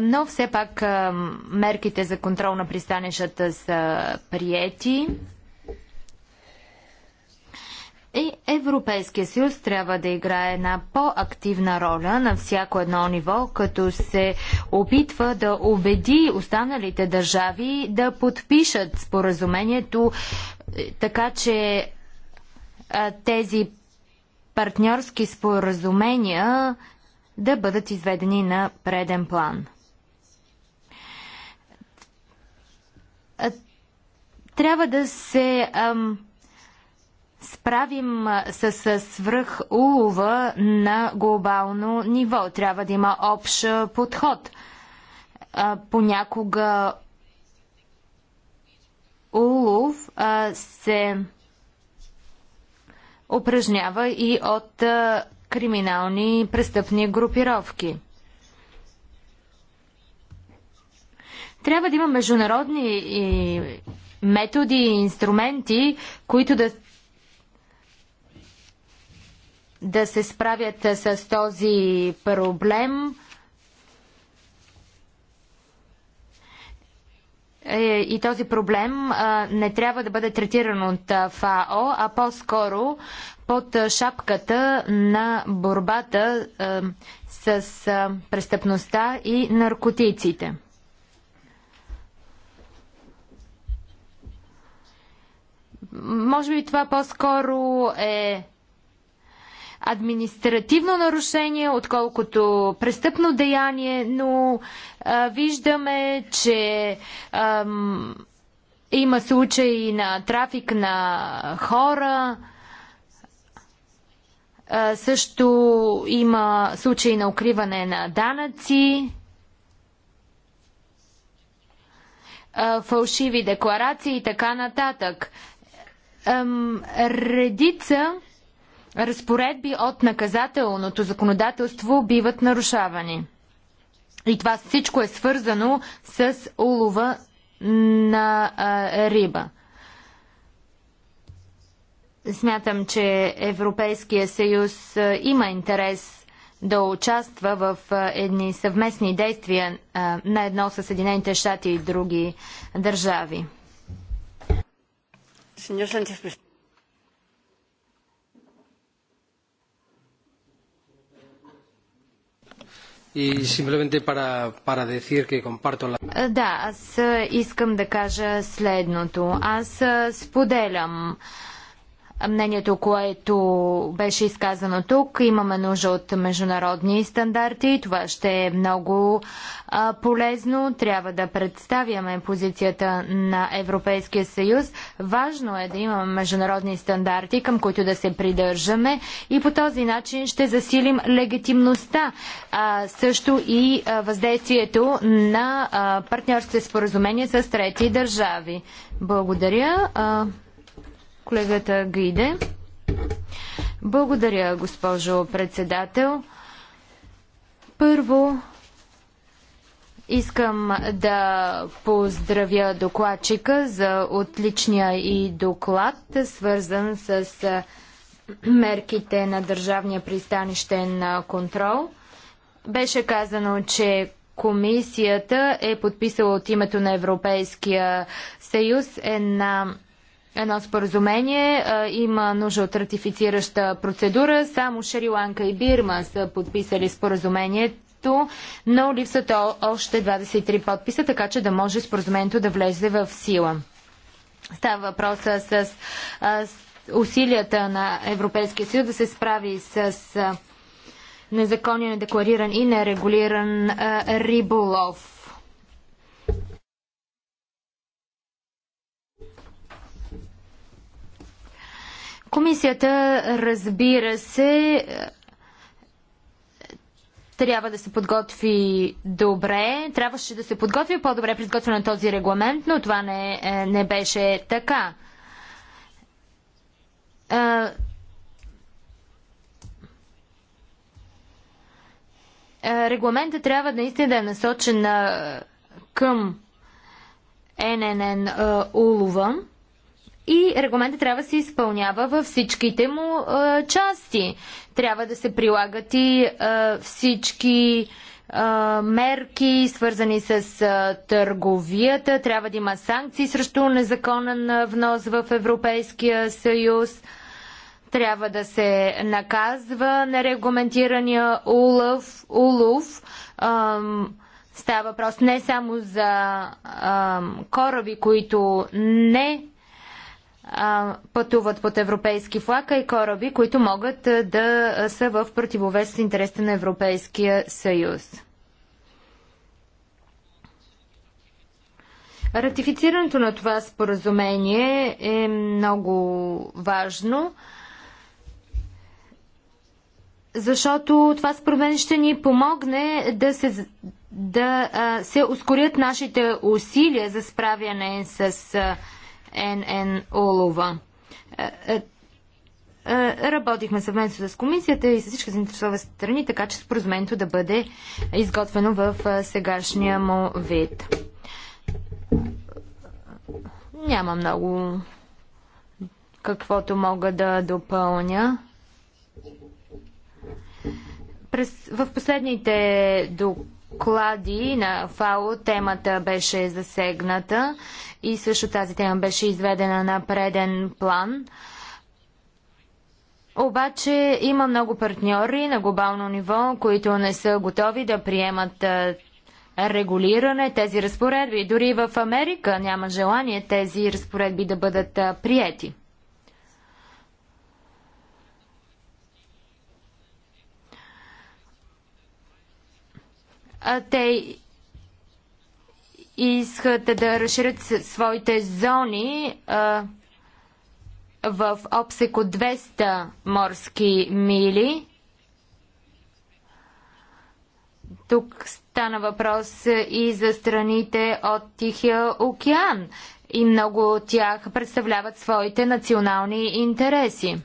Но все пак мерките за контрол на пристанищата са приети. И Европейския съюз трябва да играе една по-активна роля на всяко едно ниво, като се опитва да убеди останалите държави да подпишат споразумението, е, така че е, тези партньорски споразумения да бъдат изведени на преден план. Е, трябва да се ам, справим с свръх улова на глобално ниво. Трябва да има общ подход. Понякога улов се упражнява и от криминални престъпни групировки. Трябва да има международни методи и инструменти, които да да се справят с този проблем. Е, и този проблем не трябва да бъде третиран от ФАО, а по-скоро под шапката на борбата с престъпността и наркотиците. Може би това по-скоро е административно нарушение, отколкото престъпно деяние, но а, виждаме, че ам, има случаи на трафик на хора, а, също има случаи на укриване на данъци. фалшиви декларации и така нататък. Редица разпоредби от наказателното законодателство биват нарушавани. И това всичко е свързано с улова на а, риба. Смятам, че Европейския съюз има интерес да участва в едни съвместни действия на едно с Съединените щати и други държави. Señor Sánchez И simplemente para, para decir que comparto la... Да, аз искам да кажа следното. Аз споделям а, мнението, което беше изказано тук. Имаме нужда от международни стандарти. Това ще е много а, полезно. Трябва да представяме позицията на Европейския съюз. Важно е да имаме международни стандарти, към които да се придържаме и по този начин ще засилим легитимността, а, също и а, въздействието на партньорските споразумения с трети държави. Благодаря. Колегата Гриде. Благодаря, госпожо председател. Първо, искам да поздравя докладчика за отличния и доклад, свързан с мерките на държавния пристанищен контрол. Беше казано, че комисията е подписала от името на Европейския съюз една едно споразумение. Има нужда от ратифицираща процедура. Само Шри-Ланка и Бирма са подписали споразумението, но липсват още 23 подписа, така че да може споразумението да влезе в сила. Става въпроса с усилията на Европейския съюз да се справи с незаконен, недеклариран и нерегулиран риболов Комисията, разбира се, трябва да се подготви добре. Трябваше да се подготви по-добре при изготвяне на този регламент, но това не, е, не беше така. Регламентът регламента трябва наистина да е насочен към ННН улова и регламентът трябва да се изпълнява във всичките му а, части. Трябва да се прилагат и а, всички а, мерки, свързани с а, търговията. Трябва да има санкции срещу незаконен внос в Европейския съюз. Трябва да се наказва нерегламентирания улов. улов а, Става въпрос не само за а, кораби, които не пътуват под европейски флаг, а и кораби, които могат да са в противовес с интересите на Европейския съюз. Ратифицирането на това споразумение е много важно, защото това споразумение ще ни помогне да се, да, се ускорят нашите усилия за справяне с НН Олова. Е, е, е, работихме съвместно с комисията и с всички заинтересовани страни, така че споразумението да бъде изготвено в сегашния му вид. Няма много каквото мога да допълня. През, в последните доклада доклади на ФАО темата беше засегната и също тази тема беше изведена на преден план. Обаче има много партньори на глобално ниво, които не са готови да приемат регулиране тези разпоредби. Дори в Америка няма желание тези разпоредби да бъдат приети. те искат да разширят своите зони в обсек от 200 морски мили. Тук стана въпрос и за страните от Тихия океан и много от тях представляват своите национални интереси.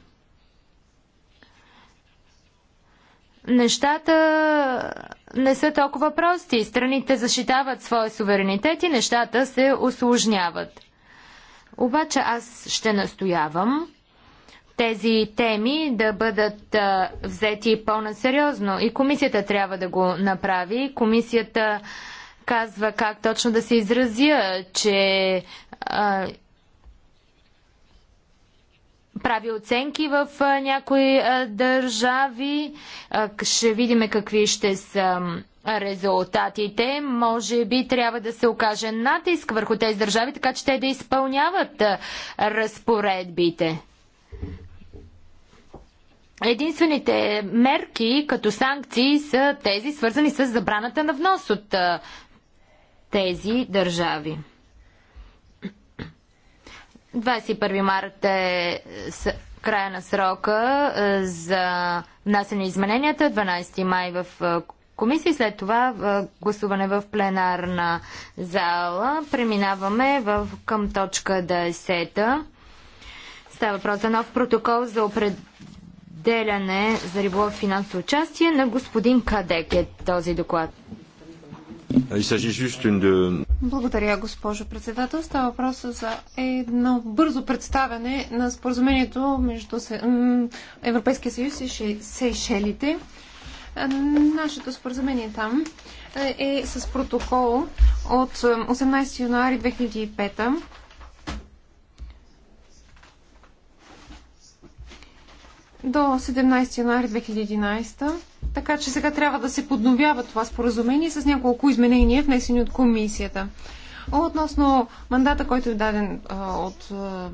нещата не са толкова прости. Страните защитават своя суверенитет и нещата се осложняват. Обаче аз ще настоявам тези теми да бъдат а, взети по-насериозно. И комисията трябва да го направи. Комисията казва как точно да се изразя, че а, прави оценки в някои държави. Ще видим какви ще са резултатите. Може би трябва да се окаже натиск върху тези държави, така че те да изпълняват разпоредбите. Единствените мерки като санкции са тези свързани с забраната на внос от тези държави. 21 март е края на срока е, за внасяне измененията, 12 май в е, комисия след това е, гласуване в пленарна зала. Преминаваме в, към точка 10. Става въпрос за нов протокол за определяне за риболов финансово участие на господин Кадек е този доклад. Благодаря, госпожо председател. Става въпрос за едно бързо представяне на споразумението между Европейския съюз и Сейшелите. Нашето споразумение там е с протокол от 18 януари 2005 до 17 януари 2011. Така че сега трябва да се подновява това споразумение с няколко изменения, внесени от комисията. Относно мандата, който е даден а, от а,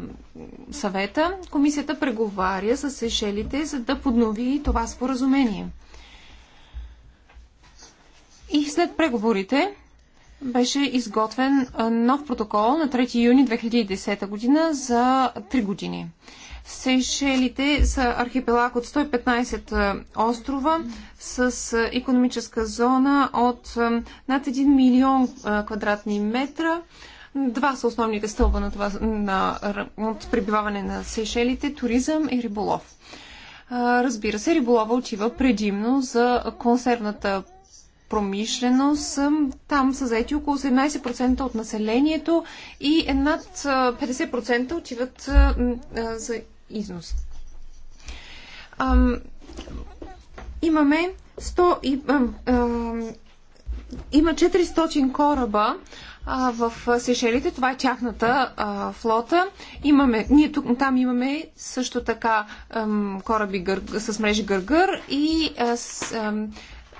съвета, комисията преговаря с Сейшелите, за да поднови това споразумение. И след преговорите беше изготвен нов протокол на 3 юни 2010 година за 3 години. Сейшелите са архипелаг от 115 е, острова с економическа зона от е, над 1 милион е, квадратни метра. Два са основните стълба на това, на, от пребиваване на Сейшелите – туризъм и риболов. Разбира се, риболова отива предимно за консервната промишленост. Там са заети около 17% от населението и над 50% отиват за износ. Ам, имаме 100 и, ам, ам, има 400 кораба а, в Сешелите, Това е тяхната а, флота. Имаме, ние тук, там имаме също така ам, кораби гър, с мрежи Гъргър и а, с, ам,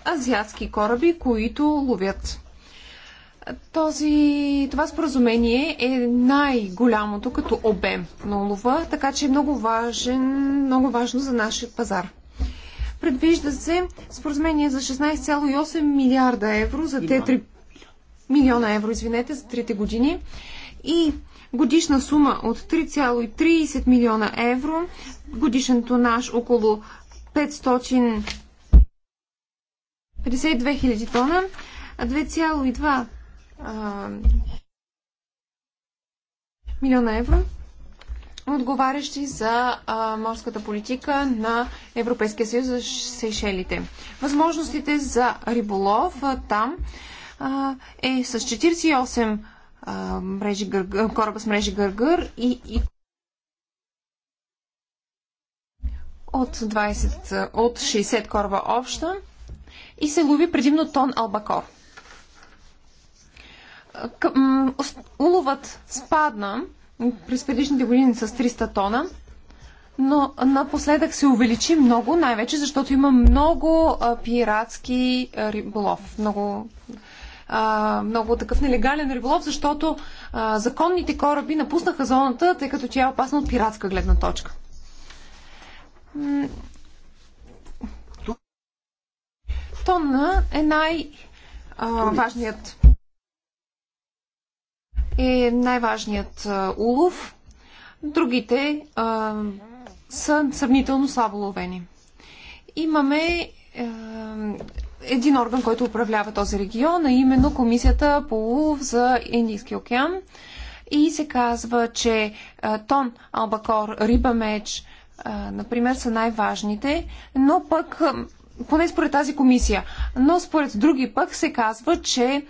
азиатски кораби, които ловят този, това споразумение е най-голямото като обем на улова, така че е много, важен, много важно за нашия пазар. Предвижда се споразумение за 16,8 милиарда евро за те 3 милиона евро, извинете, за трите години и годишна сума от 3,30 милиона евро, годишното наш около 552 хиляди тона, 2,2 а, милиона евро, отговарящи за а, морската политика на Европейския съюз за Сейшелите. Възможностите за риболов а, там а, е с 48 а, мрежи гър, кораба с мрежи Гъргър и, и от, 20, от 60 кораба обща и се лови предимно тон албакор уловът спадна през предишните години с 300 тона, но напоследък се увеличи много, най-вече защото има много а, пиратски риболов. Много, а, много такъв нелегален риболов, защото а, законните кораби напуснаха зоната, тъй като тя е опасна от пиратска гледна точка. Тонна е най- важният е най-важният улов. Другите а, са съмнително слабо ловени. Имаме а, един орган, който управлява този регион, а именно Комисията по улов за Индийски океан. И се казва, че а, тон, албакор, риба меч, а, например, са най-важните, но пък, поне според тази комисия, но според други пък се казва, че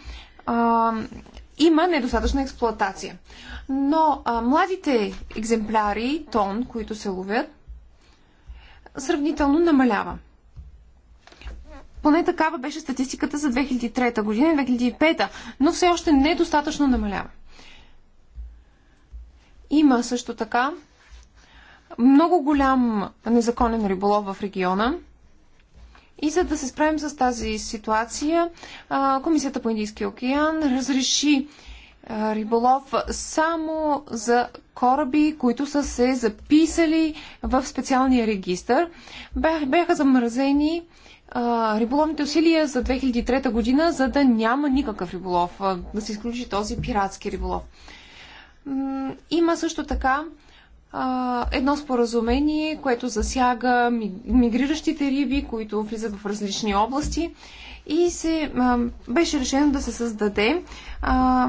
а, има недостатъчна експлоатация. Но а, младите екземпляри, тон, които се ловят, сравнително намалява. Поне такава беше статистиката за 2003 година и 2005, но все още недостатъчно намалява. Има също така много голям незаконен риболов в региона – и за да се справим с тази ситуация, Комисията по Индийския океан разреши риболов само за кораби, които са се записали в специалния регистр. Бяха замразени риболовните усилия за 2003 година, за да няма никакъв риболов, да се изключи този пиратски риболов. Има също така едно споразумение, което засяга мигриращите риби, които влизат в различни области и се, а, беше решено да се създаде а,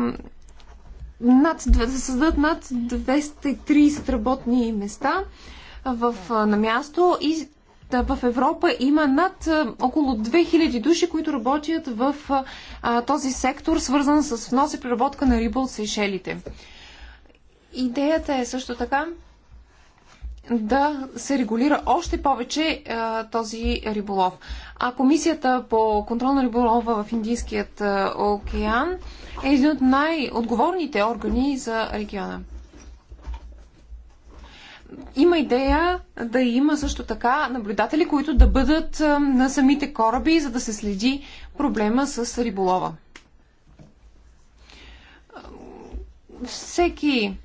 над, да се създадат над 230 работни места в, на място и да, в Европа има над около 2000 души, които работят в а, този сектор, свързан с внос и преработка на риба от Сейшелите. Идеята е също така да се регулира още повече а, е, този риболов. А комисията по контрол на риболова в Индийският а, е, океан е един от най-отговорните органи за региона. Има идея да има също така наблюдатели, които да бъдат а, е, на самите кораби, за да се следи проблема с риболова. Всеки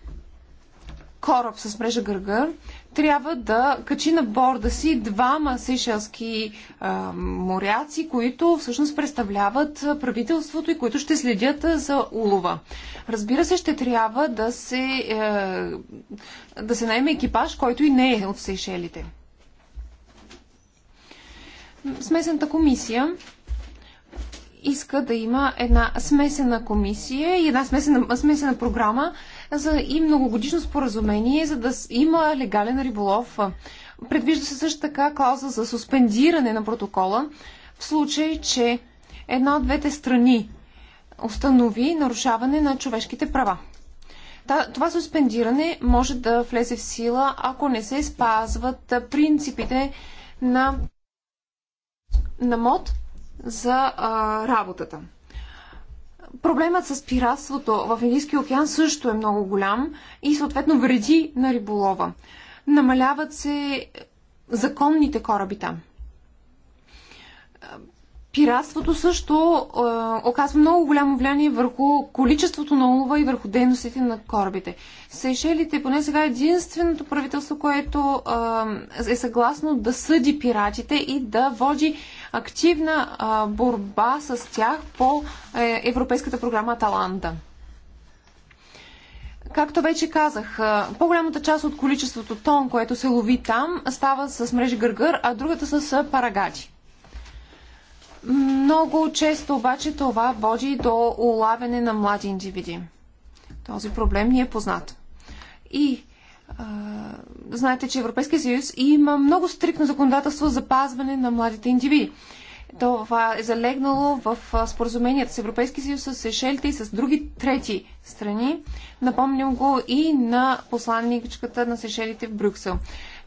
кораб с мрежа Гъргър трябва да качи на борда си двама сейшелски а, моряци, които всъщност представляват правителството и които ще следят за улова. Разбира се, ще трябва да се, а, е, да се найме екипаж, който и не е от Сейшелите. Смесената комисия иска да има една смесена комисия и една смесена, смесена програма за и многогодишно споразумение, за да има легален риболов. Предвижда се също така клауза за суспендиране на протокола в случай, че една от двете страни установи нарушаване на човешките права. Това суспендиране може да влезе в сила, ако не се спазват принципите на, на МОД за а, работата. Проблемът с пиратството в Индийския океан също е много голям и съответно вреди на риболова. Намаляват се законните кораби там. Пиратството също е, оказва много голямо влияние върху количеството на улова и върху дейностите на корабите. Сейшелите, поне сега единственото правителство, което е, е съгласно да съди пиратите и да води активна е, борба с тях по е, Европейската програма Таланта. Както вече казах, е, по-голямата част от количеството тон, което се лови там, става с мрежи гъргър, а другата с е, парагати. Много често обаче това води до улавяне на млади индивиди. Този проблем ни е познат. И а, знаете, че Европейския съюз има много стрикно законодателство за пазване на младите индивиди. Това е залегнало в споразуменията с Европейския съюз, с Сешелите и с други трети страни. Напомням го и на посланничката на Сешелите в Брюксел.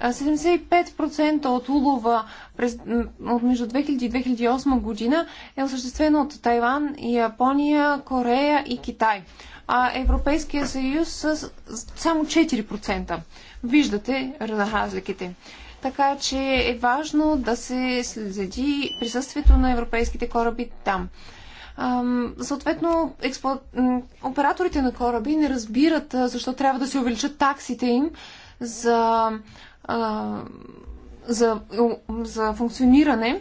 75% от улова през, от между 2000 и 2008 година е осъществено от Тайван, Япония, Корея и Китай. А Европейския съюз с само 4%. Виждате разликите. Така че е важно да се следи присъствието на европейските кораби там. Ам, съответно, експло... операторите на кораби не разбират защо трябва да се увеличат таксите им за за, за функциониране,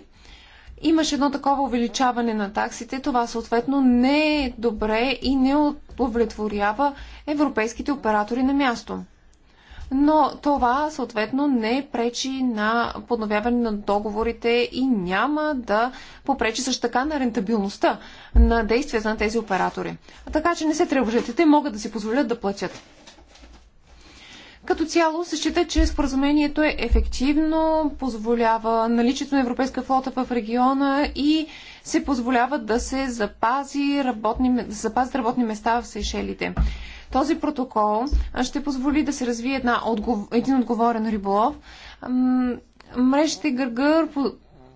имаше едно такова увеличаване на таксите. Това съответно не е добре и не удовлетворява европейските оператори на място. Но това съответно не пречи на подновяване на договорите и няма да попречи също така на рентабилността на действията на тези оператори. Така че не се тревожете, те могат да си позволят да платят. Като цяло се счита, че споразумението е ефективно, позволява наличието на европейска флота в региона и се позволява да се запази работни, да запазят работни места в Сейшелите. Този протокол ще позволи да се развие една един отговорен риболов. Мрежите Гъргър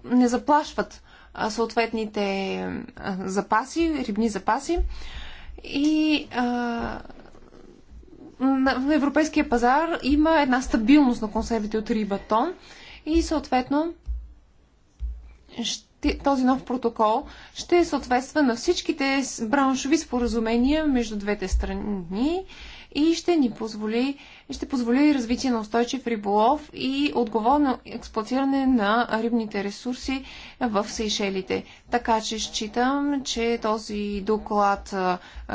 не заплашват съответните запаси, рибни запаси и а, на европейския пазар има една стабилност на консервите от рибатон и съответно ще, този нов протокол ще съответства на всичките браншови споразумения между двете страни и ще ни позволи и ще позволи развитие на устойчив риболов и отговорно експлуатиране на рибните ресурси в Сейшелите. Така че считам, че този доклад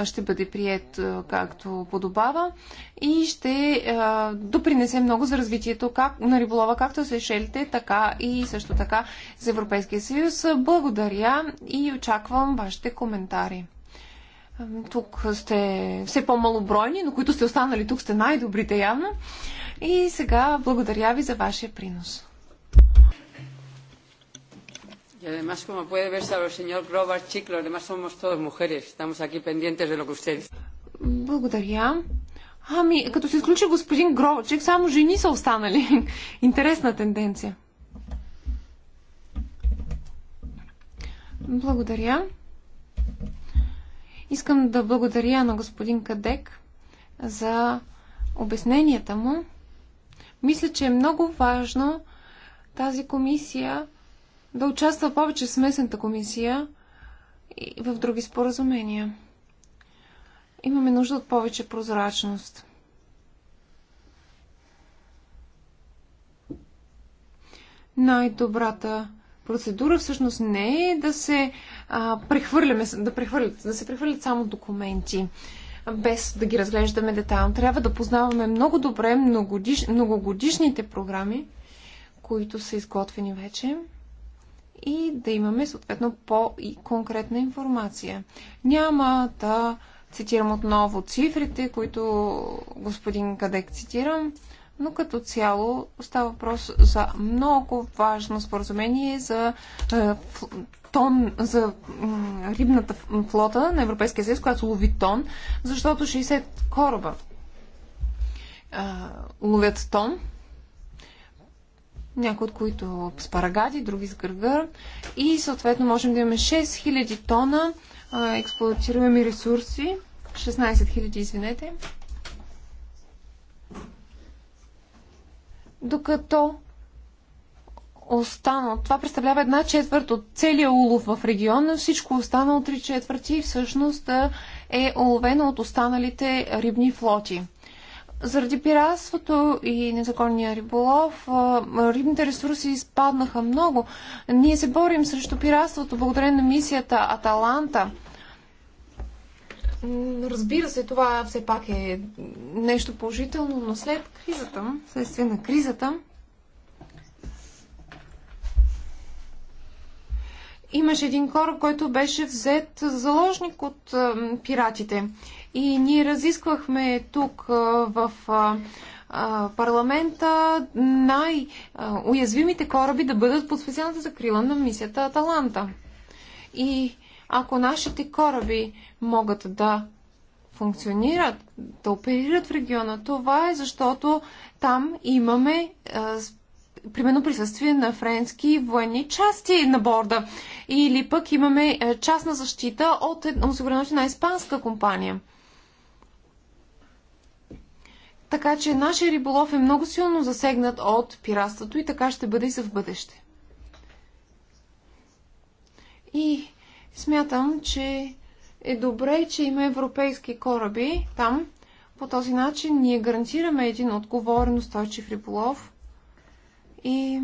ще бъде прият както подобава и ще допринесе много за развитието как, на риболова както в Сейшелите, така и също така за Европейския съюз. Благодаря и очаквам вашите коментари. Ами, тук сте все по-малобройни, но които сте останали тук сте най-добрите явно. И сега благодаря ви за вашия принос. Y además, como puede ver, salvo el señor Grobarchik, los demás somos todos mujeres. Estamos aquí pendientes de lo que ustedes. Благодаря. Ами, като се изключи господин Гровачек, само жени са останали. Интересна тенденция. Благодаря. Искам да благодаря на господин Кадек за обясненията му. Мисля, че е много важно тази комисия да участва повече в смесената комисия и в други споразумения. Имаме нужда от повече прозрачност. Най-добрата процедура всъщност не е да се а, прехвърляме, да, прехвърлят, да се прехвърлят само документи, без да ги разглеждаме детайлно. Трябва да познаваме много добре многогодиш, многогодишните програми, които са изготвени вече и да имаме съответно по-конкретна информация. Няма да цитирам отново цифрите, които господин Кадек цитирам, но като цяло става въпрос за много важно споразумение за е, тон за рибната флота на Европейския съюз, която лови тон, защото 60 кораба а, ловят тон, някои от които с парагади, други с гърга. и съответно можем да имаме 6000 тона а, експлуатируеми ресурси, 16 000, извинете, докато останало. Това представлява една четвърт от целия улов в региона. Всичко останало три четвърти всъщност е уловено от останалите рибни флоти. Заради пиратството и незаконния риболов, рибните ресурси изпаднаха много. Ние се борим срещу пиратството благодарение на мисията Аталанта. Разбира се, това все пак е нещо положително, но след кризата, следствие на кризата, имаше един кораб, който беше взет заложник от а, пиратите. И ние разисквахме тук а, в а, парламента най-уязвимите кораби да бъдат под специалната закрила на мисията Аталанта. И ако нашите кораби могат да функционират, да оперират в региона, това е защото там имаме примерно присъствие на френски военни части на борда. Или пък имаме е, частна защита от осигурена на испанска компания. Така че нашия риболов е много силно засегнат от пиратството и така ще бъде и за в бъдеще. И смятам, че е добре, че има европейски кораби там. По този начин ние гарантираме един отговорен, устойчив риболов и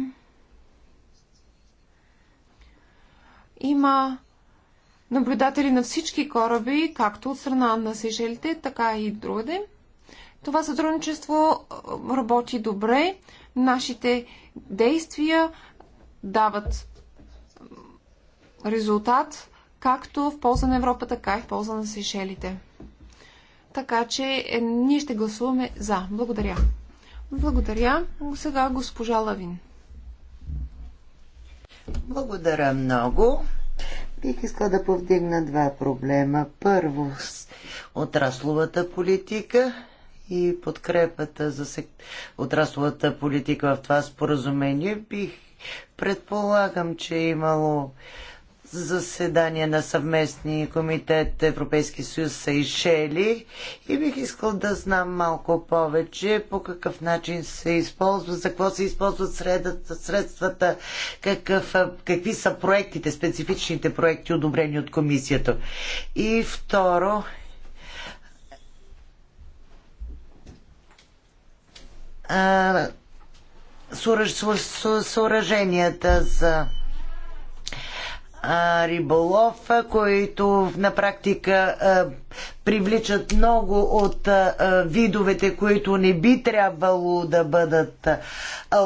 има наблюдатели на всички кораби, както от страна на Сейшелите, така и другаде. Това сътрудничество работи добре. Нашите действия дават резултат както в полза на Европа, така и в полза на Сейшелите. Така че е, ние ще гласуваме за. Благодаря. Благодаря. Сега госпожа Лавин. Благодаря много. Бих искала да повдигна два проблема. Първо, отрасловата политика и подкрепата за сек... отрасловата политика в това споразумение. Бих предполагам, че е имало заседание на съвместния комитет Европейски съюз изшели, и бих искал да знам малко повече по какъв начин се използва, за какво се използват средата, средствата, какъв, какви са проектите, специфичните проекти, одобрени от комисията. И второ, а, съоръженията за риболов, които на практика привличат много от видовете, които не би трябвало да бъдат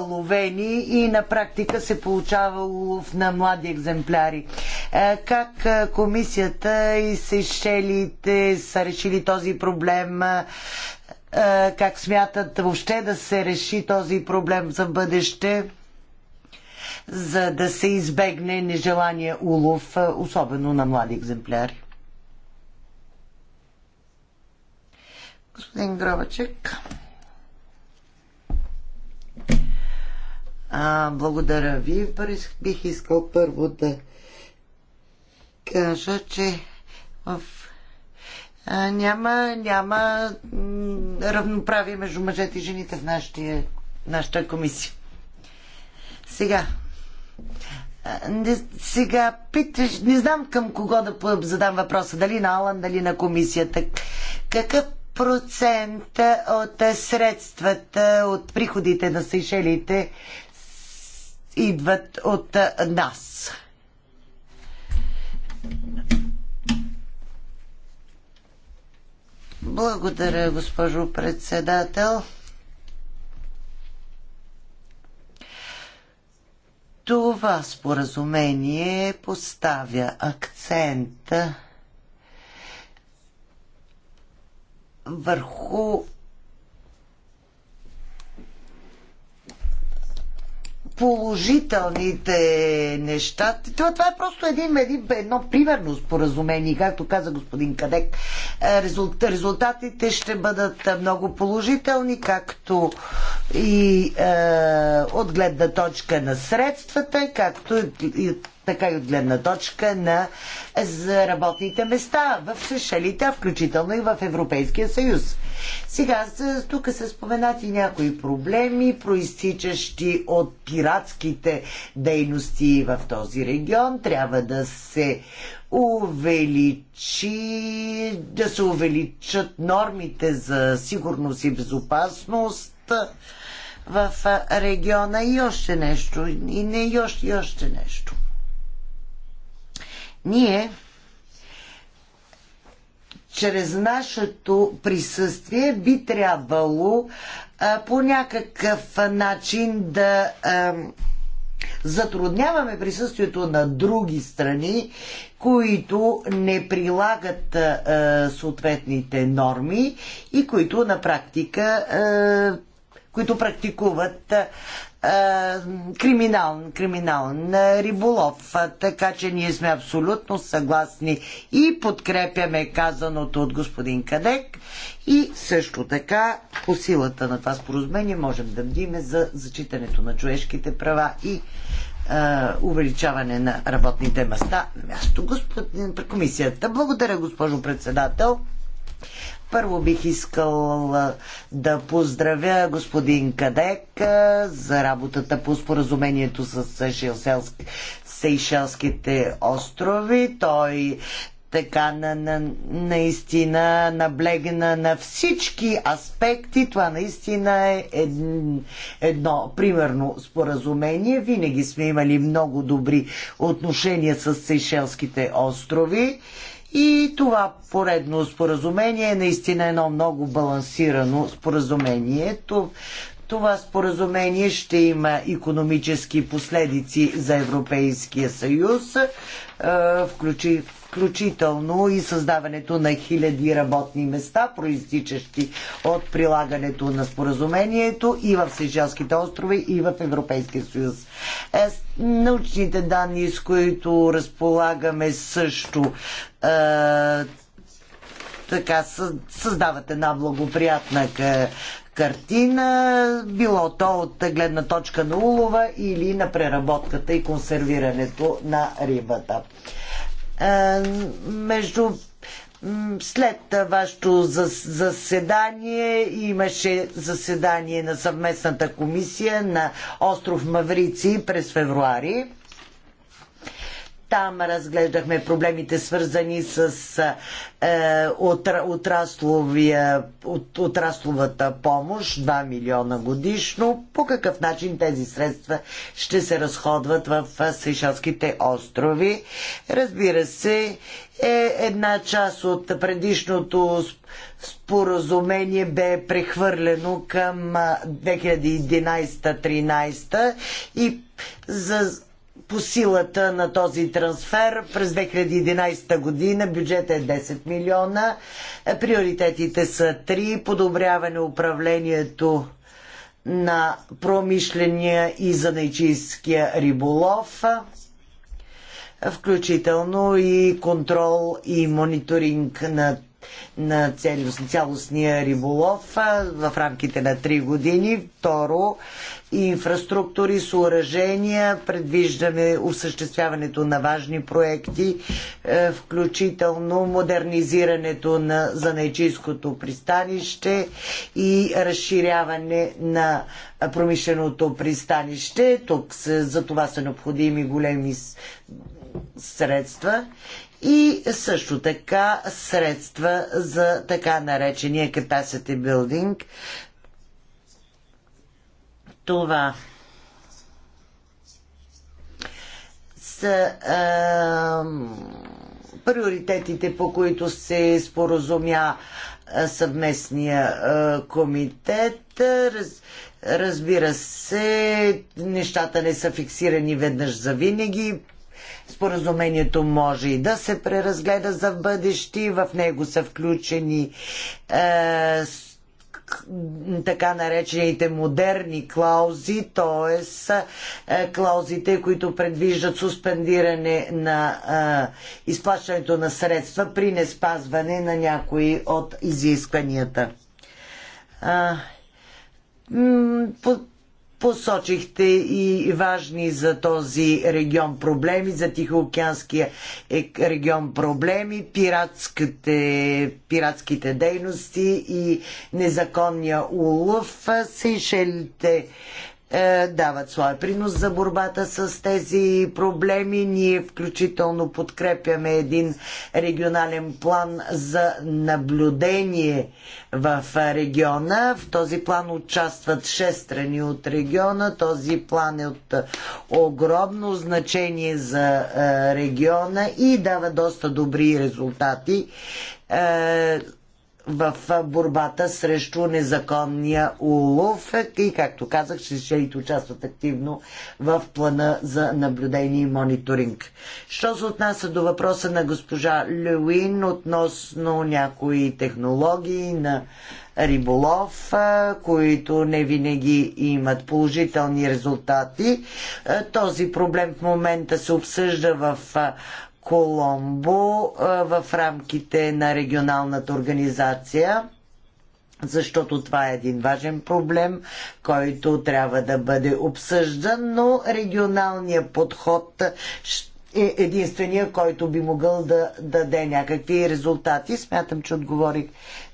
ловени и на практика се получава лов на млади екземпляри. как комисията и Сейшелите са решили този проблем? как смятат въобще да се реши този проблем за бъдеще? за да се избегне нежелания улов, е, особено на млади екземпляри. Господин Гробачек. А, благодаря ви. Бих искал първо да кажа, че в а, няма, няма равноправие между мъжете и жените в нашата комисия. Сега, е, не, сега питаш, не знам към кого да задам въпроса, дали на Алан, дали на комисията. Какъв процент от средствата, от приходите на Сейшелите идват от е, нас? Благодаря, госпожо председател. Това споразумение поставя акцента върху положителните неща. Това, това е просто един, един, едно примерно споразумение. Както каза господин Кадек, е, резулт, резултатите ще бъдат много положителни, както и е, от гледна точка на средствата, както и, и от така и от гледна точка на за работните места в Шешелите, включително и в Европейския съюз. Сега тук са споменати някои проблеми, проистичащи от пиратските дейности в този регион. Трябва да се увеличи, да се увеличат нормите за сигурност и безопасност в региона и още нещо. И не и още, и още нещо. Ние чрез нашето присъствие би трябвало а, по някакъв начин да а, затрудняваме присъствието на други страни, които не прилагат а, съответните норми и които на практика а, които практикуват Криминал на риболов. Така че ние сме абсолютно съгласни и подкрепяме казаното от господин Кадек и също така по силата на това споразумение можем да бдиме за зачитането на човешките права и е, увеличаване на работните места на място. Господин, комисията. Благодаря, госпожо председател. Първо бих искал да поздравя господин Кадек за работата по споразумението с Сейшелските острови. Той така на, на, наистина наблегна на всички аспекти. Това наистина е ед, едно примерно споразумение. Винаги сме имали много добри отношения с Сейшелските острови. И това поредно споразумение е наистина едно много балансирано споразумение. Това споразумение ще има економически последици за Европейския съюз, включи включително и създаването на хиляди работни места, проистичащи от прилагането на споразумението и в Сейшелските острови, и в Европейския съюз. Е, научните данни, с които разполагаме също е, така създават една благоприятна картина, било то от гледна точка на улова или на преработката и консервирането на рибата между след вашето заседание имаше заседание на съвместната комисия на остров Маврици през февруари. Там разглеждахме проблемите свързани с е, отрасловия, от, отрасловата помощ 2 милиона годишно. По какъв начин тези средства ще се разходват в е, Сейшелските острови. Разбира се, е една част от предишното споразумение бе прехвърлено към 2011-13 е, и за по силата на този трансфер през 2011 година бюджетът е 10 милиона, приоритетите са 3, подобряване управлението на промишления и занайчийския риболов, включително и контрол и мониторинг на на цялостния риболов в рамките на 3 години. Второ, инфраструктури, съоръжения, предвиждаме осъществяването на важни проекти, е, включително модернизирането на занайчийското пристанище и разширяване на промишленото пристанище. Тук за това са необходими големи средства и също така средства за така наречения capacity building. Това са а, приоритетите, по които се споразумя съвместния а, комитет. Раз, разбира се, нещата не са фиксирани веднъж за винаги. Споразумението може и да се преразгледа за бъдещи. В него са включени е, така наречените модерни клаузи, т.е. клаузите, които предвиждат суспендиране на е, изплащането на средства при неспазване на някои от изискванията. Е, по Посочихте и важни за този регион проблеми, за Тихоокеанския е, регион проблеми, пиратските, пиратските дейности и незаконния улов. Сейшелите е, дават своя принос за борбата с тези проблеми. Ние включително подкрепяме един регионален план за наблюдение в региона. В този план участват 6 страни от региона. Този план е от огромно значение за е, региона и дава доста добри резултати е, в борбата срещу незаконния улов и, както казах, Шейшелите участват активно в плана за наблюдение и мониторинг. Що се отнася до въпроса на госпожа Люин относно някои технологии на риболов, които не винаги имат положителни резултати. Този проблем в момента се обсъжда в Коломбо в рамките на регионалната организация, защото това е един важен проблем, който трябва да бъде обсъждан, но регионалният подход е единствения, който би могъл да даде някакви резултати. Смятам, че отговорих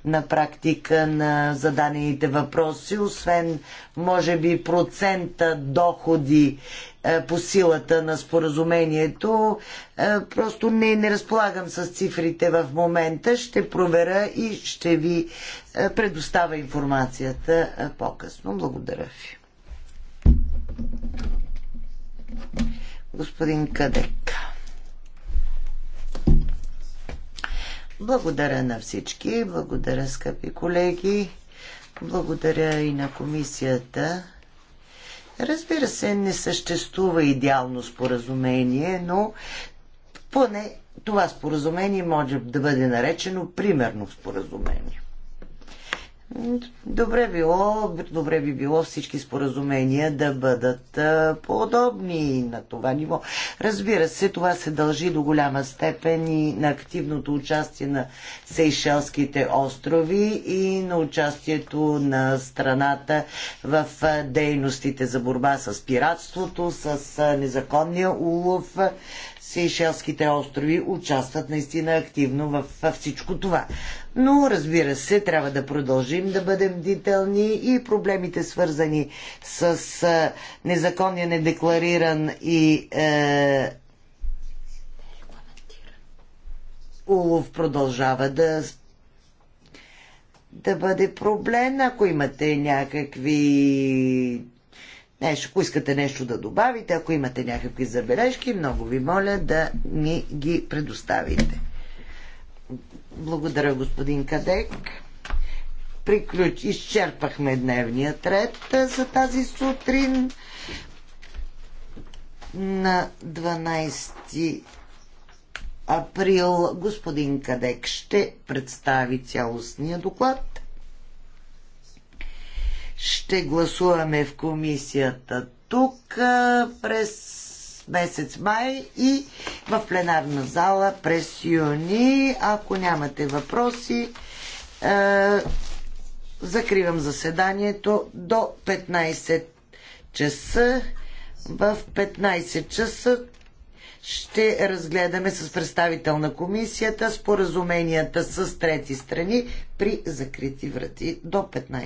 на практика на зададените въпроси, освен, може би, процента доходи е, по силата на споразумението. Е, просто не, не разполагам с цифрите в момента. Ще проверя и ще ви е, предоставя информацията по-късно. Благодаря ви. Господин Кадек. Благодаря на всички, благодаря скъпи колеги, благодаря и на комисията. Разбира се, не съществува идеално споразумение, но поне това споразумение може да бъде наречено примерно споразумение. Добре било, добре би било всички споразумения да бъдат подобни на това ниво. Разбира се, това се дължи до голяма степен и на активното участие на Сейшелските острови и на участието на страната в дейностите за борба с пиратството, с незаконния улов, Сейшелските острови участват наистина активно в, в всичко това. Но, разбира се, трябва да продължим да бъдем бдителни и проблемите свързани с а, незаконния, недеклариран и е, улов продължава да да бъде проблем, ако имате някакви нещо, ако искате нещо да добавите, ако имате някакви забележки, много ви моля да ни ги предоставите. Благодаря, господин Кадек. Приключ... Изчерпахме дневния ред за тази сутрин на 12 април господин Кадек ще представи цялостния доклад. Ще гласуваме в комисията тук през месец май и в пленарна зала през юни. Ако нямате въпроси, е, закривам заседанието до 15 часа. В 15 часа ще разгледаме с представител на комисията споразуменията с трети страни при закрити врати до 15.